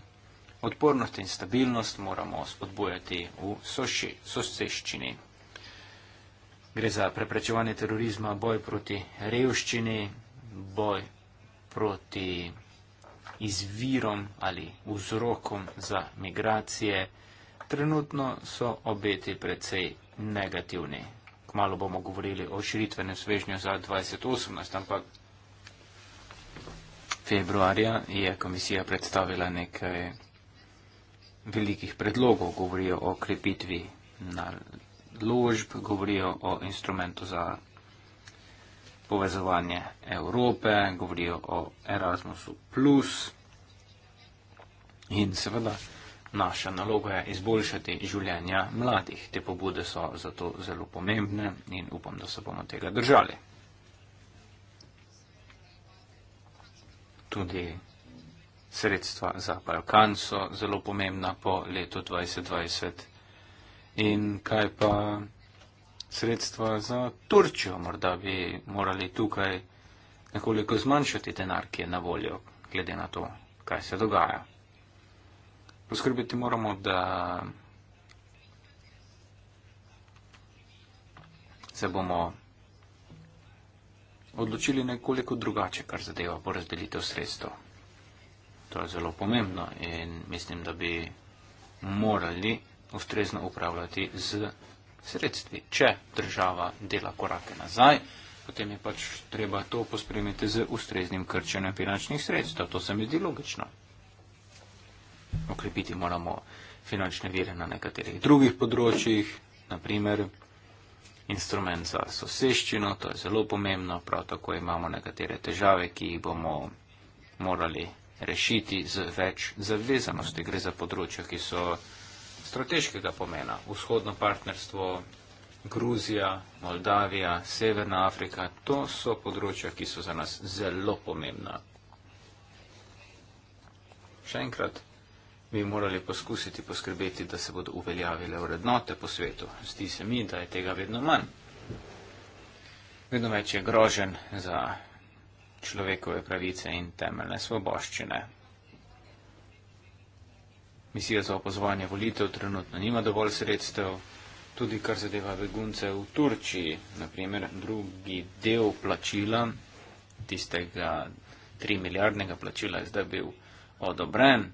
Odpornost in stabilnost moramo spodbujati v sosedščini. Gre za preprečevanje terorizma, boj proti revščini, boj proti izvirom ali vzrokom za migracije, trenutno so obeti precej negativni. Kmalo bomo govorili o širitvenem svežnju za 2018, ampak februarja je komisija predstavila nekaj velikih predlogov, govorijo o krepitvi na ložb, govorijo o instrumentu za povezovanje Evrope, govorijo o Erasmusu. In seveda naša naloga je izboljšati življenja mladih. Te pobude so zato zelo pomembne in upam, da se bomo tega držali. Tudi sredstva za Balkan so zelo pomembna po letu 2020. In kaj pa sredstva za Turčijo, morda bi morali tukaj nekoliko zmanjšati denar, ki je na voljo, glede na to, kaj se dogaja. Poskrbeti moramo, da se bomo odločili nekoliko drugače, kar zadeva porazdelitev sredstev. To je zelo pomembno in mislim, da bi morali ustrezno upravljati z sredstvi. Če država dela korake nazaj, potem je pač treba to pospremiti z ustreznim krčenjem finančnih sredstev. To se mi zdi logično. Okrepiti moramo finančne vire na nekaterih drugih področjih, naprimer instrument za soseščino, to je zelo pomembno, prav tako imamo nekatere težave, ki jih bomo morali rešiti z več zavezanosti. Gre za področja, ki so strateškega pomena. Vzhodno partnerstvo, Gruzija, Moldavija, Severna Afrika, to so področja, ki so za nas zelo pomembna. Še enkrat bi morali poskusiti poskrbeti, da se bodo uveljavile vrednote po svetu. Zdi se mi, da je tega vedno manj. Vedno več je grožen za človekove pravice in temeljne svoboščine misija za opazovanje volitev trenutno nima dovolj sredstev, tudi kar zadeva begunce v Turčiji, naprimer drugi del plačila, tistega 3 milijardnega plačila je zdaj bil odobren.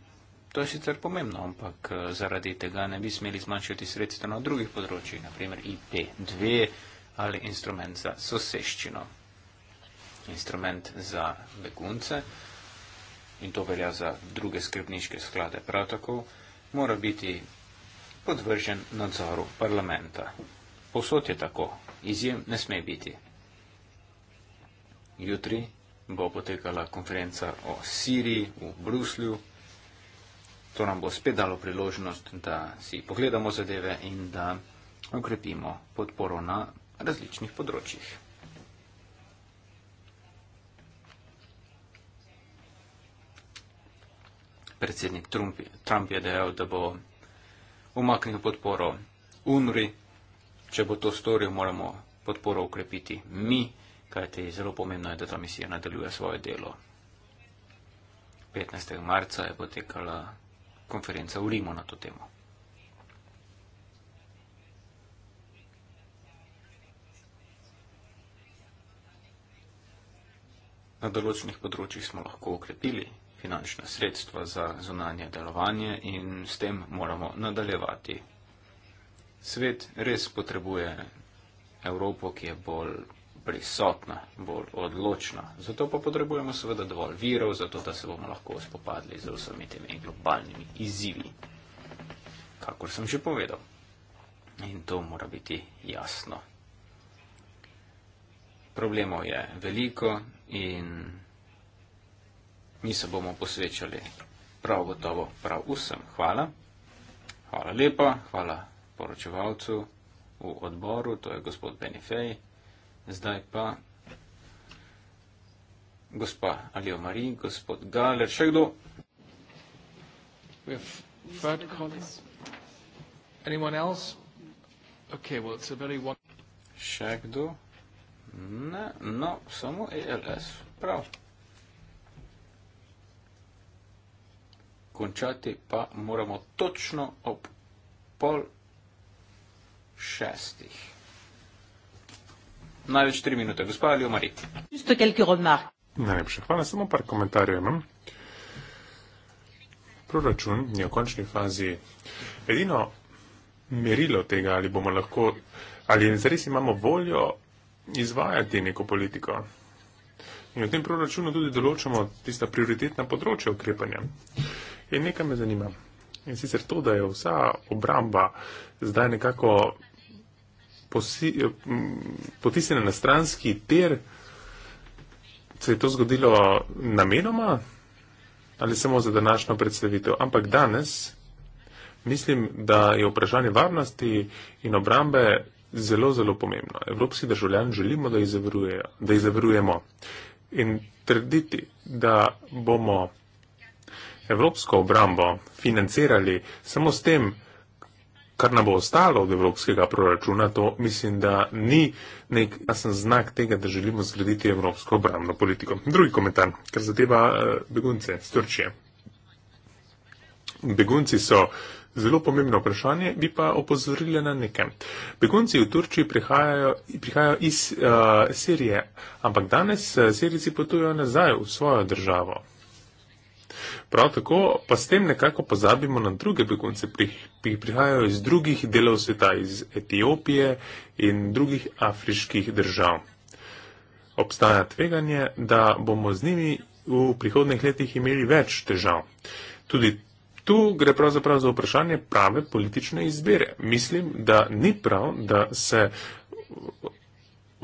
To je sicer pomembno, ampak eh, zaradi tega ne bi smeli zmanjšati sredstev na drugih področjih, naprimer IP2 ali instrument za soseščino. Instrument za begunce in to velja za druge skrbniške sklade prav tako, mora biti podvržen nadzoru parlamenta. Povsod je tako, izjem ne sme biti. Jutri bo potekala konferenca o Siriji v Bruslju. To nam bo spet dalo priložnost, da si pogledamo zadeve in da okrepimo podporo na različnih področjih. predsednik Trump, Trump je dejal, da bo umaknil podporo UNRI. Če bo to storil, moramo podporo ukrepiti mi, kajte zelo pomembno je, da ta misija nadaljuje svoje delo. 15. marca je potekala konferenca v Rimu na to temo. Na določenih področjih smo lahko ukrepili finančna sredstva za zunanje delovanje in s tem moramo nadaljevati. Svet res potrebuje Evropo, ki je bolj prisotna, bolj odločna. Zato pa potrebujemo seveda dovolj virov, zato da se bomo lahko spopadli z vsemi temi globalnimi izzivi, kakor sem že povedal. In to mora biti jasno. Problemov je veliko in mi se bomo posvečali prav gotovo prav vsem. Hvala. Hvala lepa, hvala poročevalcu v odboru, to je gospod Benifej. Zdaj pa gospa Alijo Marin, gospod Galer, še kdo? Okay, well, it's a very one... Še kdo? Ne, no, samo ALS. Prav. končati pa moramo točno ob pol šestih. Največ tri minute. Gospa ali omari? Čisto nekaj remark. Najlepša hvala, samo par komentarjev imam. Proračun je v končni fazi edino merilo tega, ali bomo lahko, ali zares imamo voljo izvajati neko politiko. In v tem proračunu tudi določamo tista prioritetna področja ukrepanja. In nekaj me zanima. In sicer to, da je vsa obramba zdaj nekako potisnjena na stranski ter, se je to zgodilo namenoma ali samo za današnjo predstavitev. Ampak danes mislim, da je vprašanje varnosti in obrambe zelo, zelo pomembno. Evropski državljan želimo, da jih zavarujemo. In trditi, da bomo evropsko obrambo financirali samo s tem, kar nam bo ostalo od evropskega proračuna, to mislim, da ni nek jasen znak tega, da želimo zgraditi evropsko obrambno politiko. Drugi komentar, kar zadeva eh, begunce z Turčije. Begunci so zelo pomembno vprašanje, bi pa opozorili na nekem. Begunci v Turčiji prihajajo, prihajajo iz uh, Sirije, ampak danes eh, Sirici potujejo nazaj v svojo državo prav tako pa s tem nekako pozabimo na druge begunce, ki prihajajo iz drugih delov sveta, iz Etiopije in drugih afriških držav. Obstaja tveganje, da bomo z njimi v prihodnih letih imeli več težav. Tudi tu gre pravzaprav za vprašanje prave politične izbire. Mislim, da ni prav, da se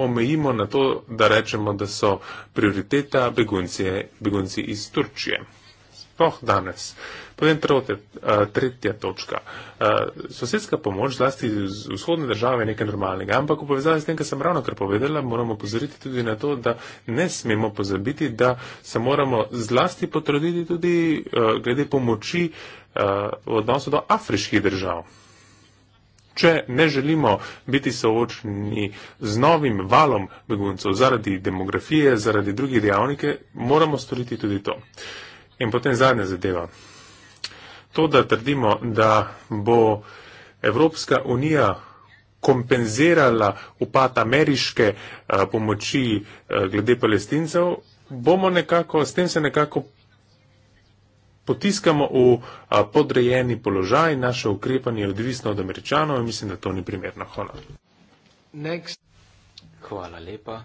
omejimo na to, da rečemo, da so prioriteta begunci, begunci iz Turčije sploh no, danes. Povem prav, te, a, eh, tretja točka. A, eh, sosedska pomoč zlasti iz vzhodne države je nekaj normalnega, ampak v povezavi s tem, kar sem ravno kar povedala, moramo pozoriti tudi na to, da ne smemo pozabiti, da se moramo zlasti potruditi tudi a, eh, glede pomoči a, v odnosu do afriških držav. Če ne želimo biti soočeni z novim valom beguncev zaradi demografije, zaradi drugih dejavnike, moramo storiti tudi to. Uh, In potem zadnja zadeva. To, da trdimo, da bo Evropska unija kompenzirala upad ameriške a, eh, pomoči a, eh, glede palestincev, bomo nekako, s tem se nekako potiskamo v a, eh, podrejeni položaj, naše ukrepanje je odvisno od američanov in mislim, da to ni primerno. Hvala. Next. Hvala lepa.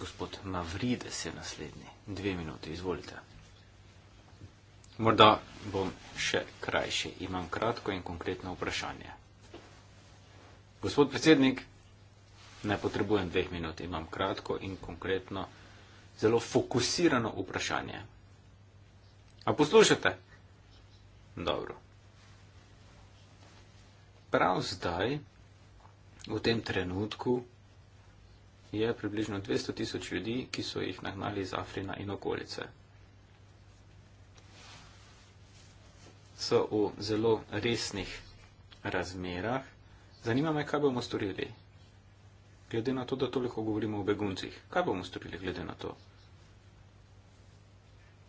Gospod Mavride se naslednji. Dve minute, izvolite. Morda bom še krajši. Imam kratko in konkretno vprašanje. Gospod predsednik, ne potrebujem dveh minut, imam kratko in konkretno, zelo fokusirano vprašanje. A poslušate? Dobro. Prav zdaj, v tem trenutku, je približno 200 tisoč ljudi, ki so jih nagnali iz Afrina in okolice. so v zelo resnih razmerah. Zanima me, kaj bomo storili, glede na to, da toliko govorimo o beguncih. Kaj bomo storili, glede na to?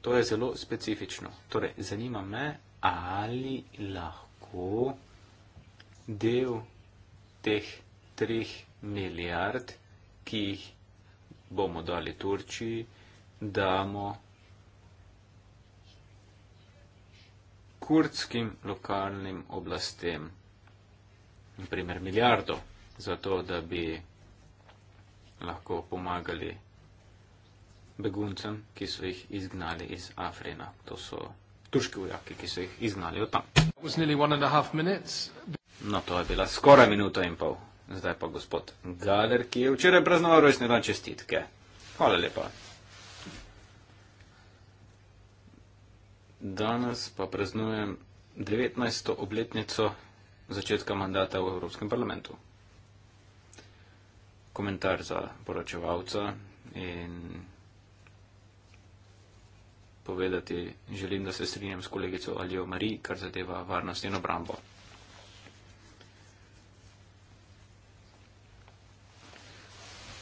To je zelo specifično. Torej, zanima me, ali lahko del teh treh milijard, ki jih bomo dali Turčiji, damo kurdskim lokalnim oblastem, na primer milijardo, za to, da bi lahko pomagali beguncem, ki so jih izgnali iz Afrina. To so turški vojaki, ki so jih izgnali od tam. No, to je bila skoraj minuta in pol. Zdaj pa gospod Galer, ki je včeraj praznoval rojstne dan čestitke. Hvala lepa. Danes pa preznujem 19. obletnico začetka mandata v Evropskem parlamentu. Komentar za poročevalca in povedati želim, da se strinjam s kolegico Aljo Mari, kar zadeva varnost in obrambo.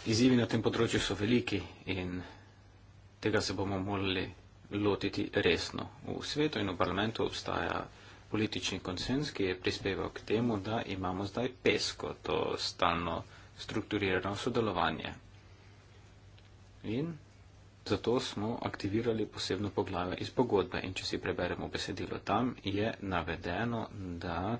Izzivi na tem področju so veliki in tega se bomo morali lotiti resno. V svetu in v parlamentu obstaja politični konsens, ki je prispeval k temu, da imamo zdaj pesko, to stalno strukturirano sodelovanje. In zato smo aktivirali posebno poglavje iz pogodbe. In če si preberemo besedilo tam, je navedeno, da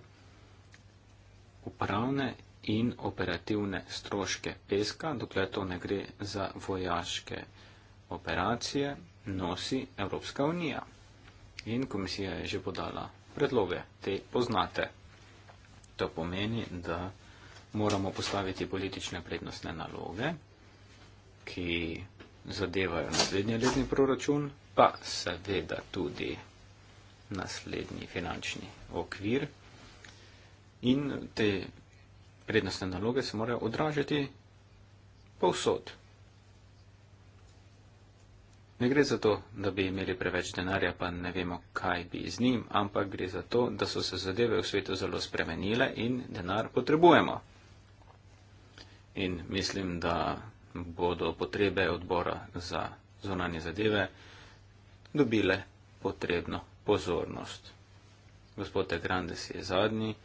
upravne in operativne stroške peska, dokler to ne gre za vojaške operacije, nosi Evropska unija. In komisija je že podala predloge, te poznate. To pomeni, da moramo postaviti politične prednostne naloge, ki zadevajo naslednji letni proračun, pa seveda tudi naslednji finančni okvir. In te prednostne naloge se morajo odražati povsod Ne gre za to, da bi imeli preveč denarja, pa ne vemo, kaj bi z njim, ampak gre za to, da so se zadeve v svetu zelo spremenile in denar potrebujemo. In mislim, da bodo potrebe odbora za zonanje zadeve dobile potrebno pozornost. Gospod Grandes je zadnji,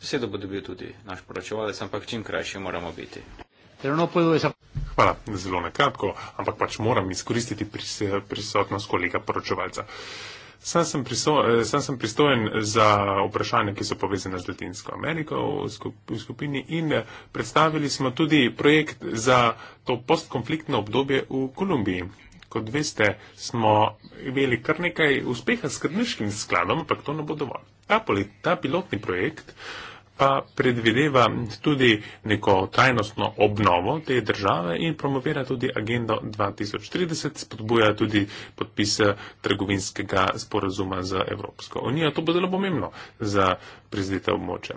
vse to bo dobil tudi naš poročevalec, ampak čim krajši moramo biti. Hvala, zelo nekratko, ampak pač moram izkoristiti pris, prisotnost kolega poročevalca. Sam sem, priso, sam sem pristojen za vprašanja, ki so povezane z Latinsko Ameriko v skupini in predstavili smo tudi projekt za to postkonfliktno obdobje v Kolumbiji. Kot veste, smo imeli kar nekaj uspeha s krniškim skladom, ampak to ne bo dovolj. Ta, poli, ta pilotni projekt uh, pa predvideva tudi neko trajnostno obnovo te države in promovira tudi agendo 2030, spodbuja tudi podpis eh, trgovinskega sporazuma z Evropsko unijo. To bo zelo pomembno za prizadete območje.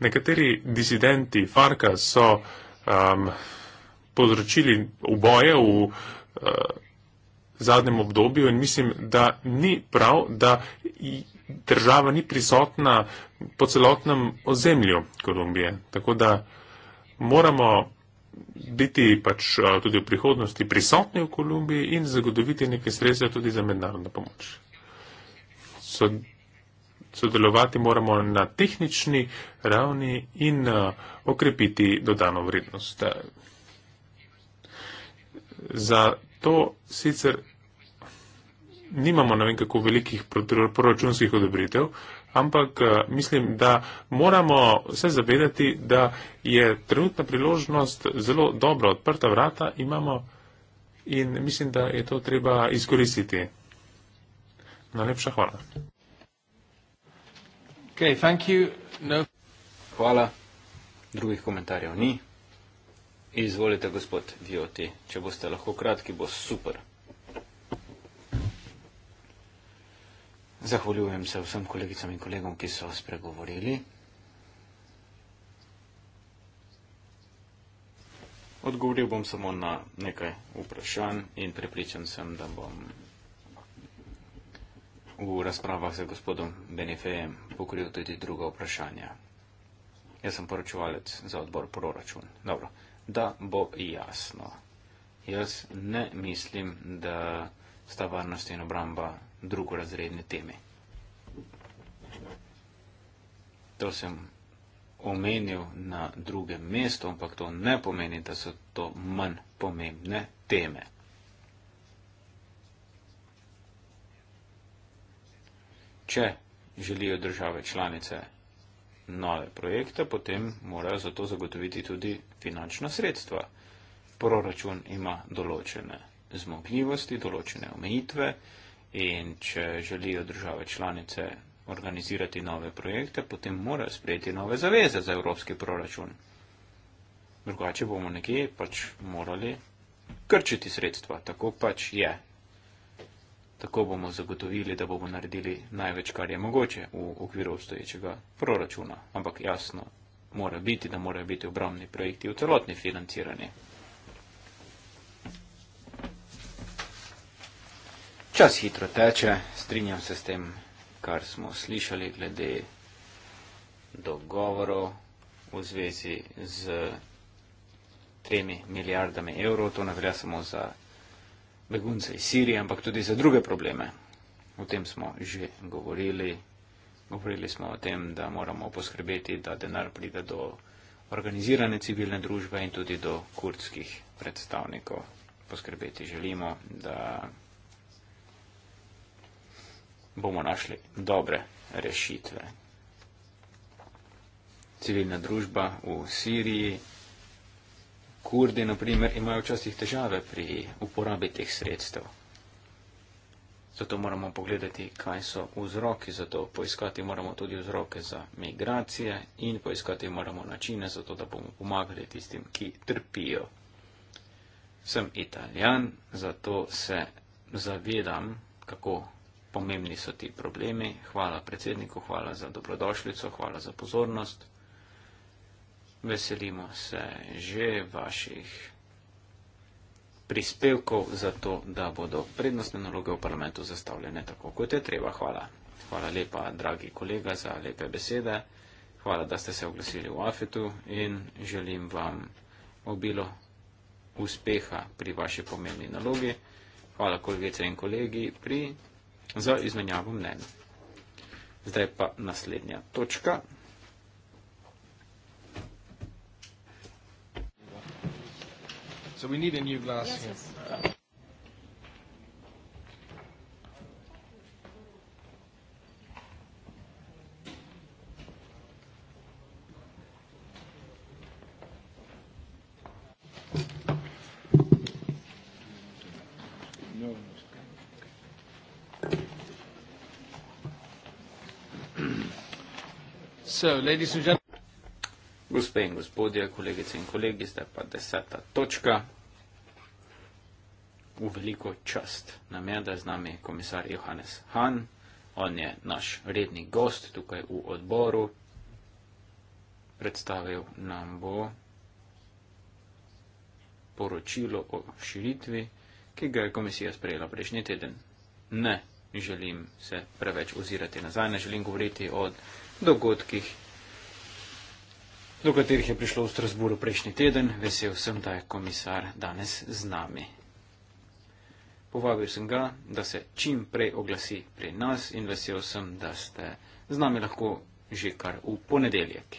Nekateri disidenti Farka so um, povzročili uboje v. Uh, zadnjem obdobju in mislim, da ni prav, da država ni prisotna po celotnem ozemlju Kolumbije. Tako da moramo biti pač tudi v prihodnosti prisotni v Kolumbiji in zagotoviti nekaj sredstva tudi za mednarodno pomoč. So, sodelovati moramo na tehnični ravni in uh, okrepiti dodano vrednost. Za to sicer nimamo ne vem kako velikih proračunskih odobritev, ampak eh, mislim, da moramo se zavedati, da je trenutna priložnost zelo dobro odprta vrata imamo in mislim, da je to treba izkoristiti. Najlepša hvala. Okay, thank you. No. Hvala. Drugih komentarjev ni. Izvolite, gospod Dioti, če boste lahko kratki, bo super. Zahvaljujem se vsem kolegicam in kolegom, ki so spregovorili. Odgovoril bom samo na nekaj vprašanj in prepričan sem, da bom v razpravah z gospodom Benefejem pokril tudi druga vprašanja. Jaz sem poročevalec za odbor proračun. Dobro, da bo jasno. Jaz ne mislim, da sta varnost in obramba drugorazredne teme. To sem omenil na drugem mestu, ampak to ne pomeni, da so to manj pomembne teme. Če želijo države članice nove projekte, potem morajo za to zagotoviti tudi finančna sredstva. Proračun ima določene zmogljivosti, določene omejitve, In če želijo države članice organizirati nove projekte, potem morajo sprejeti nove zaveze za evropski proračun. Drugače bomo nekje pač morali krčiti sredstva, tako pač je. Tako bomo zagotovili, da bomo naredili največ, kar je mogoče v okviru obstoječega proračuna. Ampak jasno, mora biti, da morajo biti obramni projekti v celotni financirani. Čas hitro teče, strinjam se s tem, kar smo slišali glede dogovorov v zvezi z tremi milijardami evrov. To ne velja samo za begunce iz Sirije, ampak tudi za druge probleme. O tem smo že govorili. Govorili smo o tem, da moramo poskrbeti, da denar pride do organizirane civilne družbe in tudi do kurdskih predstavnikov. Poskrbeti želimo, da bomo našli dobre rešitve. Civilna družba v Siriji, kurdi naprimer, imajo včasih težave pri uporabi teh sredstev. Zato moramo pogledati, kaj so vzroki za to. Poiskati moramo tudi vzroke za migracije in poiskati moramo načine za to, da bomo pomagali tistim, ki trpijo. Sem italijan, zato se zavedam, kako pomembni so ti problemi. Hvala predsedniku, hvala za dobrodošljico, hvala za pozornost. Veselimo se že vaših prispevkov za to, da bodo prednostne naloge v parlamentu zastavljene tako, kot je treba. Hvala. Hvala lepa, dragi kolega, za lepe besede. Hvala, da ste se oglasili v AFET-u in želim vam obilo uspeha pri vaši pomembni nalogi. Hvala, kolegice in kolegi, pri za izmenjavo mnen. Zdaj pa naslednja točka. So we need a new glass yes, here. Yes. Uh, Gospe in gospodje, kolegice in kolegi, zdaj pa deseta točka. V veliko čast nam je, da je z nami komisar Johannes Han. On je naš redni gost tukaj v odboru. Predstavil nam bo poročilo o širitvi, ki ga je komisija sprejela prejšnji teden. Ne želim se preveč ozirati nazaj, ne želim govoriti o dogodkih, do katerih je prišlo v Strasburu prejšnji teden. Vesel sem, da je komisar danes z nami. Povabil sem ga, da se čim prej oglasi pri nas in vesel sem, da ste z nami lahko že kar v ponedeljek.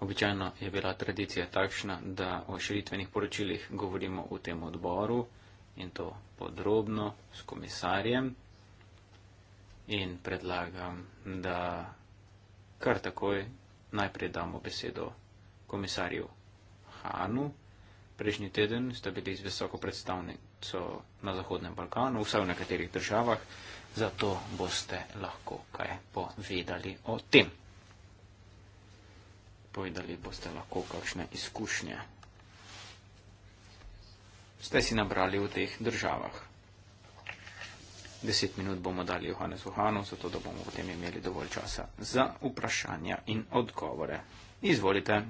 Običajno je bila tradicija takšna, da o širitvenih poročilih govorimo v tem odboru in to podrobno s komisarjem in predlagam, da kar takoj najprej damo besedo komisarju Hanu. Prejšnji teden ste bili z visoko predstavnico na Zahodnem Balkanu, vsaj v nekaterih državah, zato boste lahko kaj povedali o tem. Povedali boste lahko kakšne izkušnje. Ste si nabrali v teh državah? deset minut bomo dali Johannes Vuhanu, zato da bomo potem imeli dovolj časa za vprašanja in odgovore. Izvolite.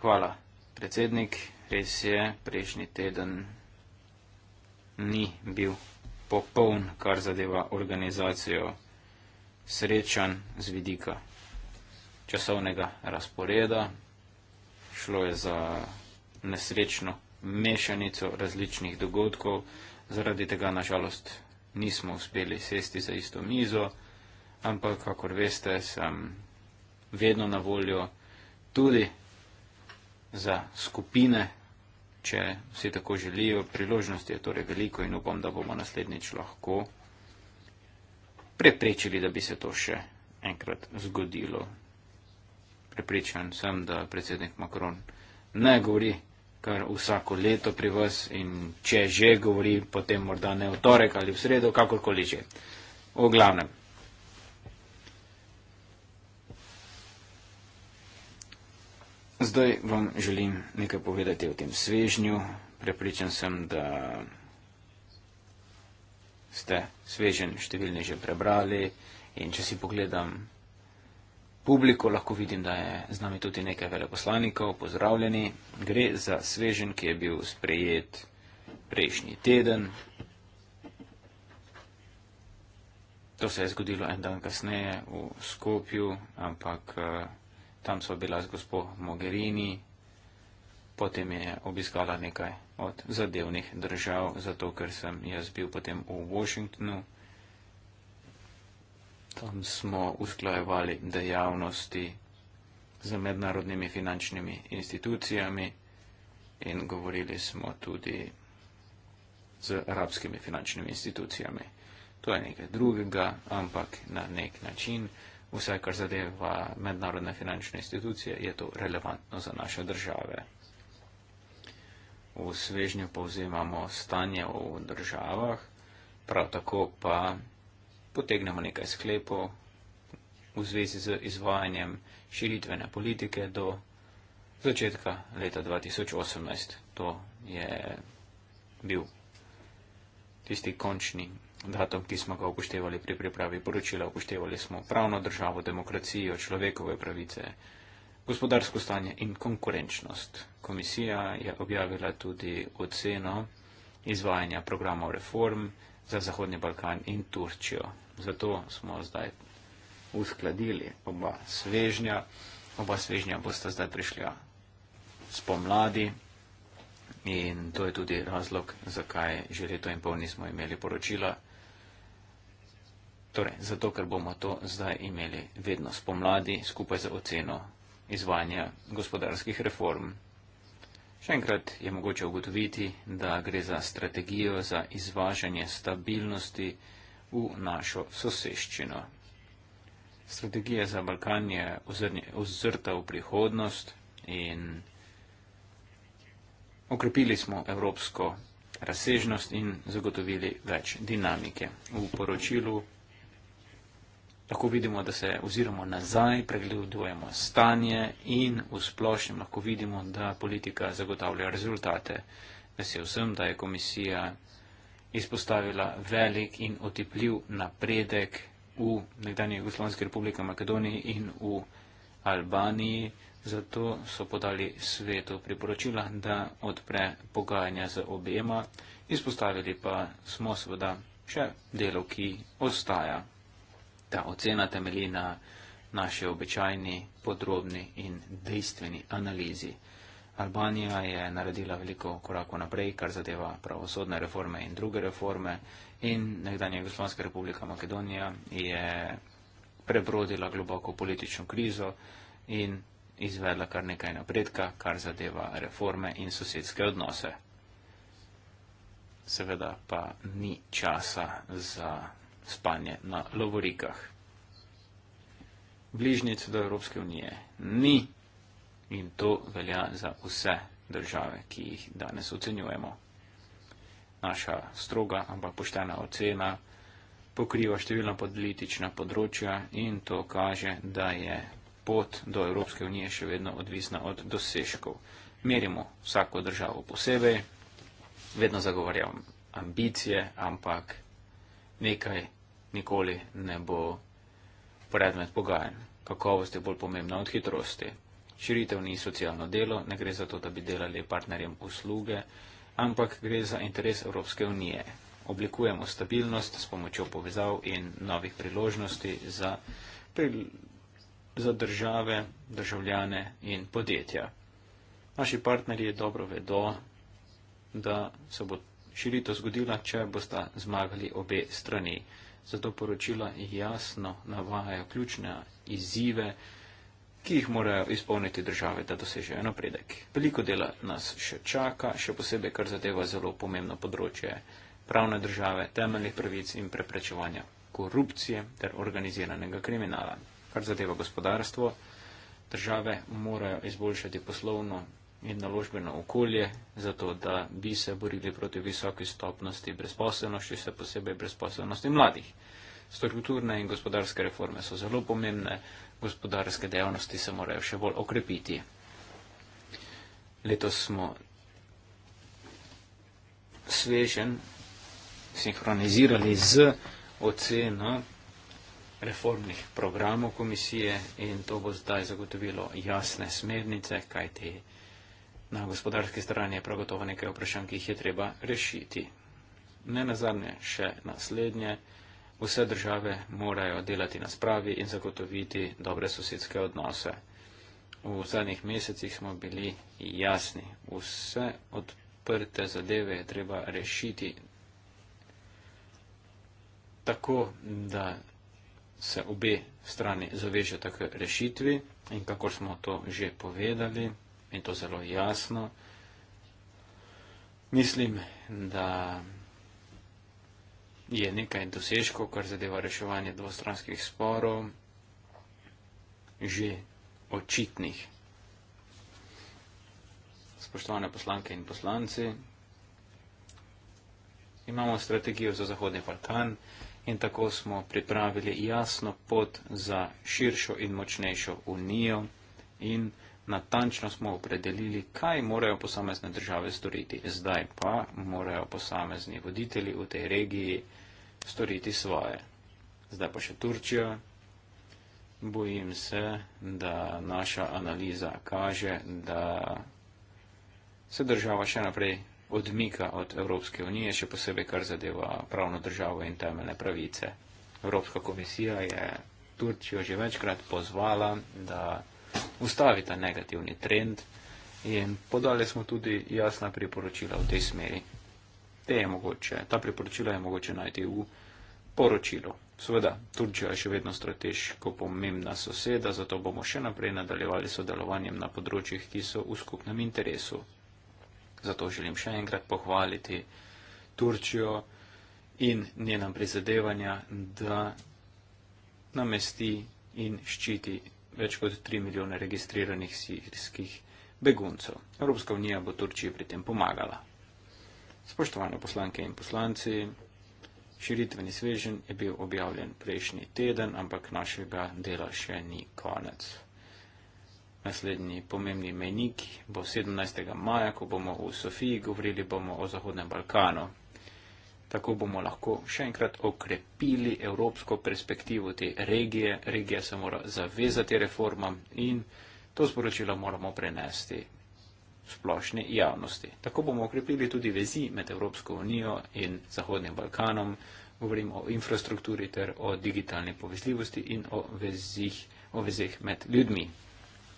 Hvala, predsednik. Res je, prejšnji teden ni bil popoln, kar zadeva organizacijo srečan z vidika časovnega razporeda. Šlo je za nesrečno mešanico različnih dogodkov zaradi tega nažalost nismo uspeli sesti za isto mizo, ampak, kakor veste, sem vedno na voljo tudi za skupine, če vsi tako želijo. Priložnosti je torej veliko in upam, da bomo naslednjič lahko preprečili, da bi se to še enkrat zgodilo. Prepričan sem, da predsednik Macron ne govori kar vsako leto pri vas in če že govori, potem morda ne v torek ali v sredo, kakorkoli že. O glavnem. Zdaj vam želim nekaj povedati o tem svežnju. Prepričan sem, da ste svežen številni že prebrali in če si pogledam publiko, lahko vidim, da je z nami tudi nekaj veleposlanikov, pozdravljeni. Gre za svežen, ki je bil sprejet prejšnji teden. To se je zgodilo en dan kasneje v Skopju, ampak eh, tam so bila z gospod Mogherini, potem je obiskala nekaj od zadevnih držav, zato ker sem jaz bil potem v Washingtonu tam smo usklajevali dejavnosti z mednarodnimi finančnimi institucijami in govorili smo tudi z arabskimi finančnimi institucijami. To je nekaj drugega, ampak na nek način vse, kar zadeva mednarodne finančne institucije, je to relevantno za naše države. V svežnju povzemamo stanje v državah, prav tako pa potegnemo nekaj sklepov v zvezi z izvajanjem širitvene politike do začetka leta 2018. To je bil tisti končni datum, ki smo ga upoštevali pri pripravi poročila. Upoštevali smo pravno državo, demokracijo, človekove pravice, gospodarsko stanje in konkurenčnost. Komisija je objavila tudi oceno izvajanja programov reform, za Zahodni Balkan in Turčijo. Zato smo zdaj uskladili oba svežnja. Oba svežnja bosta zdaj prišla spomladi in to je tudi razlog, zakaj že leto in pol nismo imeli poročila. Torej, zato, ker bomo to zdaj imeli vedno spomladi skupaj z oceno izvajanja gospodarskih reform. Še enkrat je mogoče ugotoviti, da gre za strategijo za izvažanje stabilnosti v našo soseščino. Strategija za Balkan je ozrta v prihodnost in okrepili smo evropsko razsežnost in zagotovili več dinamike. V poročilu lahko vidimo, da se oziramo nazaj, pregledujemo stanje in v splošnem lahko vidimo, da politika zagotavlja rezultate. Vesel sem, da je komisija izpostavila velik in otepljiv napredek v nekdanji Jugoslovanski republiki Makedoniji in v Albaniji. Zato so podali svetu priporočila, da odpre pogajanja z obema, izpostavili pa smo seveda še delo, ki ostaja ta ocena temelji na naši običajni, podrobni in dejstveni analizi. Albanija je naredila veliko korakov naprej, kar zadeva pravosodne reforme in druge reforme in nekdanja Jugoslavijska republika Makedonija je prebrodila globoko politično krizo in izvedla kar nekaj napredka, kar zadeva reforme in sosedske odnose. Seveda pa ni časa za spanje na lovorikah. Bližnjic do Evropske unije ni in to velja za vse države, ki jih danes ocenjujemo. Naša stroga, ampak poštena ocena pokriva številna politična področja in to kaže, da je pot do Evropske unije še vedno odvisna od dosežkov. Merimo vsako državo posebej, vedno zagovarjam ambicije, ampak nekaj nikoli ne bo predmet pogajanj. Kakovost je bolj pomembna od hitrosti. Širitev ni socialno delo, ne gre za to, da bi delali partnerjem usluge, ampak gre za interes Evropske unije. Oblikujemo stabilnost s pomočjo povezav in novih priložnosti za, za države, državljane in podjetja. Naši partnerji dobro vedo, da se bo širito zgodila, če bosta zmagali obe strani zato poročila jasno navajajo ključne izzive, ki jih morajo izpolniti države, da dosežejo napredek. Veliko dela nas še čaka, še posebej, kar zadeva zelo pomembno področje pravne države, temeljnih pravic in preprečevanja korupcije ter organiziranega kriminala. Kar zadeva gospodarstvo, države morajo izboljšati poslovno in naložbeno okolje, zato da bi se borili proti visoki stopnosti brezposelnosti, še posebej brezposelnosti mladih. Strukturne in gospodarske reforme so zelo pomembne, gospodarske dejavnosti se morajo še bolj okrepiti. Letos smo svežen sinhronizirali z oceno reformnih programov komisije in to bo zdaj zagotovilo jasne smernice, kaj te je. Na gospodarski strani je prav gotovo nekaj vprašanj, ki jih je treba rešiti. Ne nazadnje, še naslednje, vse države morajo delati na spravi in zagotoviti dobre sosedske odnose. V zadnjih mesecih smo bili jasni, vse odprte zadeve je treba rešiti tako, da se obe strani zavežeta k rešitvi in kako smo to že povedali in to zelo jasno. Mislim, da je nekaj dosežkov, kar zadeva reševanje dvostranskih sporov, že očitnih. Spoštovane poslanke in poslanci, imamo strategijo za Zahodni Balkan in tako smo pripravili jasno pot za širšo in močnejšo unijo in natančno smo opredelili, kaj morajo posamezne države storiti. Zdaj pa morajo posamezni voditelji v tej regiji storiti svoje. Zdaj pa še Turčija. Bojim se, da naša analiza kaže, da se država še naprej odmika od Evropske unije, še posebej kar zadeva pravno državo in temeljne pravice. Evropska komisija je Turčijo že večkrat pozvala, da ustavi ta negativni trend in podali smo tudi jasna priporočila v tej smeri. Te je mogoče, ta priporočila je mogoče najti v poročilu. Sveda, Turčija je še vedno strateško pomembna soseda, zato bomo še naprej nadaljevali sodelovanjem na področjih, ki so v skupnem interesu. Zato želim še enkrat pohvaliti Turčijo in njena prizadevanja, da namesti in ščiti več kot 3 milijone registriranih sirskih beguncev. Evropska unija bo Turčiji pri tem pomagala. Spoštovane poslanke in poslanci, širitveni svežen je bil objavljen prejšnji teden, ampak našega dela še ni konec. Naslednji pomembni menik bo 17. maja, ko bomo v Sofiji govorili bomo o Zahodnem Balkanu. Tako bomo lahko še enkrat okrepili evropsko perspektivo te regije. Regija se mora zavezati reformam in to sporočilo moramo prenesti splošni javnosti. Tako bomo okrepili tudi vezi med Evropsko unijo in Zahodnim Balkanom. Govorimo o infrastrukturi ter o digitalni povezljivosti in o vezih, o vezih med ljudmi.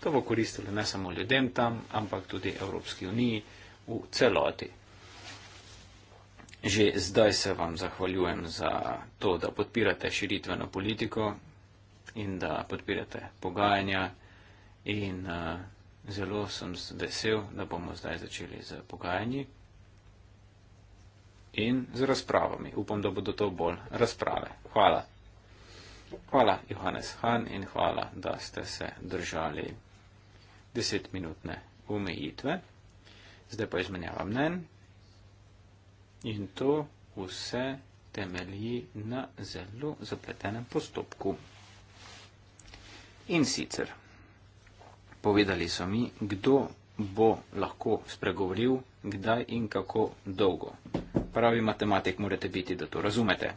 To bo koristilo ne samo ljudem tam, ampak tudi Evropski uniji v celoti. Že zdaj se vam zahvaljujem za to, da podpirate širitveno politiko in da podpirate pogajanja. In uh, zelo sem vesel, da bomo zdaj začeli z pogajanji in z razpravami. Upam, da bodo to bolj razprave. Hvala. Hvala, Johannes Han, in hvala, da ste se držali desetminutne omejitve. Zdaj pa izmenjava mnen. In to vse temelji na zelo zapletenem postopku. In sicer, povedali so mi, kdo bo lahko spregovoril, kdaj in kako dolgo. Pravi matematik morate biti, da to razumete.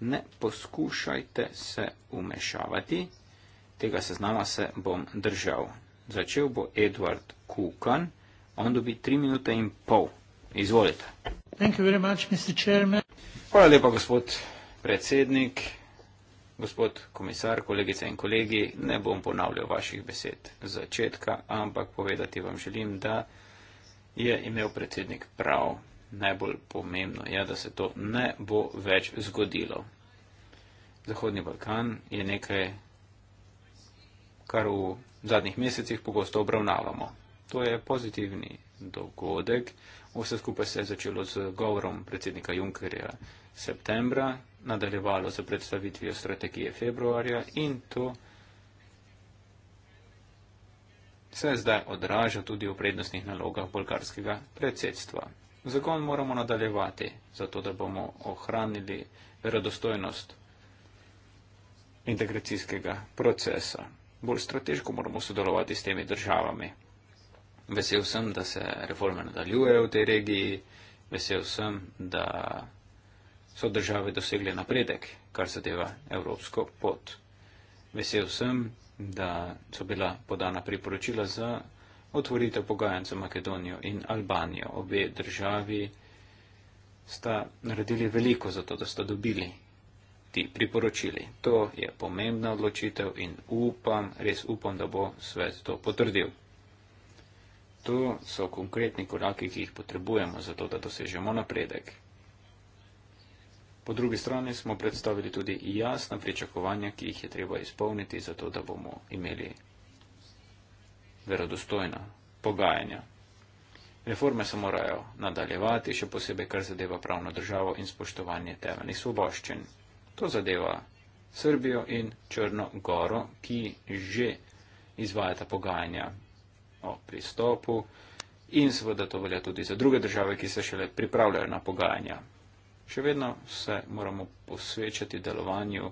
Ne poskušajte se umešavati, tega seznama se bom držal. Začel bo Edward Kukan, on dobi 3 minute in pol. Izvolite. Hvala lepa, gospod predsednik, gospod komisar, kolegice in kolegi. Ne bom ponavljal vaših besed z začetka, ampak povedati vam želim, da je imel predsednik prav. Najbolj pomembno je, da se to ne bo več zgodilo. Zahodni Balkan je nekaj, kar v zadnjih mesecih pogosto obravnavamo. To je pozitivni dogodek, Vse skupaj se je začelo z govorom predsednika Junckerja septembra, nadaljevalo z predstavitvijo strategije februarja in to se zdaj odraža tudi v prednostnih nalogah bolgarskega predsedstva. Zagon moramo nadaljevati, zato da bomo ohranili verodostojnost integracijskega procesa. Bolj strateško moramo sodelovati s temi državami, vesel sem, da se reforme nadaljujejo v tej regiji, vesel sem, da so države dosegle napredek, kar zadeva evropsko pot. Vesel sem, da so bila podana priporočila za otvoritev pogajanj za Makedonijo in Albanijo. Obe državi sta naredili veliko za to, da sta dobili ti priporočili. To je pomembna odločitev in upam, res upam, da bo svet to potrdil. To so konkretni koraki, ki jih potrebujemo, zato da dosežemo napredek. Po drugi strani smo predstavili tudi jasna pričakovanja, ki jih je treba izpolniti, zato da bomo imeli verodostojna pogajanja. Reforme se morajo nadaljevati, še posebej kar zadeva pravno državo in spoštovanje temeljnih svoboščin. To zadeva Srbijo in Črno Goro, ki že izvajata pogajanja o pristopu in seveda to velja tudi za druge države, ki se šele pripravljajo na pogajanja. Še vedno se moramo posvečati delovanju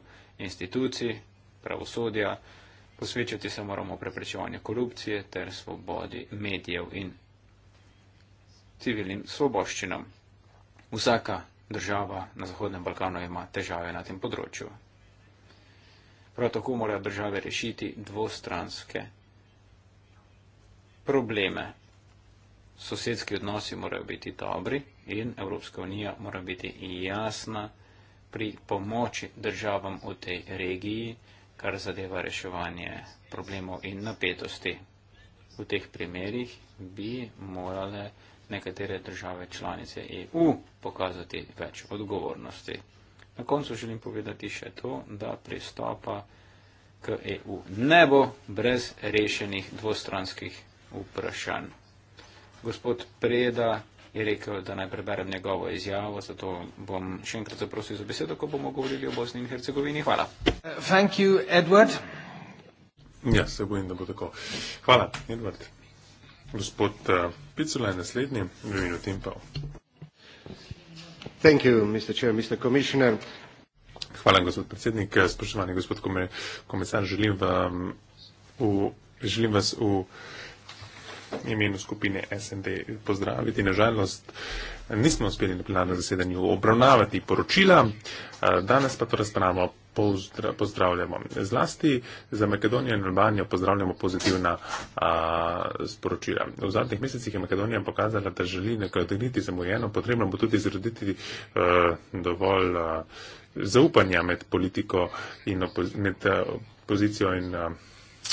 institucij, pravosodja, posvečati se moramo preprečevanju korupcije ter svobodi medijev in civilnim svoboščinam. Vsaka država na Zahodnem Balkanu ima težave na tem področju. Prav tako morajo države rešiti dvostranske probleme. Sosedski odnosi morajo biti dobri in Evropska unija mora biti jasna pri pomoči državam v tej regiji, kar zadeva reševanje problemov in napetosti. V teh primerih bi morale nekatere države članice EU pokazati več odgovornosti. Na koncu želim povedati še to, da pristopa k EU ne bo brez rešenih dvostranskih vprašanj. Gospod Preda je rekel, da naj preberem njegovo izjavo, zato bom še enkrat zaprosil za besedo, ko bomo govorili o Bosni in Hercegovini. Hvala. Thank you, Edward. Ja, se bojim, da bo tako. Hvala, Edward. Gospod uh, Picula je naslednji, v imenu Timpel. Thank you, Mr. Chair, Mr. Commissioner. Hvala, gospod predsednik. Eh, spoštovani gospod komisar, želim, vam, u, želim vas v imenu skupine SND pozdraviti. Nažalost, nismo uspeli na plenarnem zasedanju obravnavati poročila, danes pa to razpravo pozdra, pozdravljamo. Zlasti za Makedonijo in Albanijo pozdravljamo pozitivna a, sporočila. V zadnjih mesecih je Makedonija pokazala, da želi nekrati zamujeno, potrebno bo tudi zroditi a, dovolj a, zaupanja med politiko in opozicijo.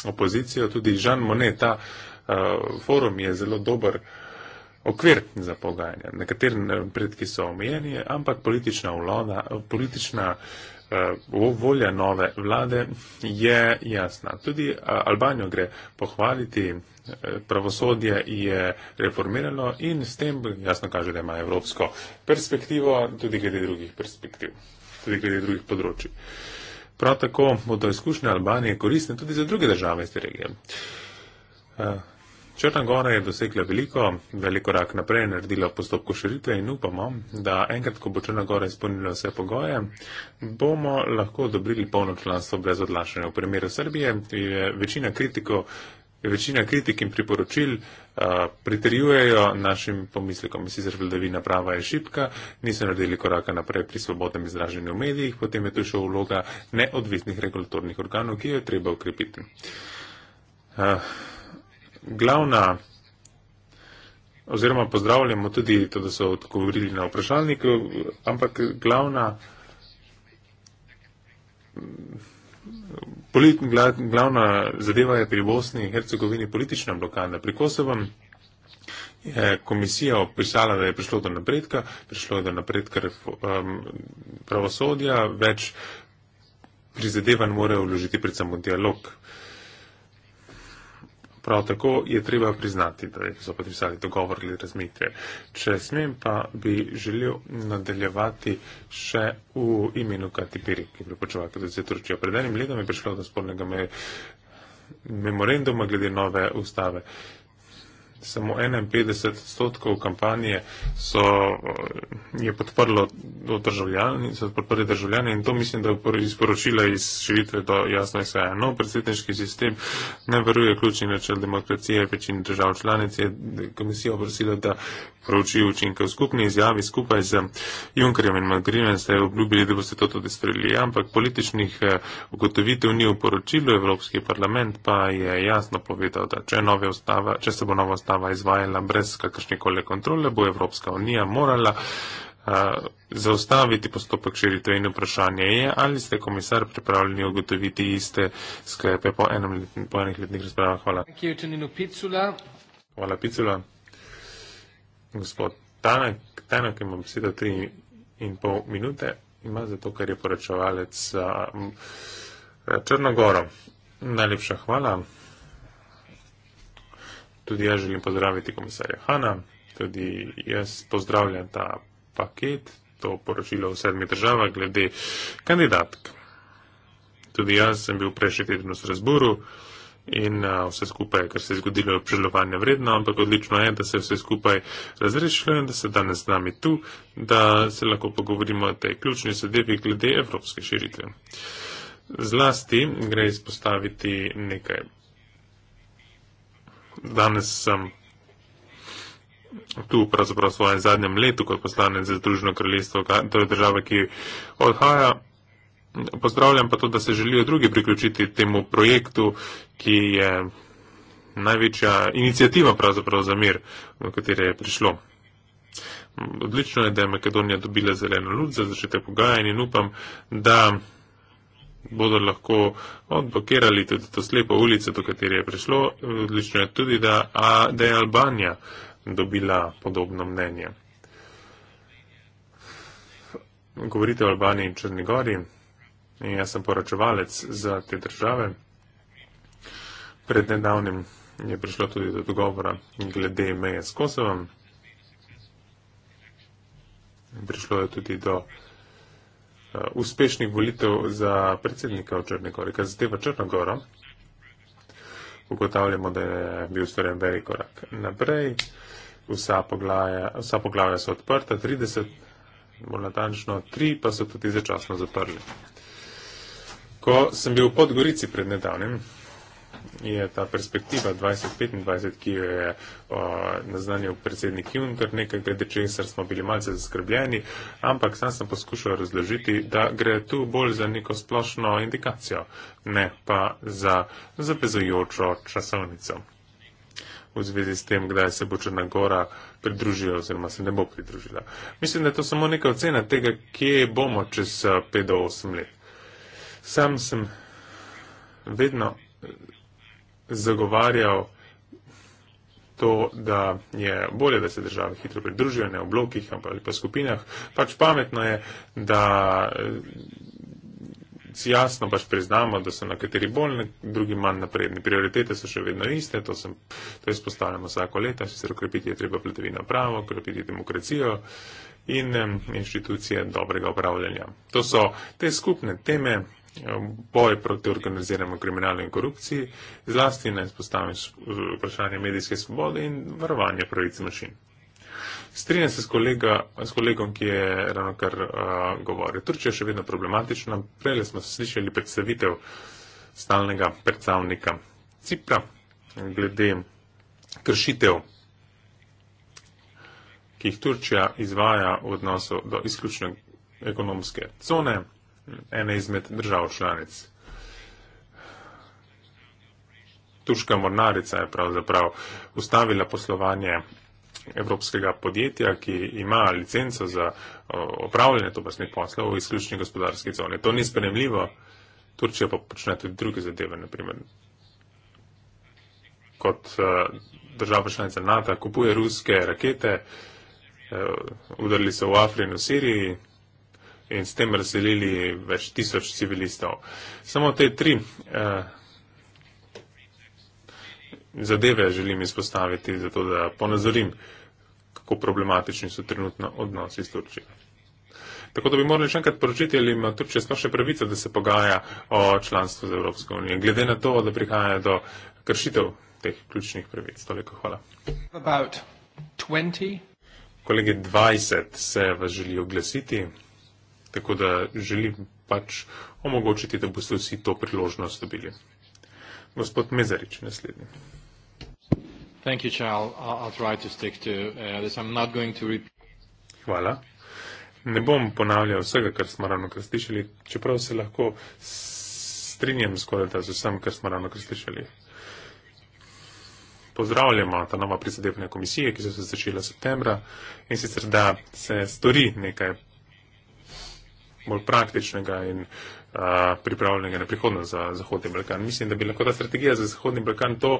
Opozicijo, tudi Žan Moneta, uh, forum je zelo dober okvir za pogajanja. Nekateri napredki so omejeni, ampak politična vloda, politična volja nove vlade je jasna. Tudi Albanijo gre pohvaliti, pravosodje je reformirano in s tem jasno kaže, da ima evropsko perspektivo, tudi glede drugih perspektiv, tudi glede drugih področji. Prav tako bodo izkušnje Albanije koristne tudi za druge države iz te regije. Črna Gora je dosegla veliko, veliko rak naprej, naredila postopko širitve in upamo, da enkrat, ko bo Črna Gora izpolnila vse pogoje, bomo lahko dobili polno članstvo brez odlašanja. V primeru Srbije je večina kritikov. Večina kritik in priporočil uh, pritrjujejo našim pomislekom. Sicer vladavina prava je šipka, niso naredili koraka naprej pri svobodnem izraženju v medijih, potem je tu še vloga neodvisnih regulatornih organov, ki jo je treba ukrepiti. Uh glavna, oziroma pozdravljamo tudi to, da so odgovorili na vprašalnik, ampak glavna, polit, glavna zadeva je pri Bosni in Hercegovini politična blokada. Pri Kosovem je komisija opisala, da je prišlo do napredka, prišlo je do napredka um, pravosodja, več prizadevanj morajo vložiti predvsem v dialog. Uh, Prav tako je treba priznati, da so podpisali dogovor glede razmitve. Če smem, pa bi želel nadaljevati še v imenu Katipiri, ki je pripočeval, da se tročijo. Pred enim letom je prišlo do spornega me memoranduma glede nove ustave. Uh, samo 51 odstotkov kampanje so, eh, je podprlo državljani, so podprli državljani in to mislim, da je izporočila iz širitve do jasno je sve. No, predsedniški sistem ne veruje ključni načel demokracije, večin držav članic je komisija obrosila, da prouči učinke v skupni izjavi skupaj z Junkerjem in Magrinem, ste obljubili, da boste to tudi sprejeli, ampak političnih eh, ugotovitev ni v poročilu, Evropski parlament pa je jasno povedal, da če, ustava, če se bo nova ustava, razstava izvajala brez kakršne koli kontrole, bo Evropska unija morala eh, zaustaviti postopek širitve in vprašanje je, ali ste komisar pripravljeni ugotoviti iste sklepe po, enem, po enih letnih razpravah. Hvala. Hvala, Picula. Gospod Tanak, Tanak ima beseda tri in pol minute, ima zato, ker je poročevalec eh, Črnogoro. Najlepša hvala. Tudi jaz želim pozdraviti komisarja Hanna, tudi jaz pozdravljam ta paket, to poročilo v sedmi državah glede kandidatk. Tudi jaz sem bil prejšnji teden v Strasburu in a, vse skupaj, kar se je zgodilo, je obžalovanje vredno, ampak odlično je, da se vse skupaj razrešilo in da se danes z nami tu, da se lahko pogovorimo o tej ključni zadevi glede evropske širitve. Zlasti gre izpostaviti nekaj danes sem tu pravzaprav v svojem zadnjem letu kot poslanec za Združeno kraljestvo, torej države, ki odhaja. Pozdravljam pa to, da se želijo drugi priključiti temu projektu, ki je največja inicijativa pravzaprav za mir, v katere je prišlo. Odlično je, da je Makedonija dobila zeleno luč za začetek pogajanj in upam, da bodo lahko odblokirali tudi to slepo ulico, do katere je prišlo. Odlično je tudi, da, a, da je Albanija dobila podobno mnenje. Govorite o Albaniji in Črnigori. In jaz sem poračevalec za te države. Pred nedavnim je prišlo tudi do dogovora glede meje s Kosovom. Prišlo je tudi do. Eh, uspešnih volitev za predsednika v Črne Gore, kar zadeva Črno Goro, ugotavljamo, da je bil storjen velik korak naprej. Vsa poglavja, vsa poglavja so odprta, 30, bolj natančno, 3 pa so tudi začasno zaprli. Ko sem bil v Podgorici pred nedavnim, je ta perspektiva 2025, ki jo je uh, naznanil predsednik Juncker, nekaj glede česar smo bili malce zaskrbljeni, ampak sam sem poskušal razložiti, da gre tu bolj za neko splošno indikacijo, ne pa za zavezujočo časovnico v zvezi s tem, kdaj se bo Črna Gora pridružila oziroma se ne bo pridružila. Mislim, da je to samo neka ocena tega, kje bomo čez 5 do 8 let. Sam sem vedno zagovarjal to, da je bolje, da se države hitro pridružijo, ne v blokih ali pa skupinah. Pač pametno je, da eh, si jasno pač priznamo, da so nekateri bolj, drugi manj napredni. Prioritete so še vedno iste, to, sem, to izpostavljamo vsako leto, sicer ukrepiti je treba vladavino pravo, ukrepiti demokracijo in eh, inštitucije dobrega upravljanja. To so te skupne teme boj proti organiziranemu kriminalu in korupciji, zlasti na izpostavljanje vprašanje medijske svobode in varovanje pravic mašin. Strinjam se s, kolega, s kolegom, ki je ravno kar uh, govoril. Turčija je še vedno problematična. Prej smo slišali predstavitev stalnega predstavnika Cipra glede kršitev, ki jih Turčija izvaja v odnosu do izključne ekonomske cone ene izmed držav članic. Turška mornarica je pravzaprav ustavila poslovanje evropskega podjetja, ki ima licenco za opravljanje tobasnih poslov v izključni gospodarski coni. To ni spremljivo. Turčija pa počne tudi druge zadeve, naprimer. Kot e, država članica NATO kupuje ruske rakete, e, udarili so v Afriji in v Siriji, in s tem razselili več tisoč civilistov. Samo te tri eh, zadeve želim izpostaviti, zato da ponazorim, kako problematični so trenutno odnosi s Turčijo. Tako da bi morali še enkrat poročiti, ali ima Turčija sploh še pravico, da se pogaja o članstvu z Evropsko unijo, glede na to, da prihaja do kršitev teh ključnih pravic. Toliko hvala. Kolege 20 se vas želijo oglasiti. Tako da želim pač omogočiti, da boste vsi to priložnost dobili. Gospod Mezarič, naslednji. Thank you, I'll, I'll try to stick to uh, this. I'm not going to repeat. Hvala. Ne bom ponavljal vsega, kar smo ravno kar slišali, čeprav se lahko strinjam skoraj da z vsem, kar smo ravno kar slišali. Pozdravljamo ta nova prizadevna komisija, ki so se začela septembra in sicer, da se stori nekaj bolj praktičnega in a, pripravljenega na prihodnost za Zahodni Balkan. Mislim, da bi lahko ta strategija za Zahodni Balkan to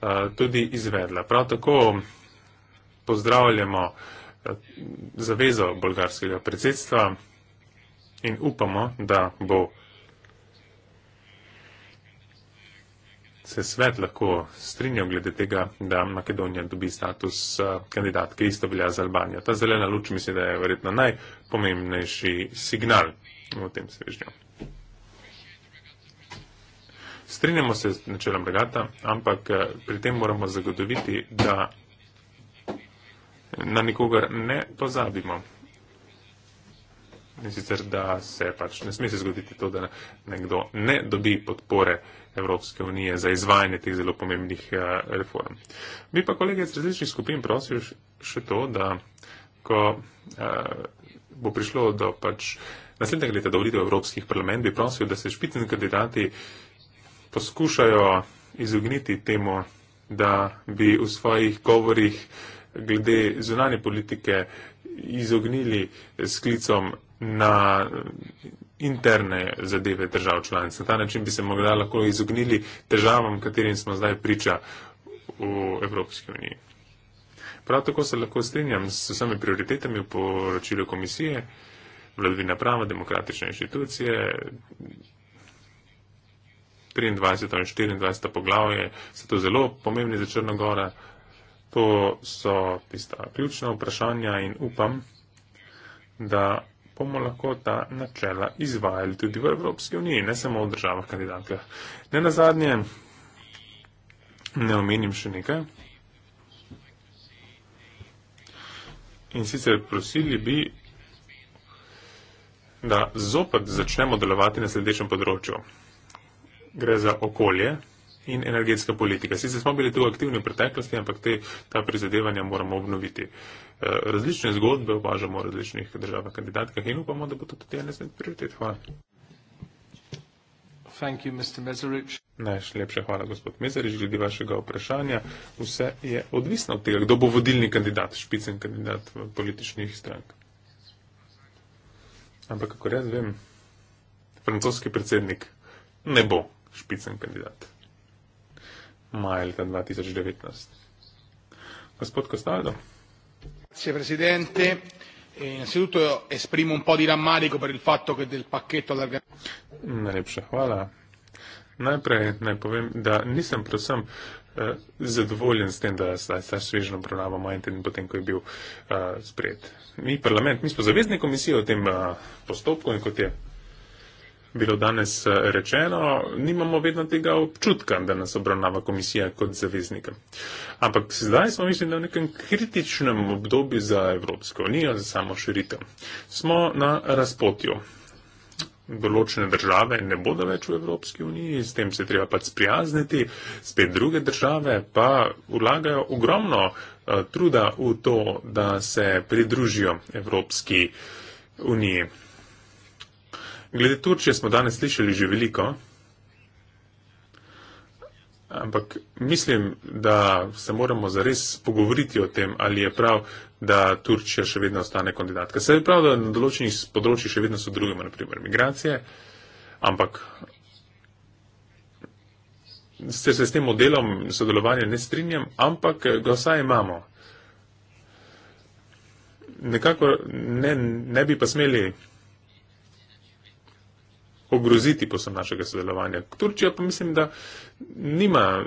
a, tudi izvedla. Prav tako pozdravljamo a, zavezo bolgarskega predsedstva in upamo, da bo se svet lahko strinjal glede tega, da Makedonija dobi status eh, kandidatke, isto velja za Albanijo. Ta zelena luč mislim, da je verjetno najpomembnejši signal v tem svežnju. Strinjamo se z načelom regata, ampak eh, pri tem moramo zagotoviti, da na nikogar ne pozabimo. In sicer, da se pač ne sme se zgoditi to, da nekdo ne dobi podpore uh, Evropske unije za izvajanje teh zelo pomembnih eh, reform. Bi pa kolege iz različnih skupin prosil še to, da ko eh, bo prišlo do pač naslednjega leta do volitev Evropskih parlament, bi prosil, da se špicen kandidati poskušajo izogniti temu, da bi v svojih govorih glede zunanje politike izognili sklicom na interne zadeve držav članic. Na ta način bi se morda lahko izognili težavam, katerim smo zdaj priča v Evropski uniji. Prav tako se lahko strinjam s vsemi prioritetami v poročilu komisije, vladvina prava, demokratične inštitucije, 23. in 24. poglavje, so to zelo pomembni za Črnogora. To so tista ključna vprašanja in upam, da bomo lahko ta načela izvajali tudi v Evropski uniji, ne samo v državah kandidatkah. Ne na zadnje, ne omenim še nekaj. In sicer prosili bi, da zopet začnemo delovati na sledečem področju. Gre za okolje in energetska politika. Sicer smo bili tu aktivni v preteklosti, ampak te, ta prizadevanja moramo obnoviti. Eh, različne zgodbe obažamo v različnih državah kandidatkah in upamo, da bo to tudi ena izmed prioritet. Hvala. You, Najšlepše hvala, gospod Mezarič, glede vašega vprašanja. Vse je odvisno od tega, kdo bo vodilni kandidat, špicen kandidat v političnih strank. Ampak, kako jaz vem, francoski predsednik ne bo špicen kandidat maja leta 2019. Gospod Kostaldo. Grazie presidente. E, innanzitutto esprimo un po' di rammarico per il fatto che del pacchetto allargamento. Najlepša hvala. Najprej naj povem, da nisem predvsem eh, zadovoljen s tem, da zdaj ta svežen obravnava maj in teden potem, ko je bil eh, sprejet. Mi parlament, mi smo zavezni komisijo o tem eh, postopku in kot je bilo danes eh, rečeno, nimamo vedno tega občutka, da nas obravnava komisija kot zaveznika. Ampak zdaj smo, mislim, na nekem kritičnem obdobju za Evropsko unijo, za samo širitev. Smo na razpotju. Določene države ne bodo več v Evropski uniji, s tem se treba pač sprijazniti, spet druge države pa vlagajo ogromno uh, truda v to, da se pridružijo Evropski uniji. Glede Turčije smo danes slišali že veliko, ampak mislim, da se moramo zares pogovoriti o tem, ali je prav, da Turčija še vedno ostane kandidatka. Se je prav, da na določenih področjih še vedno so drugima, naprimer migracije, ampak se, se s tem modelom sodelovanja ne strinjam, ampak eh, ga vsaj imamo. Nekako ne, ne bi pa smeli ogroziti posem našega sodelovanja. Turčija pa mislim, da nima,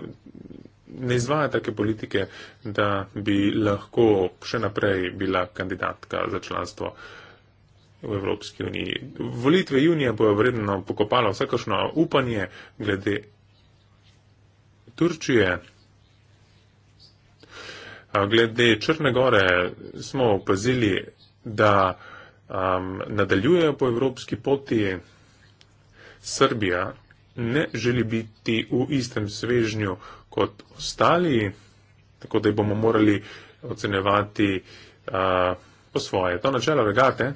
ne izvaja take politike, da bi lahko še naprej bila kandidatka za članstvo v Evropski uniji. Volitve junija bojo vredno pokopalo vsakošno upanje glede Turčije. Glede Črne gore smo opazili, da um, nadaljujejo po evropski poti. Srbija ne želi biti v istem svežnju kot ostali, tako da jih bomo morali ocenevati a, po svoje. To načelo regate.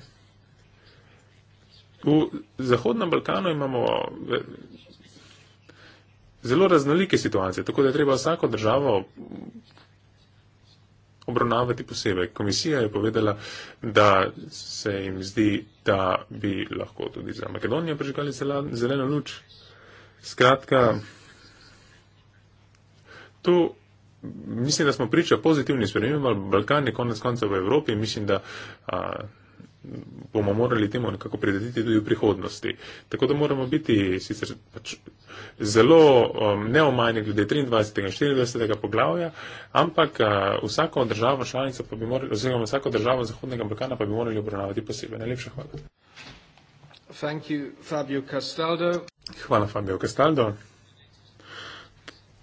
V Zahodnem Balkanu imamo e, zelo raznolike situacije, tako da je treba vsako državo obravnavati posebej. Komisija je povedala, da se jim zdi, da bi lahko tudi za Makedonijo prižgali zeleno luč. Skratka, tu mislim, da smo priča pozitivni spremembi, Balkan je konec koncev v Evropi, mislim, da. A, bomo morali temu nekako predvideti tudi v prihodnosti. Tako da moramo biti sicer pač zelo um, neomajni glede 23. in 24. poglavja, ampak uh, vsako državo članico pa bi morali, oziroma vsako državo Zahodnega Balkana pa bi morali obravnavati posebej. Najlepša hvala. Thank you, Fabio Castaldo. Hvala, Fabio Castaldo.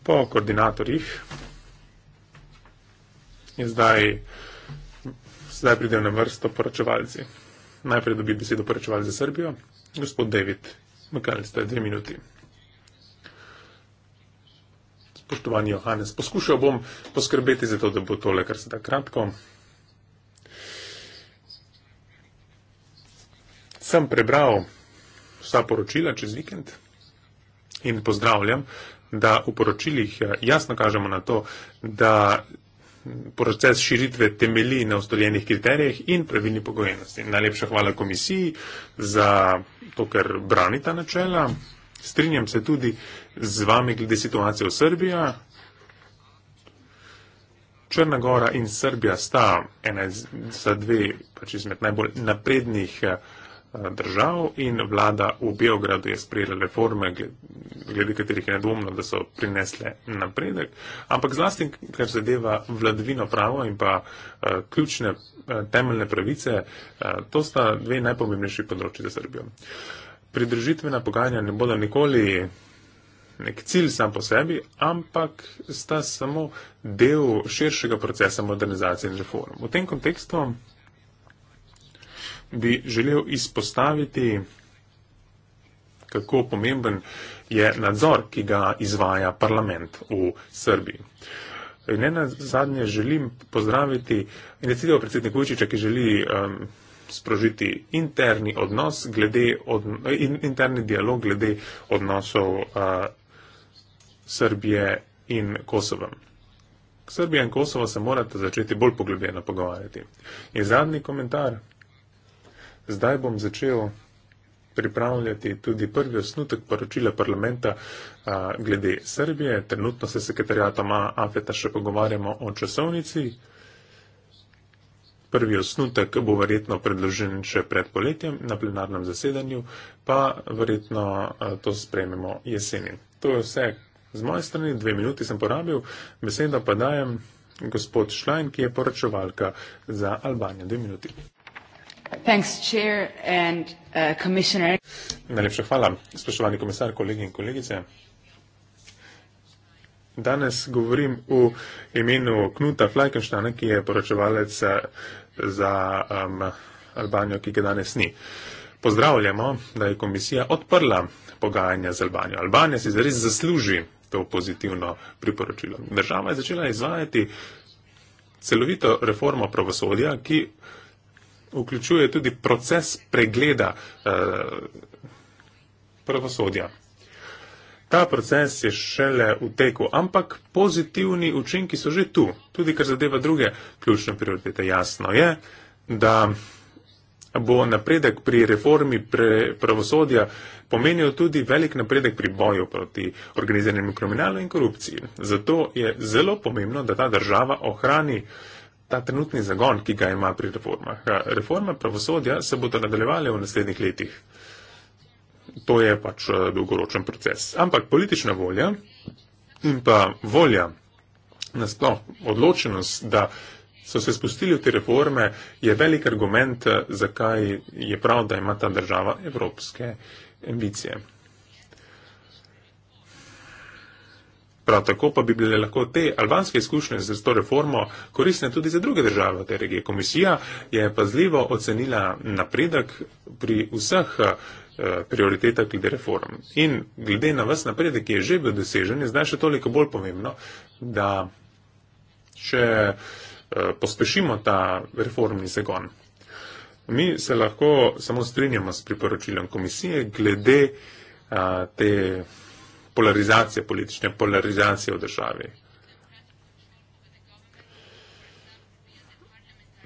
Po koordinatorjih. In zdaj zdaj pridejo na vrsto poročevalci. Najprej dobi besedo poročeval za Srbijo, gospod David Makalic, to je dve minuti. Spoštovani Johannes, poskušal bom poskrbeti za to, da bo tole kar se da kratko. Sem prebral vsa poročila čez vikend in pozdravljam, da v poročilih jasno kažemo na to, da proces širitve temelji na ustoljenih kriterijih in pravilni pogojenosti. Najlepša hvala komisiji za to, ker brani ta načela. Strinjam se tudi z vami glede situacije v Srbiji. Črna Gora in Srbija sta ena za dve, pač izmed najbolj naprednih. Eh, držav in vlada v Beogradu je sprejela reforme, glede katerih je nedvomno, da so prinesle napredek. Ampak zlasti, kar zadeva vladvino pravo in pa uh, ključne uh, temeljne pravice, uh, to sta dve najpomembnejši področji za Srbijo. Pridružitvena pogajanja ne bodo nikoli nek cilj sam po sebi, ampak sta samo del širšega procesa modernizacije in reform. V tem kontekstu bi želel izpostaviti, kako pomemben je nadzor, ki ga izvaja parlament v Srbiji. In ne na zadnje želim pozdraviti inicijativo predsednika Vučiča, ki želi um, sprožiti interni, odnos glede od, in, interni dialog glede odnosov uh, Srbije in Kosova. Srbija in Kosovo se morate začeti bolj poglobljeno pogovarjati. In zadnji komentar Zdaj bom začel pripravljati tudi prvi osnutek poročila parlamenta a, glede Srbije. Trenutno se sekretarjatom AFETA še pogovarjamo o časovnici. Prvi osnutek bo verjetno predložen še pred poletjem na plenarnem zasedanju, pa verjetno a, to sprejmemo jeseni. To je vse z moje strani, dve minuti sem porabil, besedo pa dajem gospod Šlajn, ki je poročevalka za Albanijo. Dve minuti. Thanks, chair and, uh, Najlepša hvala, spoštovani komisar, kolegi in kolegice. Danes govorim v imenu Knuta Flajkenštana, ki je poročevalec eh, za um, Albanijo, ki ga danes ni. Pozdravljamo, da je komisija odprla pogajanja z Albanijo. Albanija si zares zasluži to pozitivno priporočilo. Država je začela izvajati celovito reformo pravosodja, ki vključuje tudi proces pregleda eh, pravosodja. Ta proces je šele v teku, ampak pozitivni učinki so že tu. Tudi kar zadeva druge ključne prioritete, jasno je, da bo napredek pri reformi pre pravosodja pomenil tudi velik napredek pri boju proti organiziranemu kriminalu in korupciji. Zato je zelo pomembno, da ta država ohrani uh, ta trenutni zagon, ki ga ima pri reformah. Reforme pravosodja se bodo nadaljevale v naslednjih letih. To je pač eh, dolgoročen proces. Ampak politična volja in pa volja nasploh odločenost, da so se spustili v te reforme, je velik argument, eh, zakaj je prav, da ima ta država evropske ambicije. Prav tako pa bi bile lahko te albanske izkušnje z to reformo koristne tudi za druge države v tej regiji. Komisija je pazljivo ocenila napredek pri vseh eh, prioriteta glede reform. In glede na vas napredek, ki je že bil dosežen, je zdaj še toliko bolj pomembno, da še eh, pospešimo ta reformni zagon. Mi se lahko samo strinjamo s priporočilom komisije glede a, eh, te polarizacije, politične polarizacije v državi.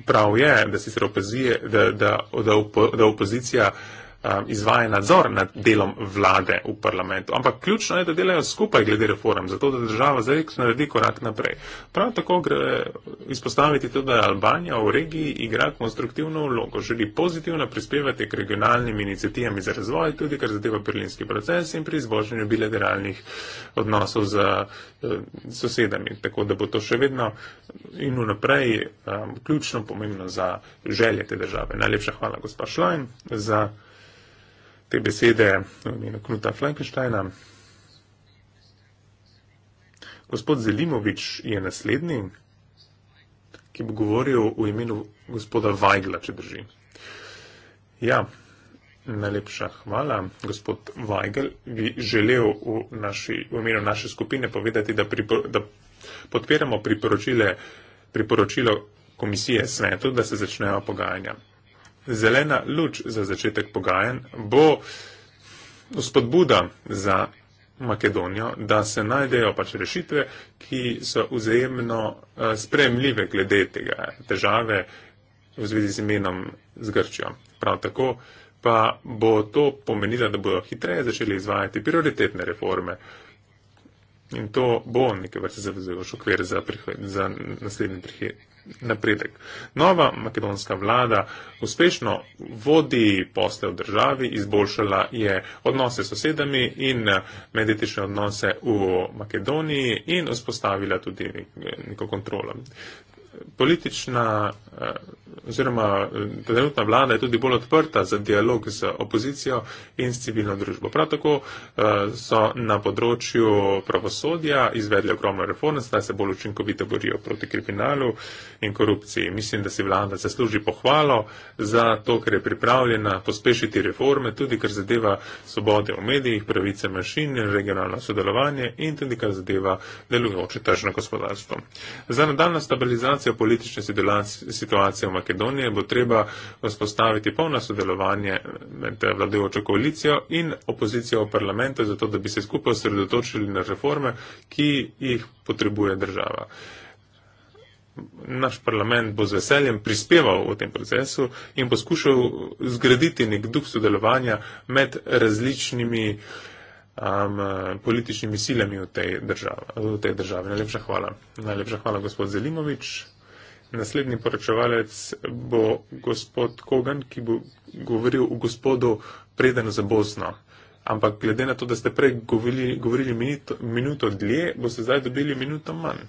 Prav je, da si se opazije, da, da, da, opo, da opozicija uh, Um, izvaja nadzor nad delom vlade v parlamentu. Ampak ključno je, da delajo skupaj glede reform, zato da država zdaj naredi korak naprej. Prav tako gre izpostaviti tudi, da Albanija v regiji igra konstruktivno vlogo, želi pozitivno prispevati k regionalnim inicijativam za razvoj, tudi kar zadeva berlinski proces in pri izboljšanju bilateralnih odnosov z eh, sosedami. Tako da bo to še vedno in vnaprej eh, ključno pomembno za želje te države. Najlepša hvala, gospa Šlajn, za te besede v imenu Knuta Frankensteina. Gospod Zelimovič je naslednji, ki bo govoril v imenu gospoda Vajgla, če drži. Ja, najlepša hvala. Gospod Vajgl bi želel v, naši, v imenu naše skupine povedati, da, pripo, da podpiramo priporočilo komisije svetu, da se začnejo pogajanja zelena luč za začetek pogajanj, bo spodbuda za Makedonijo, da se najdejo pač rešitve, ki so vzajemno eh, spremljive glede tega težave v zvezi z imenom z Grčijo. Prav tako pa bo to pomenilo, da bodo hitreje začeli izvajati prioritetne reforme. In to bo nekaj vrste zavezujoč okvir za, za naslednji prihe, napredek. Nova makedonska vlada uspešno vodi poste v državi, izboljšala je odnose s sosedami in eh, medetične odnose v Makedoniji in vzpostavila tudi neko kontrolo. Politična eh, oziroma eh, trenutna vlada je tudi bolj odprta za dialog z opozicijo in s civilno družbo. Prav tako eh, so na področju pravosodja izvedli ogromno reform, zdaj se bolj učinkovito borijo proti kriminalu in korupciji. Mislim, da si vlada zasluži pohvalo za to, ker je pripravljena pospešiti reforme, tudi kar zadeva svobode v medijih, pravice mašin in regionalno sodelovanje in tudi kar zadeva delujoče tržno gospodarstvo. Za nadaljno stabilizacijo politične situacije v Makedoniji Makedonije, bo treba vzpostaviti polno sodelovanje med vladajočo koalicijo in opozicijo v parlamentu, zato da bi se skupaj osredotočili na reforme, ki jih potrebuje država. Naš parlament bo z veseljem prispeval v tem procesu in poskušal zgraditi nek duh sodelovanja med različnimi um, političnimi silami v tej državi. V tej državi. Najlepša hvala. Najlepša hvala, gospod Zelimovič. Naslednji poročevalec bo gospod Kogan, ki bo govoril o gospodu Preden za Bosno. Ampak glede na to, da ste prej govili, govorili minuto, minuto dlje, boste zdaj dobili minuto manj.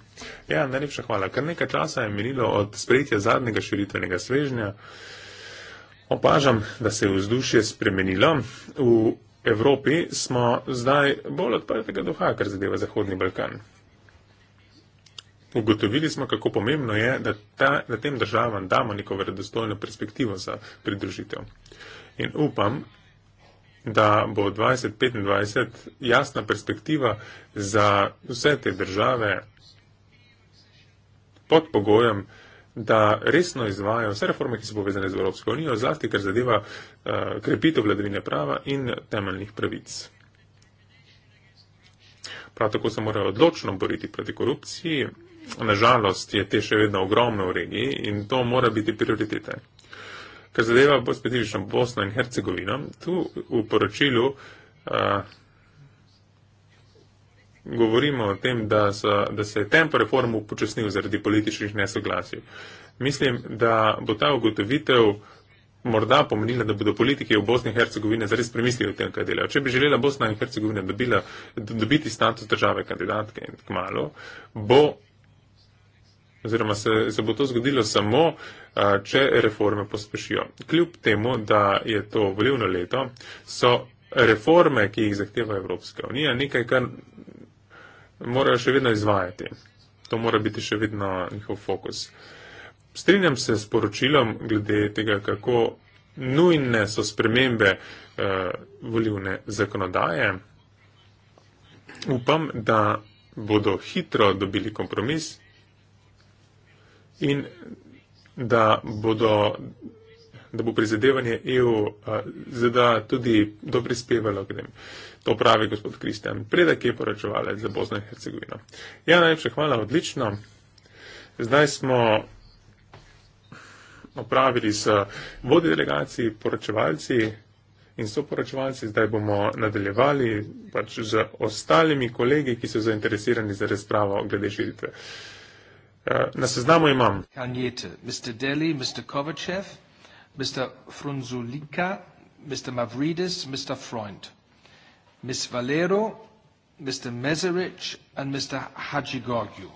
Ja, najlepša hvala. Kar nekaj časa je minilo od sprejetja zadnjega širitvenega svežnja. Opažam, da se je vzdušje spremenilo. V Evropi smo zdaj bolj odprtega duha, kar zadeva Zahodni Balkan. Ugotovili smo, kako pomembno je, da, ta, da tem državam damo neko verodostojno perspektivo za pridružitev. In upam, da bo 2025 jasna perspektiva za vse te države pod pogojem, da resno izvajo vse reforme, ki so povezane z Evropsko unijo, zlasti kar zadeva uh, krepitev vladavine prava in temeljnih pravic. Prav tako se morajo odločno boriti proti korupciji nažalost je te še vedno ogromno v regiji in to mora biti prioritete. Kar zadeva bolj specifično Bosno in Hercegovino, tu v poročilu a, govorimo o tem, da, so, da se je tempo reform upočasnil zaradi političnih nesoglasij. Mislim, da bo ta ugotovitev morda pomenila, da bodo politiki v Bosni in Hercegovini zares premislili o tem, kaj delajo. Če bi želela Bosna in Hercegovina dobila, dobiti status države kandidatke in kmalo, bo oziroma se, se bo to zgodilo samo, če reforme pospešijo. Kljub temu, da je to volivno leto, so reforme, ki jih zahteva Evropska unija, nekaj, kar morajo še vedno izvajati. To mora biti še vedno njihov fokus. Strinjam se s poročilom glede tega, kako nujne so spremembe eh, volivne zakonodaje. Upam, da bodo hitro dobili kompromis in da, bodo, da bo prizadevanje EU ZDA tudi doprispevalo k tem. To pravi gospod Kristjan Predek, ki je poračevalec za Bosno in Hercegovino. Ja, najlepša hvala, odlično. Zdaj smo opravili s vodi delegaciji, poročevalci in soporočevalci. Zdaj bomo nadaljevali pač z ostalimi kolegi, ki so zainteresirani za razpravo glede širitve. Eh, na seznamu imam. Kanjete, Mr. Deli, Mr. Kovacev, Mr. Frunzulika, Mr. Mavridis, Mr. Freund, Ms. Valero, Mr. Mezerich and Mr. Hajigorgiou.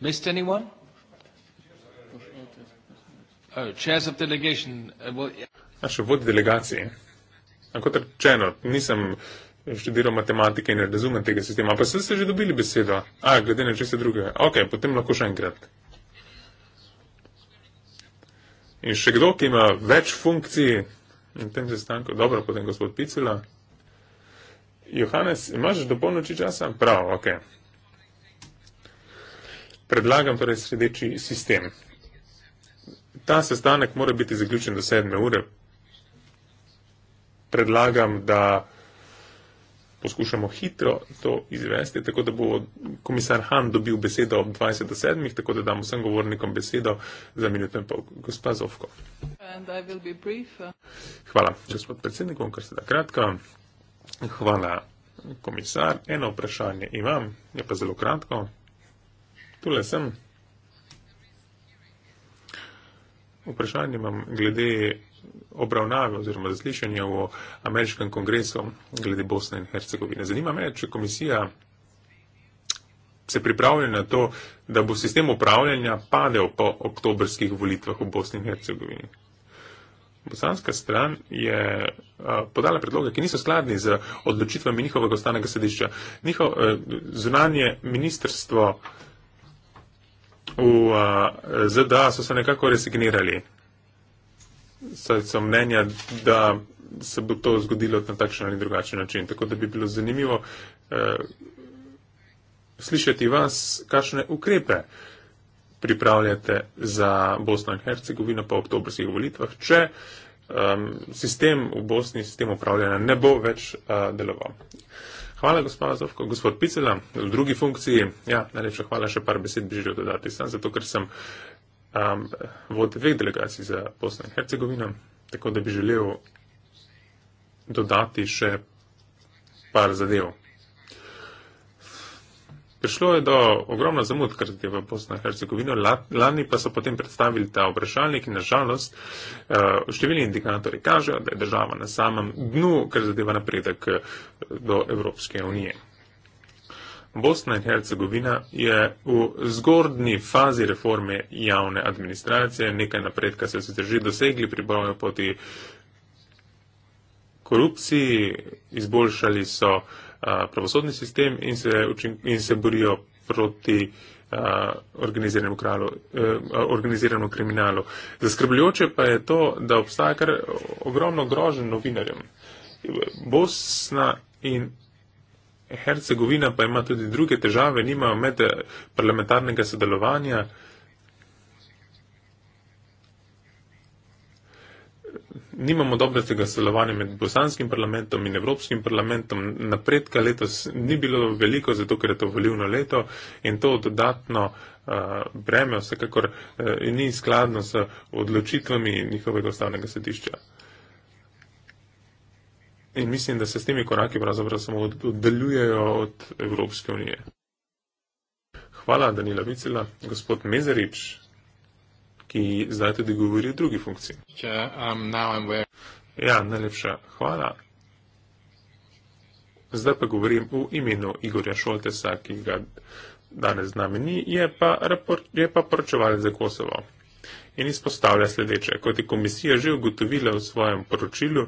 Missed anyone? Oh, chairs of delegation. Uh, well, yeah. Naše vodi delegacije. Ampak kot rečeno, nisem uh, študiral matematike in razumem tega sistema. Pa ste že dobili besedo? A, glede na česa druge. Ok, potem lahko še enkrat. In še kdo, ki ima več funkcij in tem sestanku? Dobro, potem gospod Picula. Johannes, imaš do polnoči časa? Prav, ok. Predlagam torej sredeči sistem. Ta sestanek mora biti zaključen do sedme ure. Predlagam, da poskušamo hitro to izvesti, tako da bo komisar Han dobil besedo ob 27. tako da damo vsem govornikom besedo za minuto in pol. Gospa Zovko. Hvala, gospod predsednik, bom kar sedaj kratko. Hvala, komisar. Eno vprašanje imam, je pa zelo kratko. Tule sem. Vprašanje imam glede obravnave oziroma zaslišanja v ameriškem kongresu glede Bosne in Hercegovine. Zanima me, če komisija se pripravlja na to, da bo sistem upravljanja padel po oktobrskih volitvah v Bosni in Hercegovini. Bosanska stran je podala predloge, ki niso skladni z odločitvami njihovega ostanega sedišča. Njihov e, zunanje ministrstvo v ZDA so se nekako resignirali so mnenja, da se bo to zgodilo na takšen ali drugačen način. Tako da bi bilo zanimivo eh, slišati vas, kakšne ukrepe pripravljate za Bosno in Hercegovino po oktobrskih volitvah, če um, sistem v Bosni, sistem upravljanja ne bo več uh, deloval. Hvala, gospod Zovko. Gospod Picela, v drugi funkciji, ja, najlepša hvala, še par besed bi želel dodati, sam, zato ker sem uh, um, vod dveh delegacij za Bosno in Hercegovino, tako da bi želel dodati še par zadev. Prišlo je do ogromno zamud, kar zadeva Bosno in Hercegovino. Lani pa so potem predstavili ta vprašalnik in nažalost uh, eh, številni indikatori kažejo, da je država na samem dnu, kar zadeva napredek eh, do Evropske unije. Bosna in Hercegovina je v zgodni fazi reforme javne administracije, nekaj napredka so se že dosegli pri boju proti korupciji, izboljšali so a, pravosodni sistem in se, učin, in se borijo proti organiziranemu kralu, eh, organiziranemu kriminalu. Zaskrbljujoče pa je to, da obstaja kar ogromno grožen novinarjem. Bosna in Hercegovina pa ima tudi druge težave, nima med parlamentarnega sodelovanja. Nimamo dobrega sodelovanja med bosanskim parlamentom in evropskim parlamentom. Napredka letos ni bilo veliko, zato ker je to volivno leto in to dodatno uh, breme vsekakor uh, ni skladno s odločitvami njihovega ustavnega sedišča. In mislim, da se s temi koraki pravzaprav samo oddaljujejo od Evropske unije. Hvala, Danila Vicela, gospod Mezerič, ki zdaj tudi govori o drugi funkciji. Ja, um, ja, najlepša hvala. Zdaj pa govorim v imenu Igorja Šoltesa, ki ga danes z nami ni, je pa, je pa poročevalec za Kosovo. In izpostavlja sledeče, kot je komisija že ugotovila v svojem poročilu,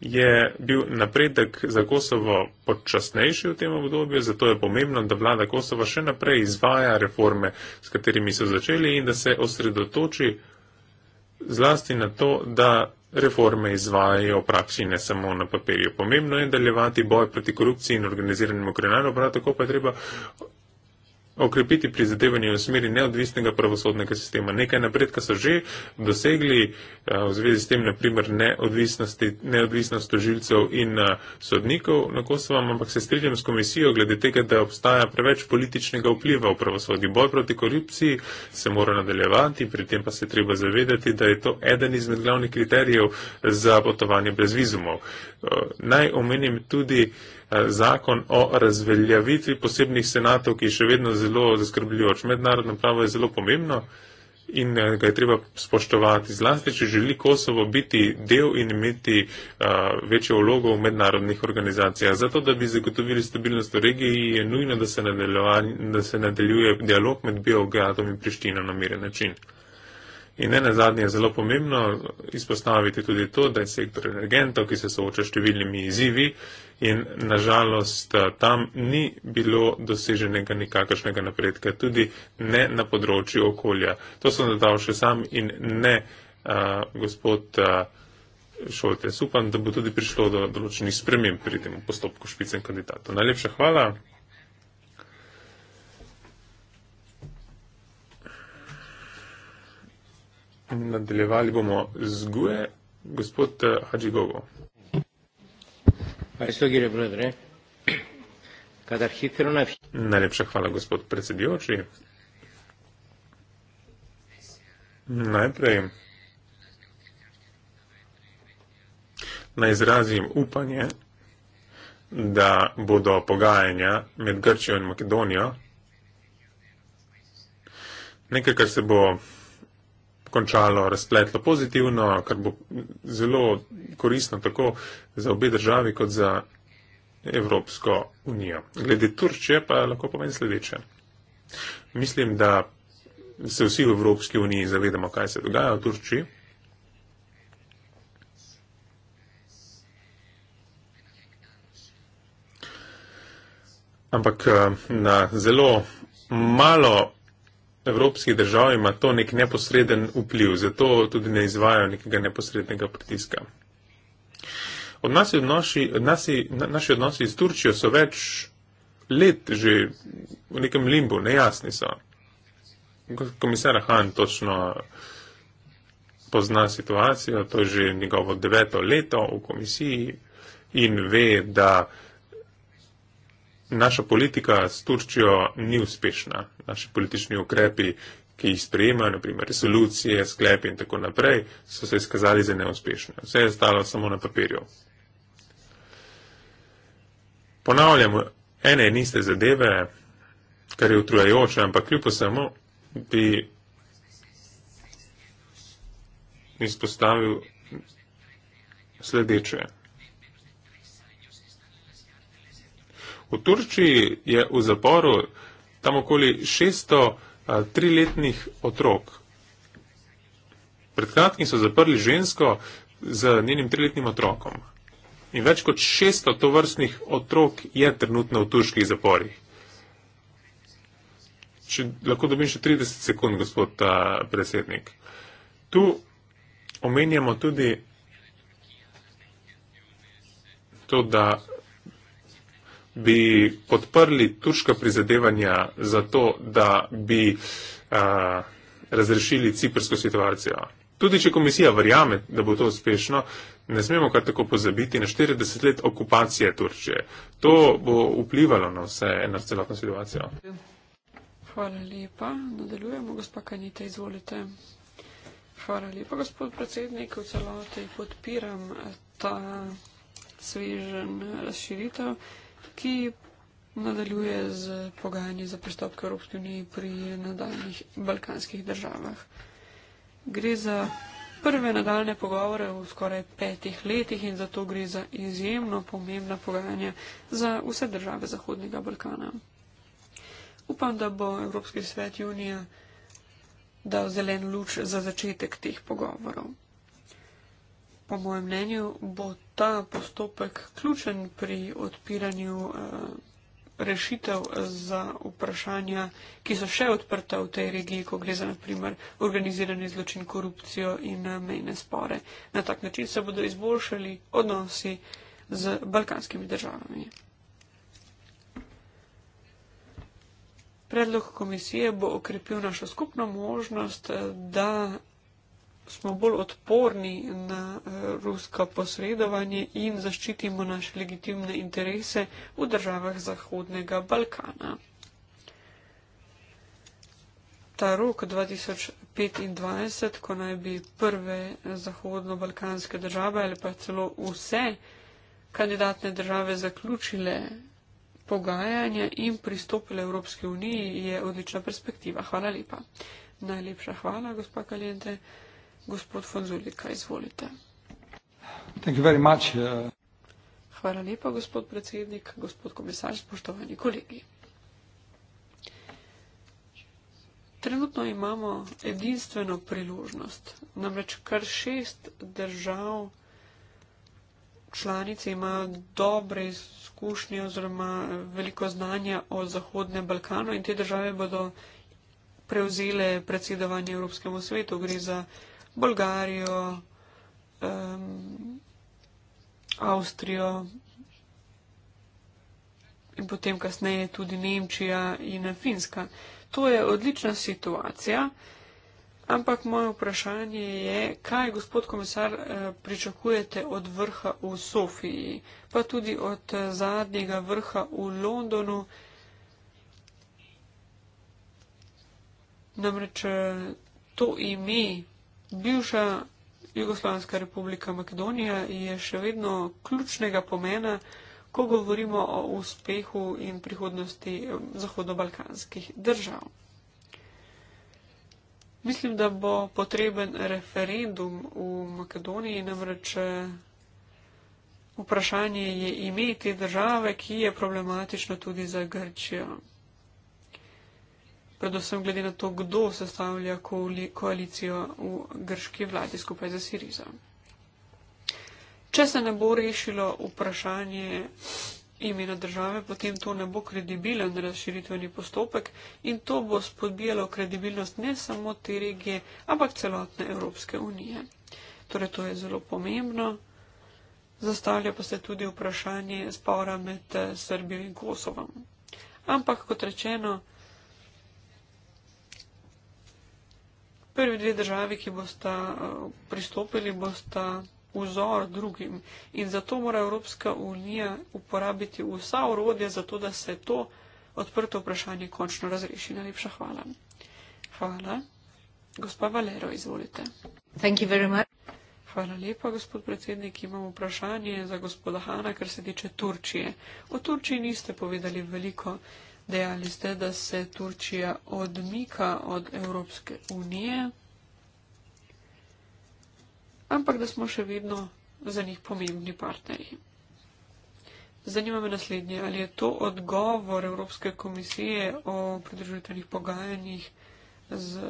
je bil napredek za Kosovo počasnejši v tem obdobju, zato je pomembno, da vlada Kosova še naprej izvaja reforme, s katerimi so začeli in da se osredotoči zlasti na to, da reforme izvajajo v praksi, ne samo na papirju. Pomembno je nadaljevati boj proti korupciji in organiziranemu kriminalu, prav tako pa je treba okrepiti prizadevanje v smeri neodvisnega pravosodnega sistema. Nekaj napredka so že dosegli eh, v zvezi s tem, naprimer, neodvisnost tožilcev in eh, sodnikov na Kosovo, ampak se strinjam s komisijo glede tega, da obstaja preveč političnega vpliva v pravosodni boj proti korupciji, se mora nadaljevati, pri tem pa se treba zavedati, da je to eden izmed glavnih kriterijev za potovanje brez vizumov. Eh, naj omenim tudi, Eh, zakon o razveljavitvi posebnih senatov, ki je še vedno zelo zaskrbljujoč. Mednarodno pravo je zelo pomembno in eh, ga je treba spoštovati zlasti, če želi Kosovo biti del in imeti eh, večjo vlogo v mednarodnih organizacijah. Zato, da bi zagotovili stabilnost v regiji, je nujno, da se, da se nadaljuje dialog med Beogradom in Prištino na miren način. In ne nazadnje je zelo pomembno izpostaviti tudi to, da je sektor energentov, ki se sooča številnimi izzivi in nažalost eh, tam ni bilo doseženega nikakršnega napredka, tudi ne na področju okolja. To sem dodal še sam in ne a, eh, gospod a, eh, Šoltes. Upam, da bo tudi prišlo do določenih sprememb pri tem postopku špicem kandidatov. Najlepša hvala. Nadaljevali bomo z Gue, gospod eh, Hadži Gogo. Eh? Najlepša hvala, gospod predsedujoči. Najprej naj izrazim upanje, da bodo pogajanja med Grčijo in Makedonijo nekaj, kar se bo končalo, razpletlo pozitivno, kar bo zelo koristno tako za obe državi kot za Evropsko unijo. Glede Turčije pa lahko povem sledeče. Mislim, da se vsi v Evropski uniji zavedamo, kaj se dogaja v Turčiji. Ampak eh, na zelo malo evropskih držav ima to nek neposreden vpliv, zato tudi ne izvajo nekega neposrednega pritiska. Od nas odnosi, od nasi, na, naši odnosi z Turčijo so več let že v nekem limbu, nejasni so. Komisar Han točno pozna situacijo, to je že njegovo deveto leto v komisiji in ve, da naša politika s Turčijo ni uspešna. Naši politični ukrepi, ki jih sprejemajo, naprimer resolucije, sklepi in tako naprej, so se izkazali za neuspešne. Vse je stalo samo na papirju. Ponavljam, ene in iste zadeve, kar je utrujajoče, ampak kljub vsemu bi izpostavil sledeče. V Turčiji je v zaporu tam okoli 600 triletnih otrok. Pred kratkim so zaprli žensko z njenim triletnim otrokom. In več kot 600 tovrstnih otrok je trenutno v turških zaporih. Če lahko dobim še 30 sekund, gospod ta, predsednik. Tu omenjamo tudi to, da bi podprli turška prizadevanja za to, da bi a, razrešili ciprsko situacijo. Tudi, če komisija verjame, da bo to uspešno, ne smemo kar tako pozabiti na 40 let okupacije Turčije. To bo vplivalo na vse, na celotno situacijo. Hvala lepa. Nadaljujemo, gospa Kanita, izvolite. Hvala lepa, gospod predsednik. V celoti podpiram eh, ta svežen razširitev ki nadaljuje z pogajanji za pristop k Evropski uniji pri nadaljnih balkanskih državah. Gre za prve nadaljne pogovore v skoraj petih letih in zato gre za izjemno pomembna pogajanja za vse države Zahodnega Balkana. Upam, da bo Evropski svet junija dal zelen luč za začetek teh pogovorov. Po mojem mnenju bo ta postopek ključen pri odpiranju eh, rešitev za vprašanja, ki so še odprta v tej regiji, ko gre za naprimer organizirani zločin, korupcijo in eh, mejne spore. Na tak način se bodo izboljšali odnosi z balkanskimi državami. Predlog komisije bo okrepil našo skupno možnost, eh, da smo bolj odporni na eh, ruska posredovanje in zaščitimo naše legitimne interese v državah Zahodnega Balkana. Ta rok 2025, ko naj bi prve zahodno-balkanske države ali pa celo vse kandidatne države zaključile pogajanja in pristopile Evropske unije, je odlična perspektiva. Hvala lepa. Najlepša hvala, gospod Kaljente. Gospod Fonzulika, izvolite. Uh, Hvala lepa, gospod predsednik, gospod komisar, spoštovani kolegi. Trenutno imamo edinstveno priložnost. Namreč kar šest držav članice imajo dobre izkušnje oziroma veliko znanja o Zahodnem Balkanu in te države bodo prevzele predsedovanje Evropskemu svetu. Gre za Bolgarijo, um, Avstrijo in potem kasneje tudi Nemčija in Finska. To je odlična situacija, ampak moje vprašanje je, kaj gospod komisar eh, pričakujete od vrha v Sofiji, pa tudi od eh, zadnjega vrha v Londonu. Namreč eh, to ime Bivša Jugoslavijska republika Makedonija je še vedno ključnega pomena, ko govorimo o uspehu in prihodnosti eh, zahodobalkanskih držav. Mislim, da bo potreben referendum v Makedoniji, namreč eh, vprašanje je ime te države, ki je problematično tudi za Grčijo predvsem glede na to, kdo sestavlja koalicijo v grški vladi skupaj za Siriza. Če se ne bo rešilo vprašanje imena države, potem to ne bo kredibilen razširitveni postopek in to bo spodbijalo kredibilnost ne samo te regije, ampak celotne Evropske unije. Torej, to je zelo pomembno. Zastavlja pa se tudi vprašanje spora med eh, Srbijo in Kosovom. Ampak, kot rečeno, prvi dve državi, ki bosta eh, pristopili, bosta vzor drugim. In zato mora Evropska unija uporabiti vsa urodja, zato da se to odprto vprašanje končno razreši. Najlepša hvala. Hvala. Gospa Valero, izvolite. Hvala lepa, gospod predsednik. Imam vprašanje za gospoda Hana, kar se tiče Turčije. O Turčiji niste povedali veliko. Dejali ste, da se Turčija odmika od Evropske unije, ampak da smo še vedno za njih pomembni partnerji. Zanima me naslednje, ali je to odgovor Evropske komisije o pridružitvenih pogajanjih z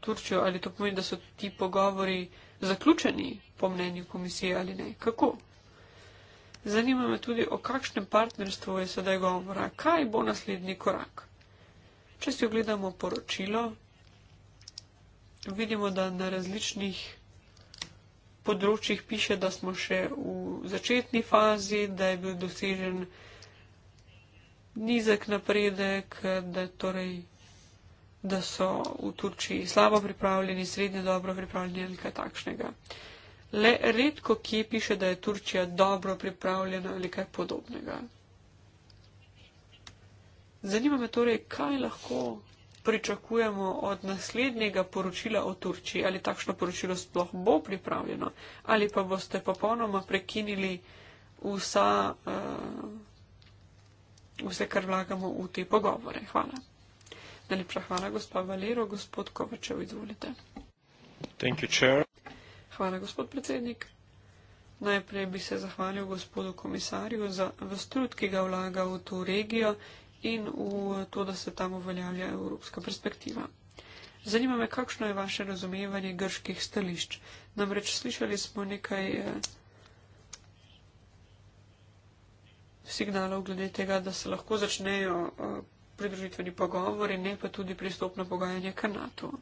Turčijo, ali to pomeni, da so ti pogovori zaključeni po mnenju komisije ali ne. Kako? Zanima me tudi, o kakšnem partnerstvu je sedaj govora, kaj bo naslednji korak. Če si ogledamo poročilo, vidimo, da na različnih področjih piše, da smo še v začetni fazi, da je bil dosežen nizek napredek, da, torej, da so v Turčiji slabo pripravljeni, srednje dobro pripravljeni ali kaj takšnega. Uh, le redko kje piše, da je Turčija dobro pripravljena ali kaj podobnega. Zanima me torej, kaj lahko pričakujemo od naslednjega poročila o Turčiji, ali takšno poročilo sploh bo pripravljeno, ali pa boste popolnoma prekinili vsa, uh, vse, kar vlagamo v te pogovore. Hvala. Najlepša hvala, gospod Valero, gospod Kovačev, izvolite. Thank you, chair. Hvala, gospod predsednik. Najprej bi se zahvalil gospodu komisarju za vstrud, ki ga vlaga v to regijo in v to, da se tam uveljavlja evropska perspektiva. Zanima me, kakšno je vaše razumevanje grških stališč. Namreč slišali smo nekaj eh, signalov glede tega, da se lahko začnejo eh, pridružitveni pogovori, ne pa tudi pristopno pogajanje k NATO-u.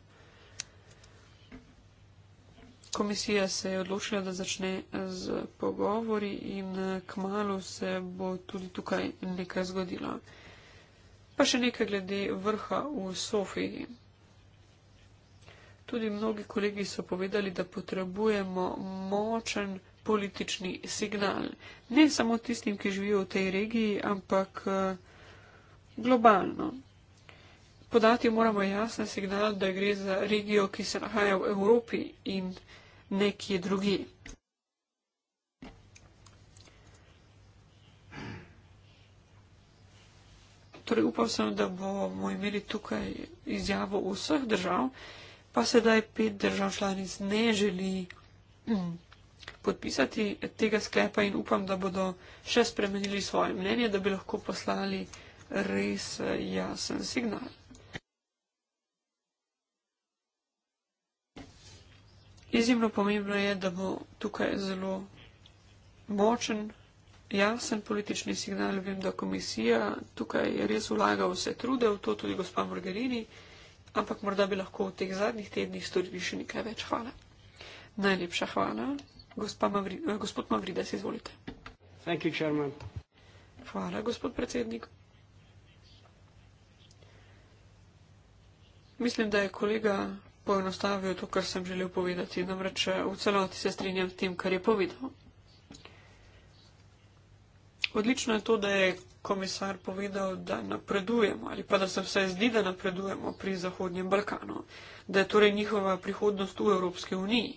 Komisija se je odločila, da začne eh, z pogovori in eh, k malu se bo tudi tukaj nekaj zgodilo. Pa še nekaj glede vrha v Sofiji. Tudi mnogi kolegi so povedali, da potrebujemo močen politični signal. Ne samo tistim, ki živijo v tej regiji, ampak eh, globalno. Podati moramo jasen signal, da gre za regijo, ki se nahaja v Evropi in Evropi nekje drugi. Torej upam sem, da bomo imeli tukaj izjavo vseh držav, pa sedaj pet držav članic ne želi hm, podpisati tega sklepa in upam, da bodo še spremenili svoje mnenje, da bi lahko poslali res eh, jasen signal. Izjemno pomembno je, da bo tukaj zelo močen, jasen politični signal. Vem, da komisija tukaj je res vlaga vse trude v to, tudi gospa Morgerini, ampak morda bi lahko v teh zadnjih tednih storili še nekaj več. Hvala. Najlepša hvala. Mavri, eh, gospod Mavrides, izvolite. You, hvala, gospod predsednik. Mislim, da je kolega poenostavil to, kar sem želel povedati. Namreč eh, v celoti se strinjam s tem, kar je povedal. Odlično je to, da je komisar povedal, da napredujemo ali pa da se vsaj zdi, da napredujemo pri Zahodnjem Balkanu, da je torej njihova prihodnost v Evropski uniji.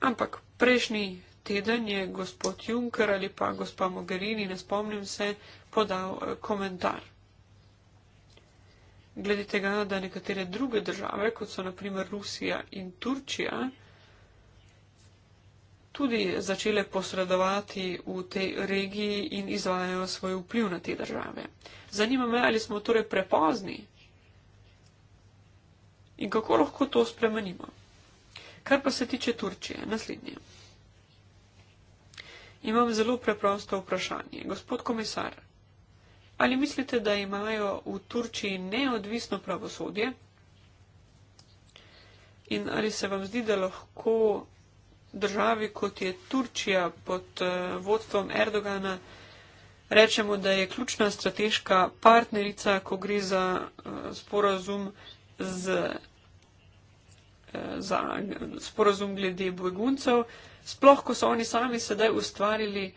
Ampak prejšnji teden je gospod Juncker ali pa gospa Mogherini, ne spomnim se, podal eh, komentar glede tega, da nekatere druge države, kot so naprimer Rusija in Turčija, tudi začele posredovati v tej regiji in izvajajo svoj vpliv na te države. Zanima me, ali smo torej prepozni in kako lahko to spremenimo. Kar pa se tiče Turčije, naslednje. Imam zelo preprosto vprašanje. Gospod komisar, Ali mislite, da imajo v Turčiji neodvisno pravosodje? In ali se vam zdi, da lahko državi, kot je Turčija pod eh, vodstvom Erdogana, rečemo, da je ključna strateška partnerica, ko gre za eh, sporazum, z, eh, za sporazum glede beguncev, sploh, ko so oni sami sedaj ustvarili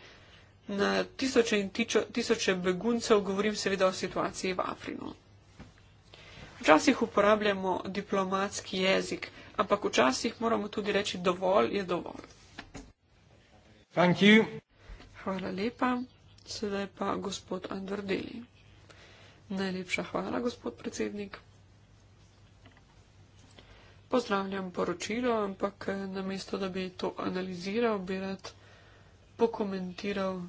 na tisoče in tičo, tisoče beguncev, govorim seveda o situaciji v Afrinu. Včasih uporabljamo diplomatski jezik, ampak včasih moramo tudi reči dovolj je dovolj. Thank you. Hvala lepa. Sedaj pa gospod Andrdeli. Najlepša hvala, gospod predsednik. Pozdravljam poročilo, ampak eh, namesto, da bi to analiziral, bi rad pokomentiral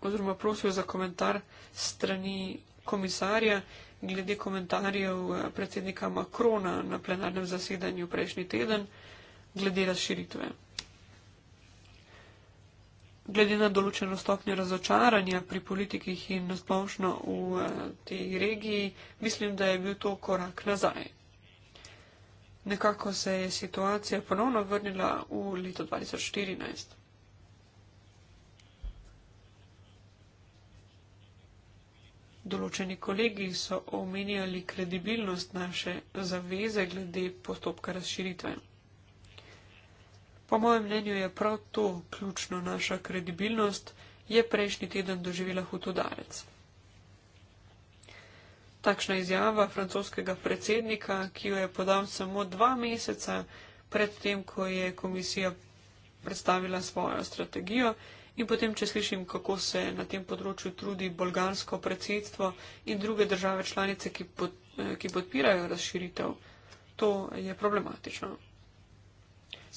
oziroma prosil za komentar strani komisarja glede komentarjev eh, predsednika Makrona na plenarnem zasedanju prejšnji teden glede razširitve. Glede na določeno stopnjo razočaranja pri politikih in nasplošno v eh, tej regiji, mislim, da je bil to korak nazaj nekako se je situacija ponovno vrnila v leto 2014. Določeni kolegi so omenjali kredibilnost naše zaveze glede postopka razširitve. Po mojem mnenju je prav to ključno naša kredibilnost, je prejšnji teden doživela hud udarec. Takšna izjava francoskega predsednika, ki jo je podal samo dva meseca pred tem, ko je komisija predstavila svojo strategijo in potem, če slišim, kako se na tem področju trudi bolgarsko predsedstvo in druge države članice, ki, pod, eh, ki podpirajo razširitev, to je problematično.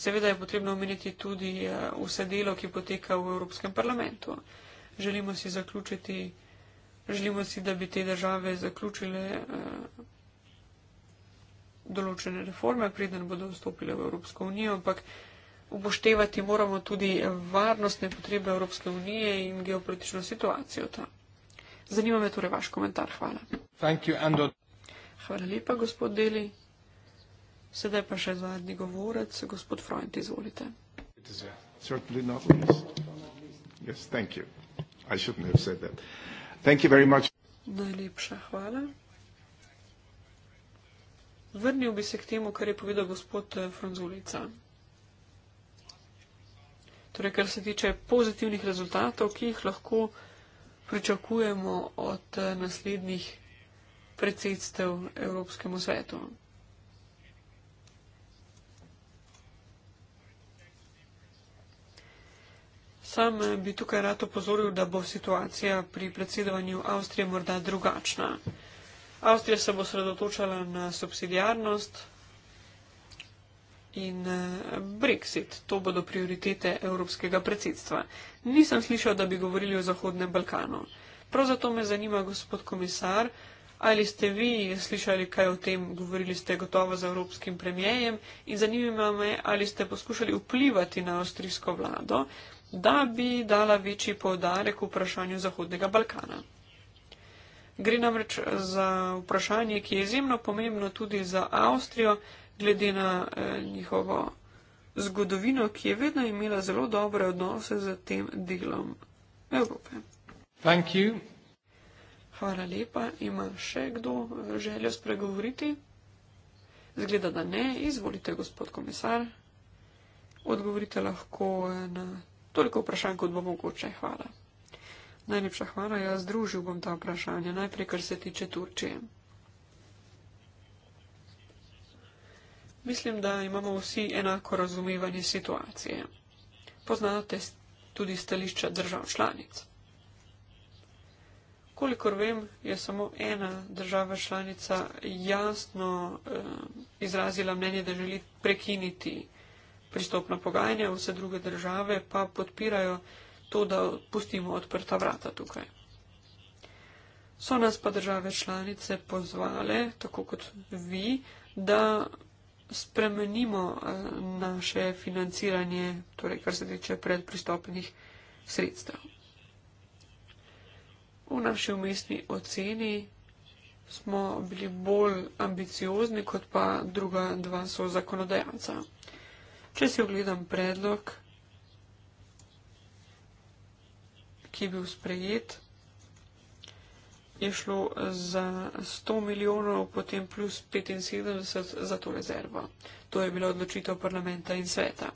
Seveda je potrebno omeniti tudi eh, vse delo, ki poteka v Evropskem parlamentu. Želimo si zaključiti. Želimo si, da bi te države zaključile eh, določene reforme, preden bodo vstopile v Evropsko unijo, ampak upoštevati moramo tudi varnostne potrebe Evropske unije in geopolitično situacijo tam. Zanima me torej vaš komentar. Hvala. You, Hvala lepa, gospod Deli. Sedaj pa še zadnji govorec, gospod Freund, izvolite. Uh, certainly not least. Yes, thank you. I shouldn't have said that. Uh, Thank you very much. Najlepša hvala. Vrnil bi se k temu, kar je povedal gospod eh, Franzulica. Torej, kar se tiče pozitivnih rezultatov, ki jih lahko pričakujemo od eh, naslednjih predsedstev Evropskemu svetu. Sam eh, bi tukaj rad opozoril, da bo situacija pri predsedovanju Avstrije morda drugačna. Avstrija se bo sredotočala na subsidijarnost in eh, Brexit. To bodo prioritete evropskega predsedstva. Nisem slišal, da bi govorili o Zahodnem Balkanu. Prav zato me zanima, gospod komisar, ali ste vi slišali kaj o tem, govorili ste gotovo z evropskim premijejem in zanima me, ali ste poskušali vplivati na avstrijsko vlado, da bi dala večji povdarek vprašanju Zahodnega Balkana. Gre namreč za vprašanje, ki je izjemno pomembno tudi za Avstrijo, glede na eh, njihovo zgodovino, ki je vedno imela zelo dobre odnose z tem delom Evrope. Hvala lepa. Ima še kdo eh, željo spregovoriti? Zgleda, da ne. Izvolite, gospod komisar. Odgovorite lahko eh, na Toliko vprašanj, kot bo mogoče. Hvala. Najlepša hvala, jaz združil bom ta vprašanja, najprej kar se tiče Turčije. Mislim, da imamo vsi enako razumevanje situacije. Poznate tudi stališča držav članic. Kolikor vem, je samo ena država članica jasno eh, izrazila mnenje, da želi prekiniti pristopna pogajanja, vse druge države pa podpirajo to, da pustimo odprta vrata tukaj. So nas pa države članice pozvale, tako kot vi, da spremenimo eh, naše financiranje, torej kar se tiče predpristopnih sredstev. V naši umestni oceni smo bili bolj ambiciozni, kot pa druga dva so zakonodajalca. Če si ogledam predlog, ki je bil sprejet, je šlo za 100 milijonov, potem plus 75 za to rezervo. To je bila odločitev parlamenta in sveta.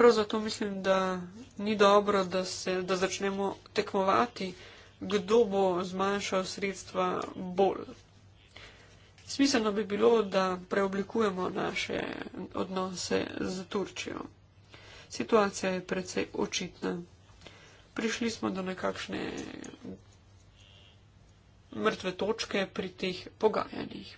Prav zato mislim, da ni dobro, da, se, da začnemo tekmovati, kdo bo zmanjšal sredstva bolj. Smiselno bi bilo, da preoblikujemo naše odnose z Turčijo. Situacija je precej očitna. Prišli smo do nekakšne mrtve točke pri teh pogajanjih.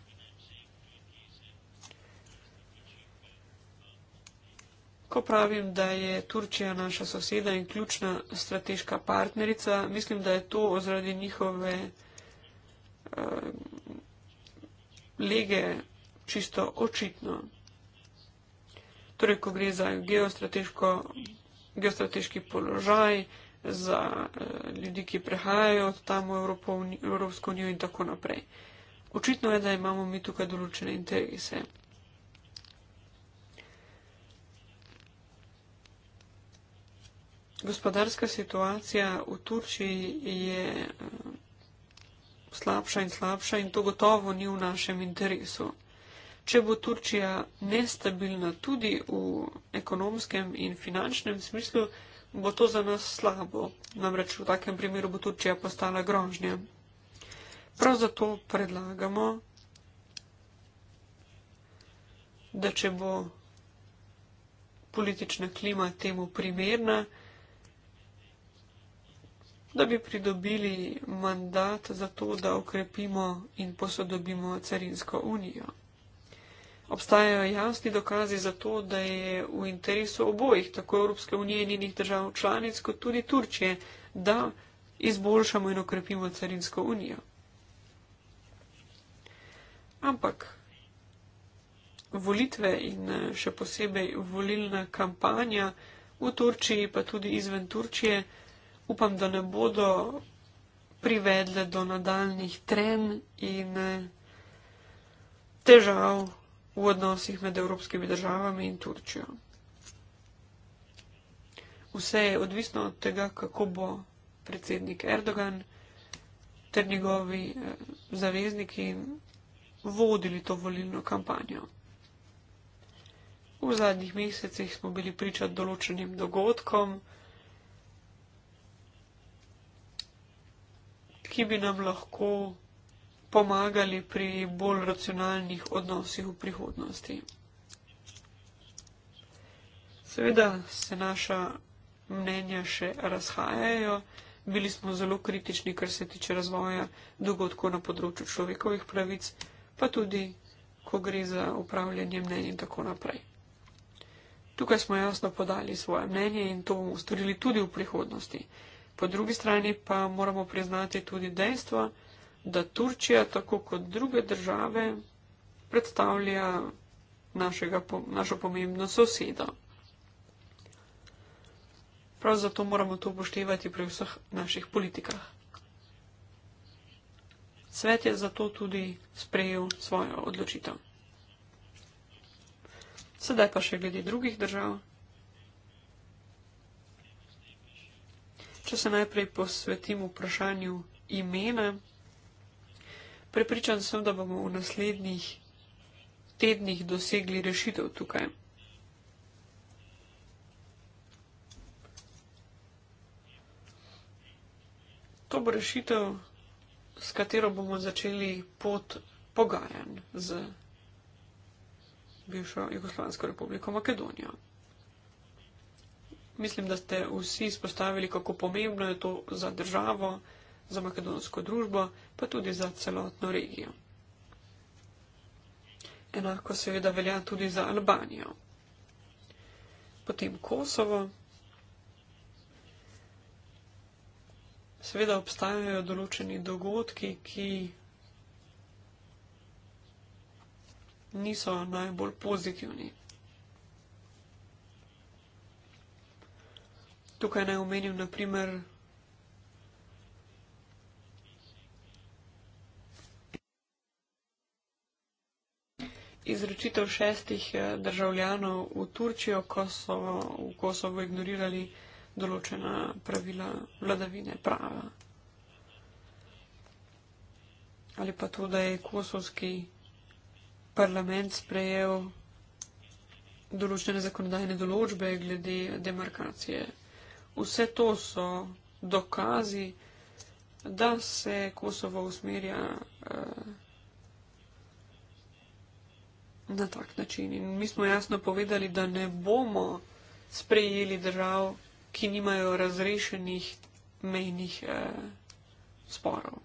Ko pravim, da je Turčija naša soseda in ključna strateška partnerica, mislim, da je to zaradi njihove. Uh, lege čisto očitno. Torej, ko gre za geostrateški položaj, za eh, ljudi, ki prehajajo tam v Evropsko unijo in tako naprej. Očitno je, da imamo mi tukaj določene interese. Gospodarska situacija v Turčiji je. Eh, slabša in slabša in to gotovo ni v našem interesu. Če bo Turčija nestabilna tudi v ekonomskem in finančnem smislu, bo to za nas slabo. Namreč v takem primeru bo Turčija postala grožnja. Prav zato predlagamo, da če bo politična klima temu primerna, da bi pridobili mandat za to, da okrepimo in posodobimo carinsko unijo. Obstajajo jasni dokazi za to, da je v interesu obojih, tako Evropske unije in njenih držav članic, kot tudi Turčije, da izboljšamo in okrepimo carinsko unijo. Ampak volitve in še posebej volilna kampanja v Turčiji, pa tudi izven Turčije, upam, da ne bodo privedle do nadaljnih trenj in eh, težav v odnosih med evropskimi državami in Turčijo. Vse je odvisno od tega, kako bo predsednik Erdogan ter njegovi eh, zavezniki vodili to volilno kampanjo. V zadnjih mesecih smo bili priča določenim dogodkom, ki bi nam lahko pomagali pri bolj racionalnih odnosih v prihodnosti. Seveda se naša mnenja še razhajajo. Bili smo zelo kritični, kar se tiče razvoja dogodkov na področju človekovih pravic, pa tudi, ko gre za upravljanje mnenja in tako naprej. Tukaj smo jasno podali svoje mnenje in to bomo storili tudi v prihodnosti. Po drugi strani pa moramo priznati tudi dejstvo, da Turčija, tako kot druge države, predstavlja našega, našo pomembno sosedo. Prav zato moramo to upoštevati pri vseh naših politikah. Svet je zato tudi sprejel svojo odločitev. Sedaj pa še glede drugih držav. Če se najprej posvetim vprašanju imena, prepričan sem, da bomo v naslednjih tednih dosegli rešitev tukaj. To bo rešitev, s katero bomo začeli pot pogajanj z bivšo Jugoslovansko republiko Makedonijo. Mislim, da ste vsi izpostavili, kako pomembno je to za državo, za makedonsko družbo, pa tudi za celotno regijo. Enako seveda velja tudi za Albanijo. Potem Kosovo. Seveda obstajajo določeni dogodki, ki niso najbolj pozitivni. Tukaj naj omenim, na primer, izročitev šestih eh, državljanov v Turčijo, ko so v Kosovo ignorirali določena pravila vladavine prava. Ali pa to, da je kosovski parlament sprejel določene zakonodajne določbe glede demarkacije Vse to so dokazi, da se Kosovo usmerja uh, na tak način. In mi smo jasno povedali, da ne bomo sprejeli držav, ki nimajo razrešenih mejnih uh, sporov.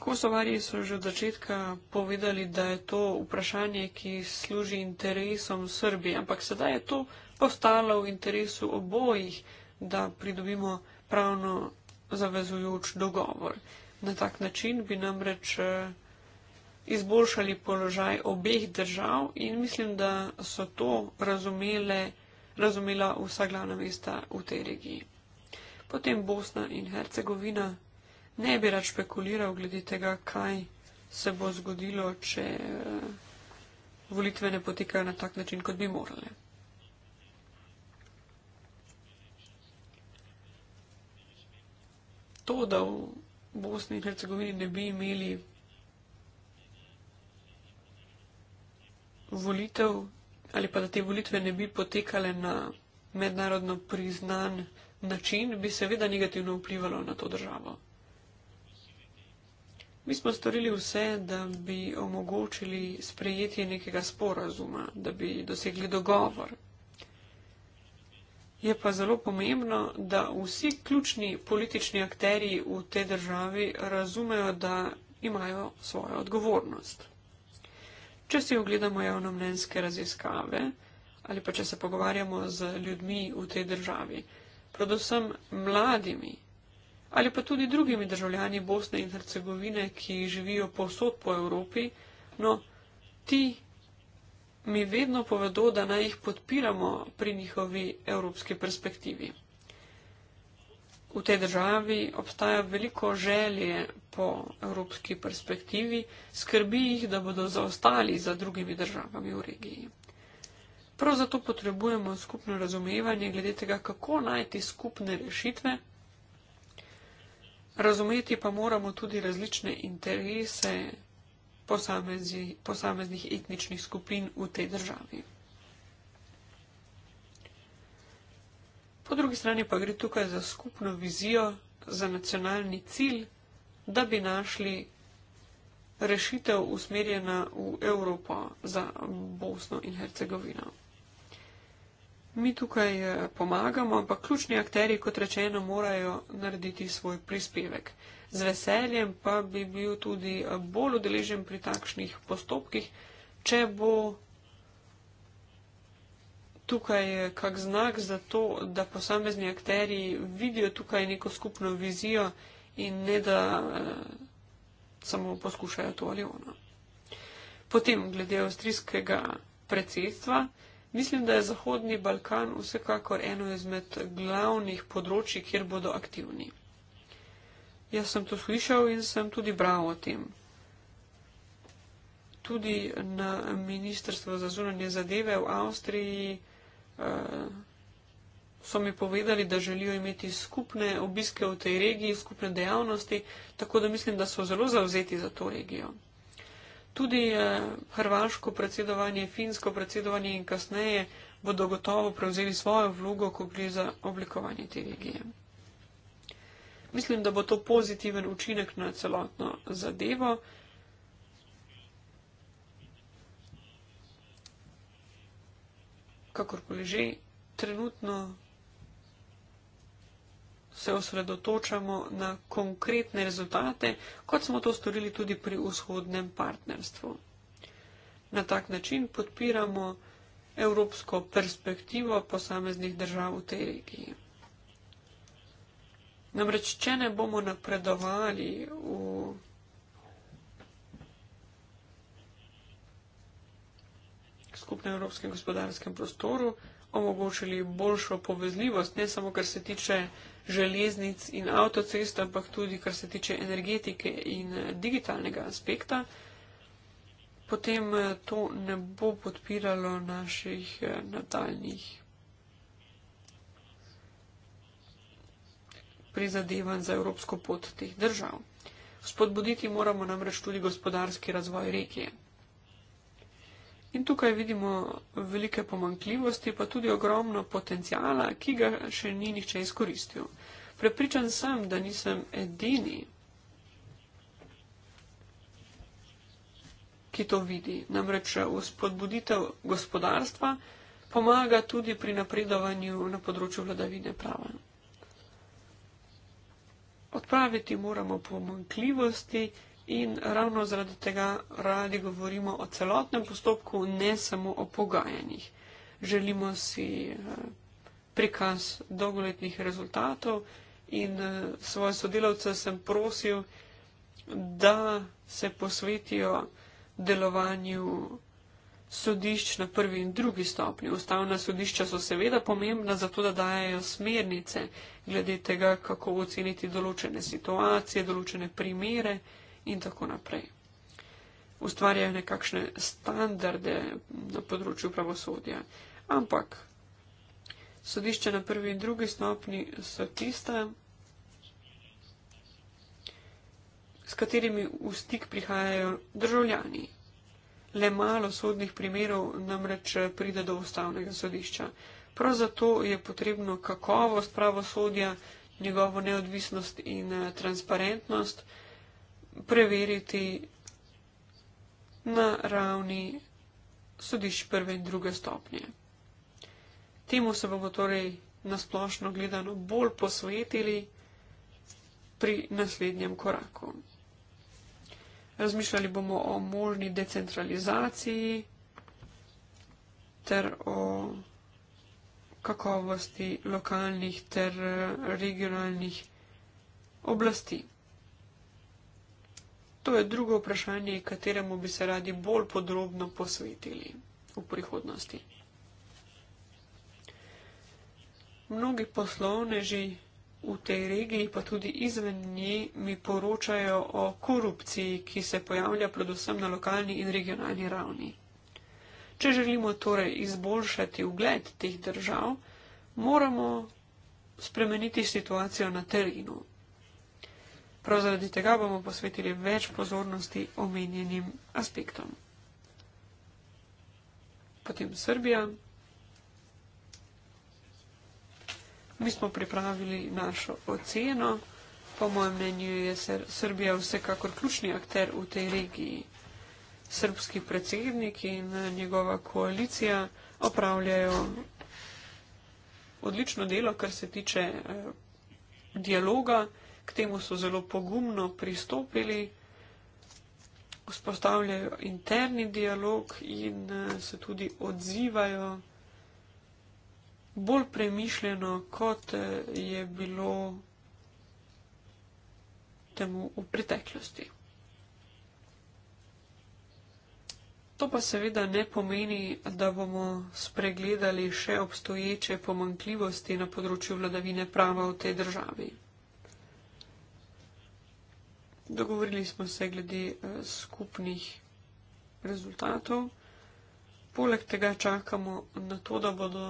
Kosovarji so že od začetka povedali, da je to vprašanje, ki služi interesom Srbije, ampak sedaj je to postalo v interesu obojih, da pridobimo pravno zavezujoč dogovor. Na tak način bi namreč eh, izboljšali položaj obeh držav in mislim, da so to razumele, razumela vsa glavna mesta v tej regiji. Potem Bosna in Hercegovina, ne bi rad špekuliral glede tega, kaj se bo zgodilo, če eh, volitve ne potekajo na tak način, kot bi morale. To, da v Bosni in Hercegovini ne bi imeli volitev ali pa da te volitve ne bi potekale na mednarodno priznan način, bi seveda negativno vplivalo na to državo. Mi smo storili vse, da bi omogočili sprejetje nekega sporazuma, da bi dosegli dogovor. Je pa zelo pomembno, da vsi ključni politični akteri v tej državi razumejo, da imajo svojo odgovornost. Če si ogledamo javnomnenske raziskave ali pa če se pogovarjamo z ljudmi v tej državi, predvsem mladimi ali pa tudi drugimi državljani Bosne in Hercegovine, ki živijo povsod po Evropi, no, ti mi vedno povedo, da naj jih podpiramo pri njihovi evropski perspektivi. V tej državi obstaja veliko želje po evropski perspektivi, skrbi jih, da bodo zaostali za drugimi državami v regiji. Prav zato potrebujemo skupno razumevanje glede tega, kako najti skupne rešitve. Razumeti pa moramo tudi različne interese posameznih etničnih skupin v tej državi. Po drugi strani pa gre tukaj za skupno vizijo, za nacionalni cilj, da bi našli rešitev usmerjena v Evropo za Bosno in Hercegovino mi tukaj eh, pomagamo, ampak ključni akteri, kot rečeno, morajo narediti svoj prispevek. Z veseljem pa bi bil tudi eh, bolj udeležen pri takšnih postopkih, če bo tukaj eh, kak znak za to, da posamezni akteri vidijo tukaj neko skupno vizijo in ne da samo poskušajo to ali ono. Potem glede avstrijskega predsedstva. Mislim, da je Zahodni Balkan vsekakor eno izmed glavnih področji, kjer bodo aktivni. Jaz sem to slišal in sem tudi bral o tem. Tudi na Ministrstvo za zunanje zadeve v Avstriji eh, so mi povedali, da želijo imeti skupne obiske v tej regiji, skupne dejavnosti, tako da mislim, da so zelo zauzeti za to regijo. Tudi eh, hrvaško predsedovanje, finsko predsedovanje in kasneje bodo gotovo prevzeli svojo vlogo, ko gre za oblikovanje te regije. Mislim, da bo to pozitiven učinek na celotno zadevo. Kakorkoli že, trenutno se osredotočamo na konkretne rezultate, kot smo to storili tudi pri vzhodnem partnerstvu. Na tak način podpiramo evropsko perspektivo posameznih držav v tej regiji. Namreč, če ne bomo napredovali v skupnem evropskem gospodarskem prostoru, omogočili boljšo povezljivost, ne samo kar se tiče železnic in avtocest, ampak tudi kar se tiče energetike in digitalnega aspekta, potem eh, to ne bo podpiralo naših eh, nadaljnih prizadevanj za evropsko pot teh držav. Spodbuditi moramo namreč tudi gospodarski razvoj regije. In tukaj vidimo velike pomankljivosti, pa tudi ogromno potencijala, ki ga še ni nihče izkoristil. Prepričan sem, da nisem edini, ki to vidi. Namreč eh, vzpodbuditev gospodarstva pomaga tudi pri napredovanju na področju vladavine prava. Odpraviti moramo pomankljivosti in ravno zaradi tega radi govorimo o celotnem postopku, ne samo o pogajanjih. Želimo si eh, prikaz dolgoletnih rezultatov in eh, svoje sodelavce sem prosil, da se posvetijo delovanju sodišč na prvi in drugi stopnji. Ustavna sodišča so seveda pomembna zato, da dajajo smernice glede tega, kako oceniti določene situacije, določene primere in tako naprej. Ustvarjajo nekakšne standarde na področju pravosodja. Ampak sodišče na prvi in drugi stopnji so tiste, s katerimi v stik prihajajo državljani. Le malo sodnih primerov namreč pride do ustavnega sodišča. Prav zato je potrebno kakovost pravosodja, njegovo neodvisnost in eh, transparentnost preveriti na ravni sodišč prve in druge stopnje. Temu se bomo torej nasplošno gledano bolj posvetili pri naslednjem koraku. Razmišljali bomo o možni decentralizaciji ter o kakovosti lokalnih ter eh, regionalnih oblasti. To je drugo vprašanje, kateremu bi se radi bolj podrobno posvetili v prihodnosti. Mnogi poslovneži v tej regiji, pa tudi izven nje, mi poročajo o korupciji, ki se pojavlja predvsem na lokalni in regionalni ravni. Če želimo torej izboljšati ugled teh držav, moramo spremeniti situacijo na terenu. Prav zaradi tega bomo posvetili več pozornosti omenjenim aspektom. Potem Srbija. Mi smo pripravili našo oceno. Po mojem mnenju je Ser Srbija vsekakor ključni akter v tej regiji. Srbski predsednik in njegova koalicija opravljajo odlično delo, kar se tiče eh, dialoga. K temu so zelo pogumno pristopili, vzpostavljajo interni dialog in eh, se tudi odzivajo bolj premišljeno, kot eh, je bilo temu v preteklosti. To pa seveda ne pomeni, da bomo spregledali še obstoječe pomankljivosti na področju vladavine prava v tej državi. Dogovorili smo se glede eh, skupnih rezultatov. Poleg tega čakamo na to, da bodo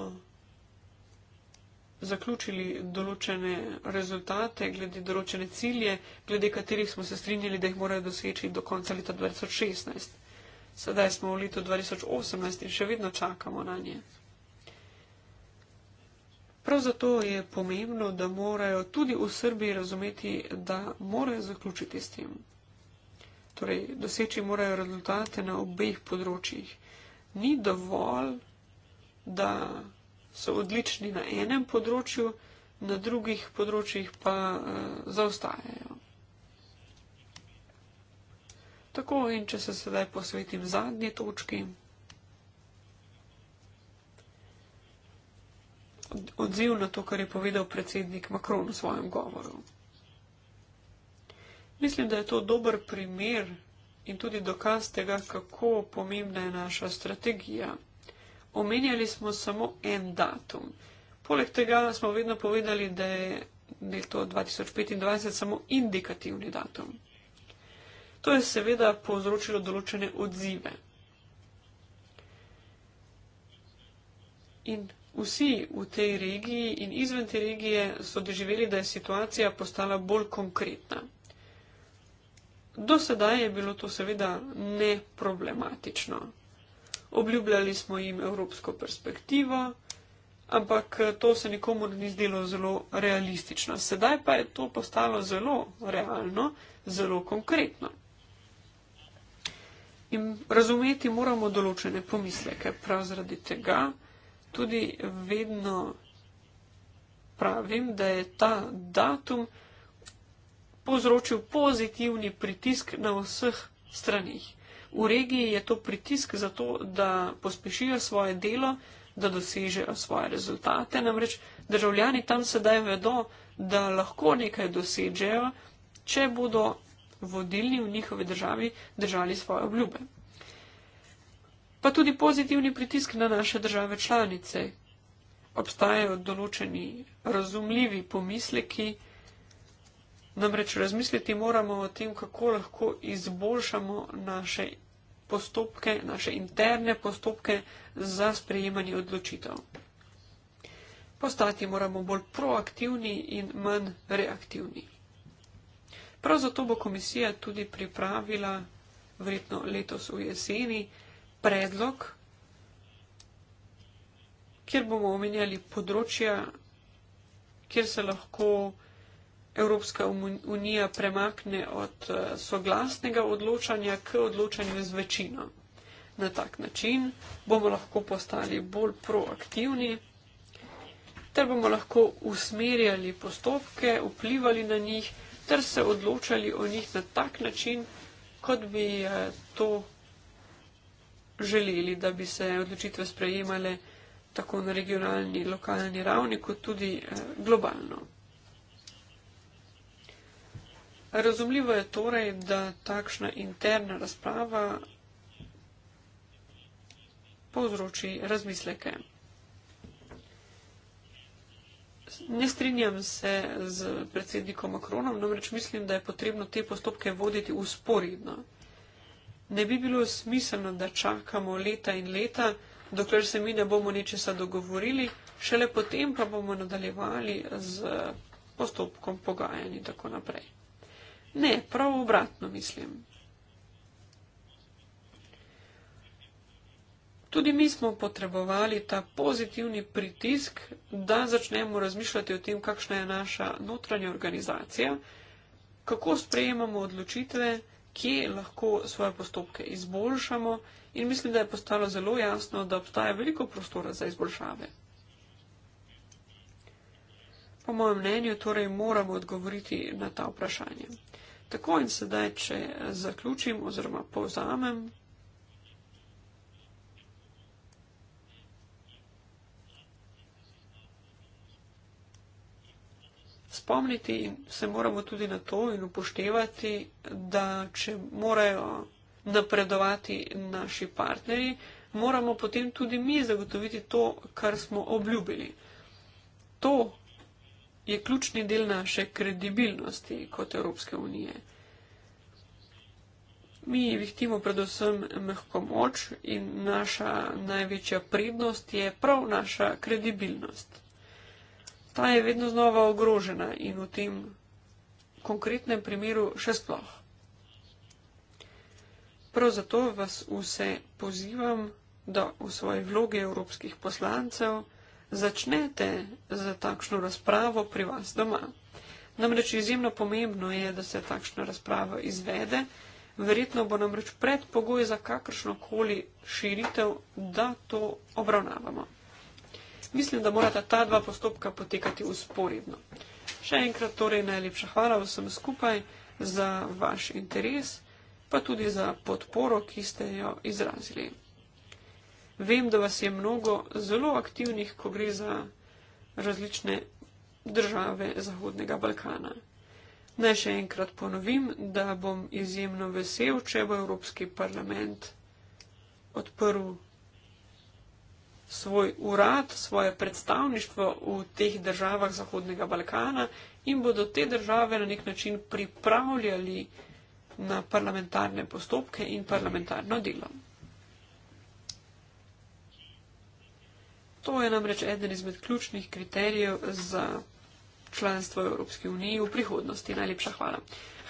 zaključili določene rezultate, glede določene cilje, glede katerih smo se strinjali, da jih morajo doseči do konca leta 2016. Sedaj smo v letu 2018 in še vedno čakamo na nje. Prav zato je pomembno, da morajo tudi v Srbiji razumeti, da morajo zaključiti s tem. Torej, doseči morajo rezultate na obeh področjih. Ni dovolj, da so odlični na enem področju, na drugih področjih pa uh, zaostajajo. Tako in če se sedaj posvetim zadnji točki, odziv na to, kar je povedal predsednik Macron v svojem govoru. Mislim, da je to dober primer in tudi dokaz tega, kako pomembna je naša strategija omenjali smo samo en datum. Poleg tega smo vedno povedali, da je to 2025 samo indikativni datum. To je seveda povzročilo določene odzive. In vsi v tej regiji in izven te regije so doživeli, da je situacija postala bolj konkretna. Do sedaj je bilo to seveda neproblematično obljubljali smo jim evropsko perspektivo, ampak eh, to se nikomu ni zdelo zelo realistično. Sedaj pa je to postalo zelo realno, zelo konkretno. In razumeti moramo določene pomisleke, prav zaradi tega tudi vedno pravim, da je ta datum povzročil pozitivni pritisk na vseh stranih. V regiji je to pritisk za to, da pospešijo svoje delo, da dosežejo svoje rezultate. Namreč državljani tam sedaj vedo, da lahko nekaj dosežejo, če bodo vodilni v njihovi državi držali svoje obljube. Pa tudi pozitivni pritisk na naše države članice. Obstajajo določeni razumljivi pomisleki, ki Namreč razmisliti moramo o tem, kako lahko izboljšamo naše postopke, naše interne postopke za sprejemanje odločitev. Postati moramo bolj proaktivni in manj reaktivni. Prav zato bo komisija tudi pripravila, verjetno letos v jeseni, predlog, kjer bomo omenjali področja, kjer se lahko Evropska unija premakne od eh, soglasnega odločanja k odločanju z večino. Na tak način bomo lahko postali bolj proaktivni, ter bomo lahko usmerjali postopke, vplivali na njih, ter se odločali o njih na tak način, kot bi eh, to želeli, da bi se odločitve sprejemale tako na regionalni, lokalni ravni, kot tudi eh, globalno. Razumljivo je torej, da takšna interna razprava povzroči razmisleke. Ne strinjam se z predsednikom Makronom, namreč mislim, da je potrebno te postopke voditi usporedno. Ne bi bilo smiselno, da čakamo leta in leta, dokler se mi ne bomo nečesa dogovorili, šele potem pa bomo nadaljevali z postopkom pogajanj in tako naprej. Ne, prav obratno mislim. Tudi mi smo potrebovali ta pozitivni pritisk, da začnemo razmišljati o tem, kakšna je naša notranja organizacija, kako sprejemamo odločitve, kje lahko svoje postopke izboljšamo in mislim, da je postalo zelo jasno, da obstaja veliko prostora za izboljšave. Po mojem mnenju torej moramo odgovoriti na ta vprašanje. Tako in sedaj, če zaključim oziroma povzamem. Spomniti se moramo tudi na to in upoštevati, da če morajo napredovati naši partnerji, moramo potem tudi mi zagotoviti to, kar smo obljubili. To, je ključni del naše kredibilnosti kot Evropske unije. Mi vihtimo predvsem mehko moč in naša največja prednost je prav naša kredibilnost. Ta je vedno znova ogrožena in v tem konkretnem primeru še sploh. Prav zato vas vse pozivam, da v svoji vlogi evropskih poslancev začnete z takšno razpravo pri vas doma. Namreč izjemno pomembno je, da se takšna razprava izvede. Verjetno bo namreč predpogoj za kakršno koli širitev, da to obravnavamo. Mislim, da morata ta dva postopka potekati usporedno. Še enkrat torej najlepša hvala vsem skupaj za vaš interes, pa tudi za podporo, ki ste jo izrazili. Vem, da vas je mnogo zelo aktivnih, ko gre za različne države Zahodnega Balkana. Naj še enkrat ponovim, da bom izjemno vesel, če bo Evropski parlament odprl svoj urad, svoje predstavništvo v teh državah Zahodnega Balkana in bodo te države na nek način pripravljali na parlamentarne postopke in parlamentarno delo. To je namreč eden izmed ključnih kriterijev za članstvo Evropske unije v prihodnosti. Najlepša hvala.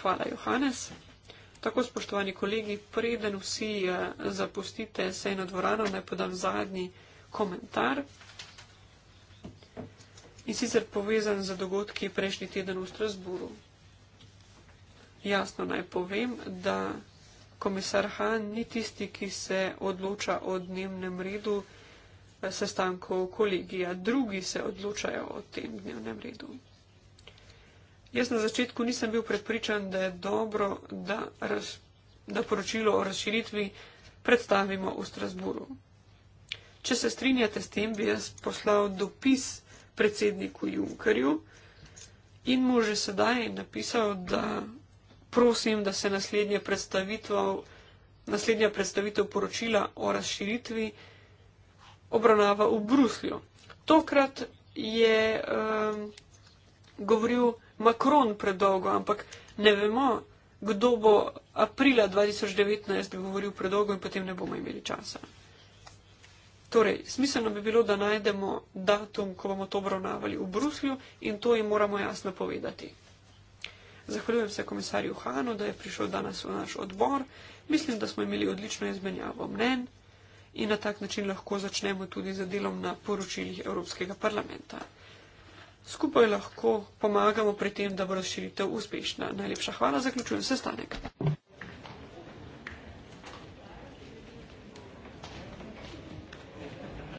Hvala, Johannes. Tako, spoštovani kolegi, preden vsi eh, zapustite sejno dvorano, naj podam zadnji komentar. In sicer povezan za dogodki prejšnji teden v Strasburu. Jasno naj povem, da komisar Han ni tisti, ki se odloča o dnevnem redu, sestankov kolegija, drugi se odločajo o tem dnevnem redu. Jaz na začetku nisem bil prepričan, da je dobro, da, raz, da poročilo o razširitvi predstavimo v Strasburu. Če se strinjate s tem, bi jaz poslal dopis predsedniku Junkerju in mu že sedaj napisal, da prosim, da se naslednja predstavitev, naslednja predstavitev poročila o razširitvi obravnava v Bruslju. Tokrat je um, govoril Macron predolgo, ampak ne vemo, kdo bo aprila 2019 govoril predolgo in potem ne bomo imeli časa. Torej, smiselno bi bilo, da najdemo datum, ko bomo to obravnavali v Bruslju in to jim moramo jasno povedati. Zahvaljujem se komisarju Hanu, da je prišel danes v naš odbor. Mislim, da smo imeli odlično izmenjavo mnen in na tak način lahko začnemo tudi za delom na poročilih Evropskega parlamenta. Skupaj lahko pomagamo pri tem, da bo razširitev uspešna. Najlepša hvala, zaključujem sestanek.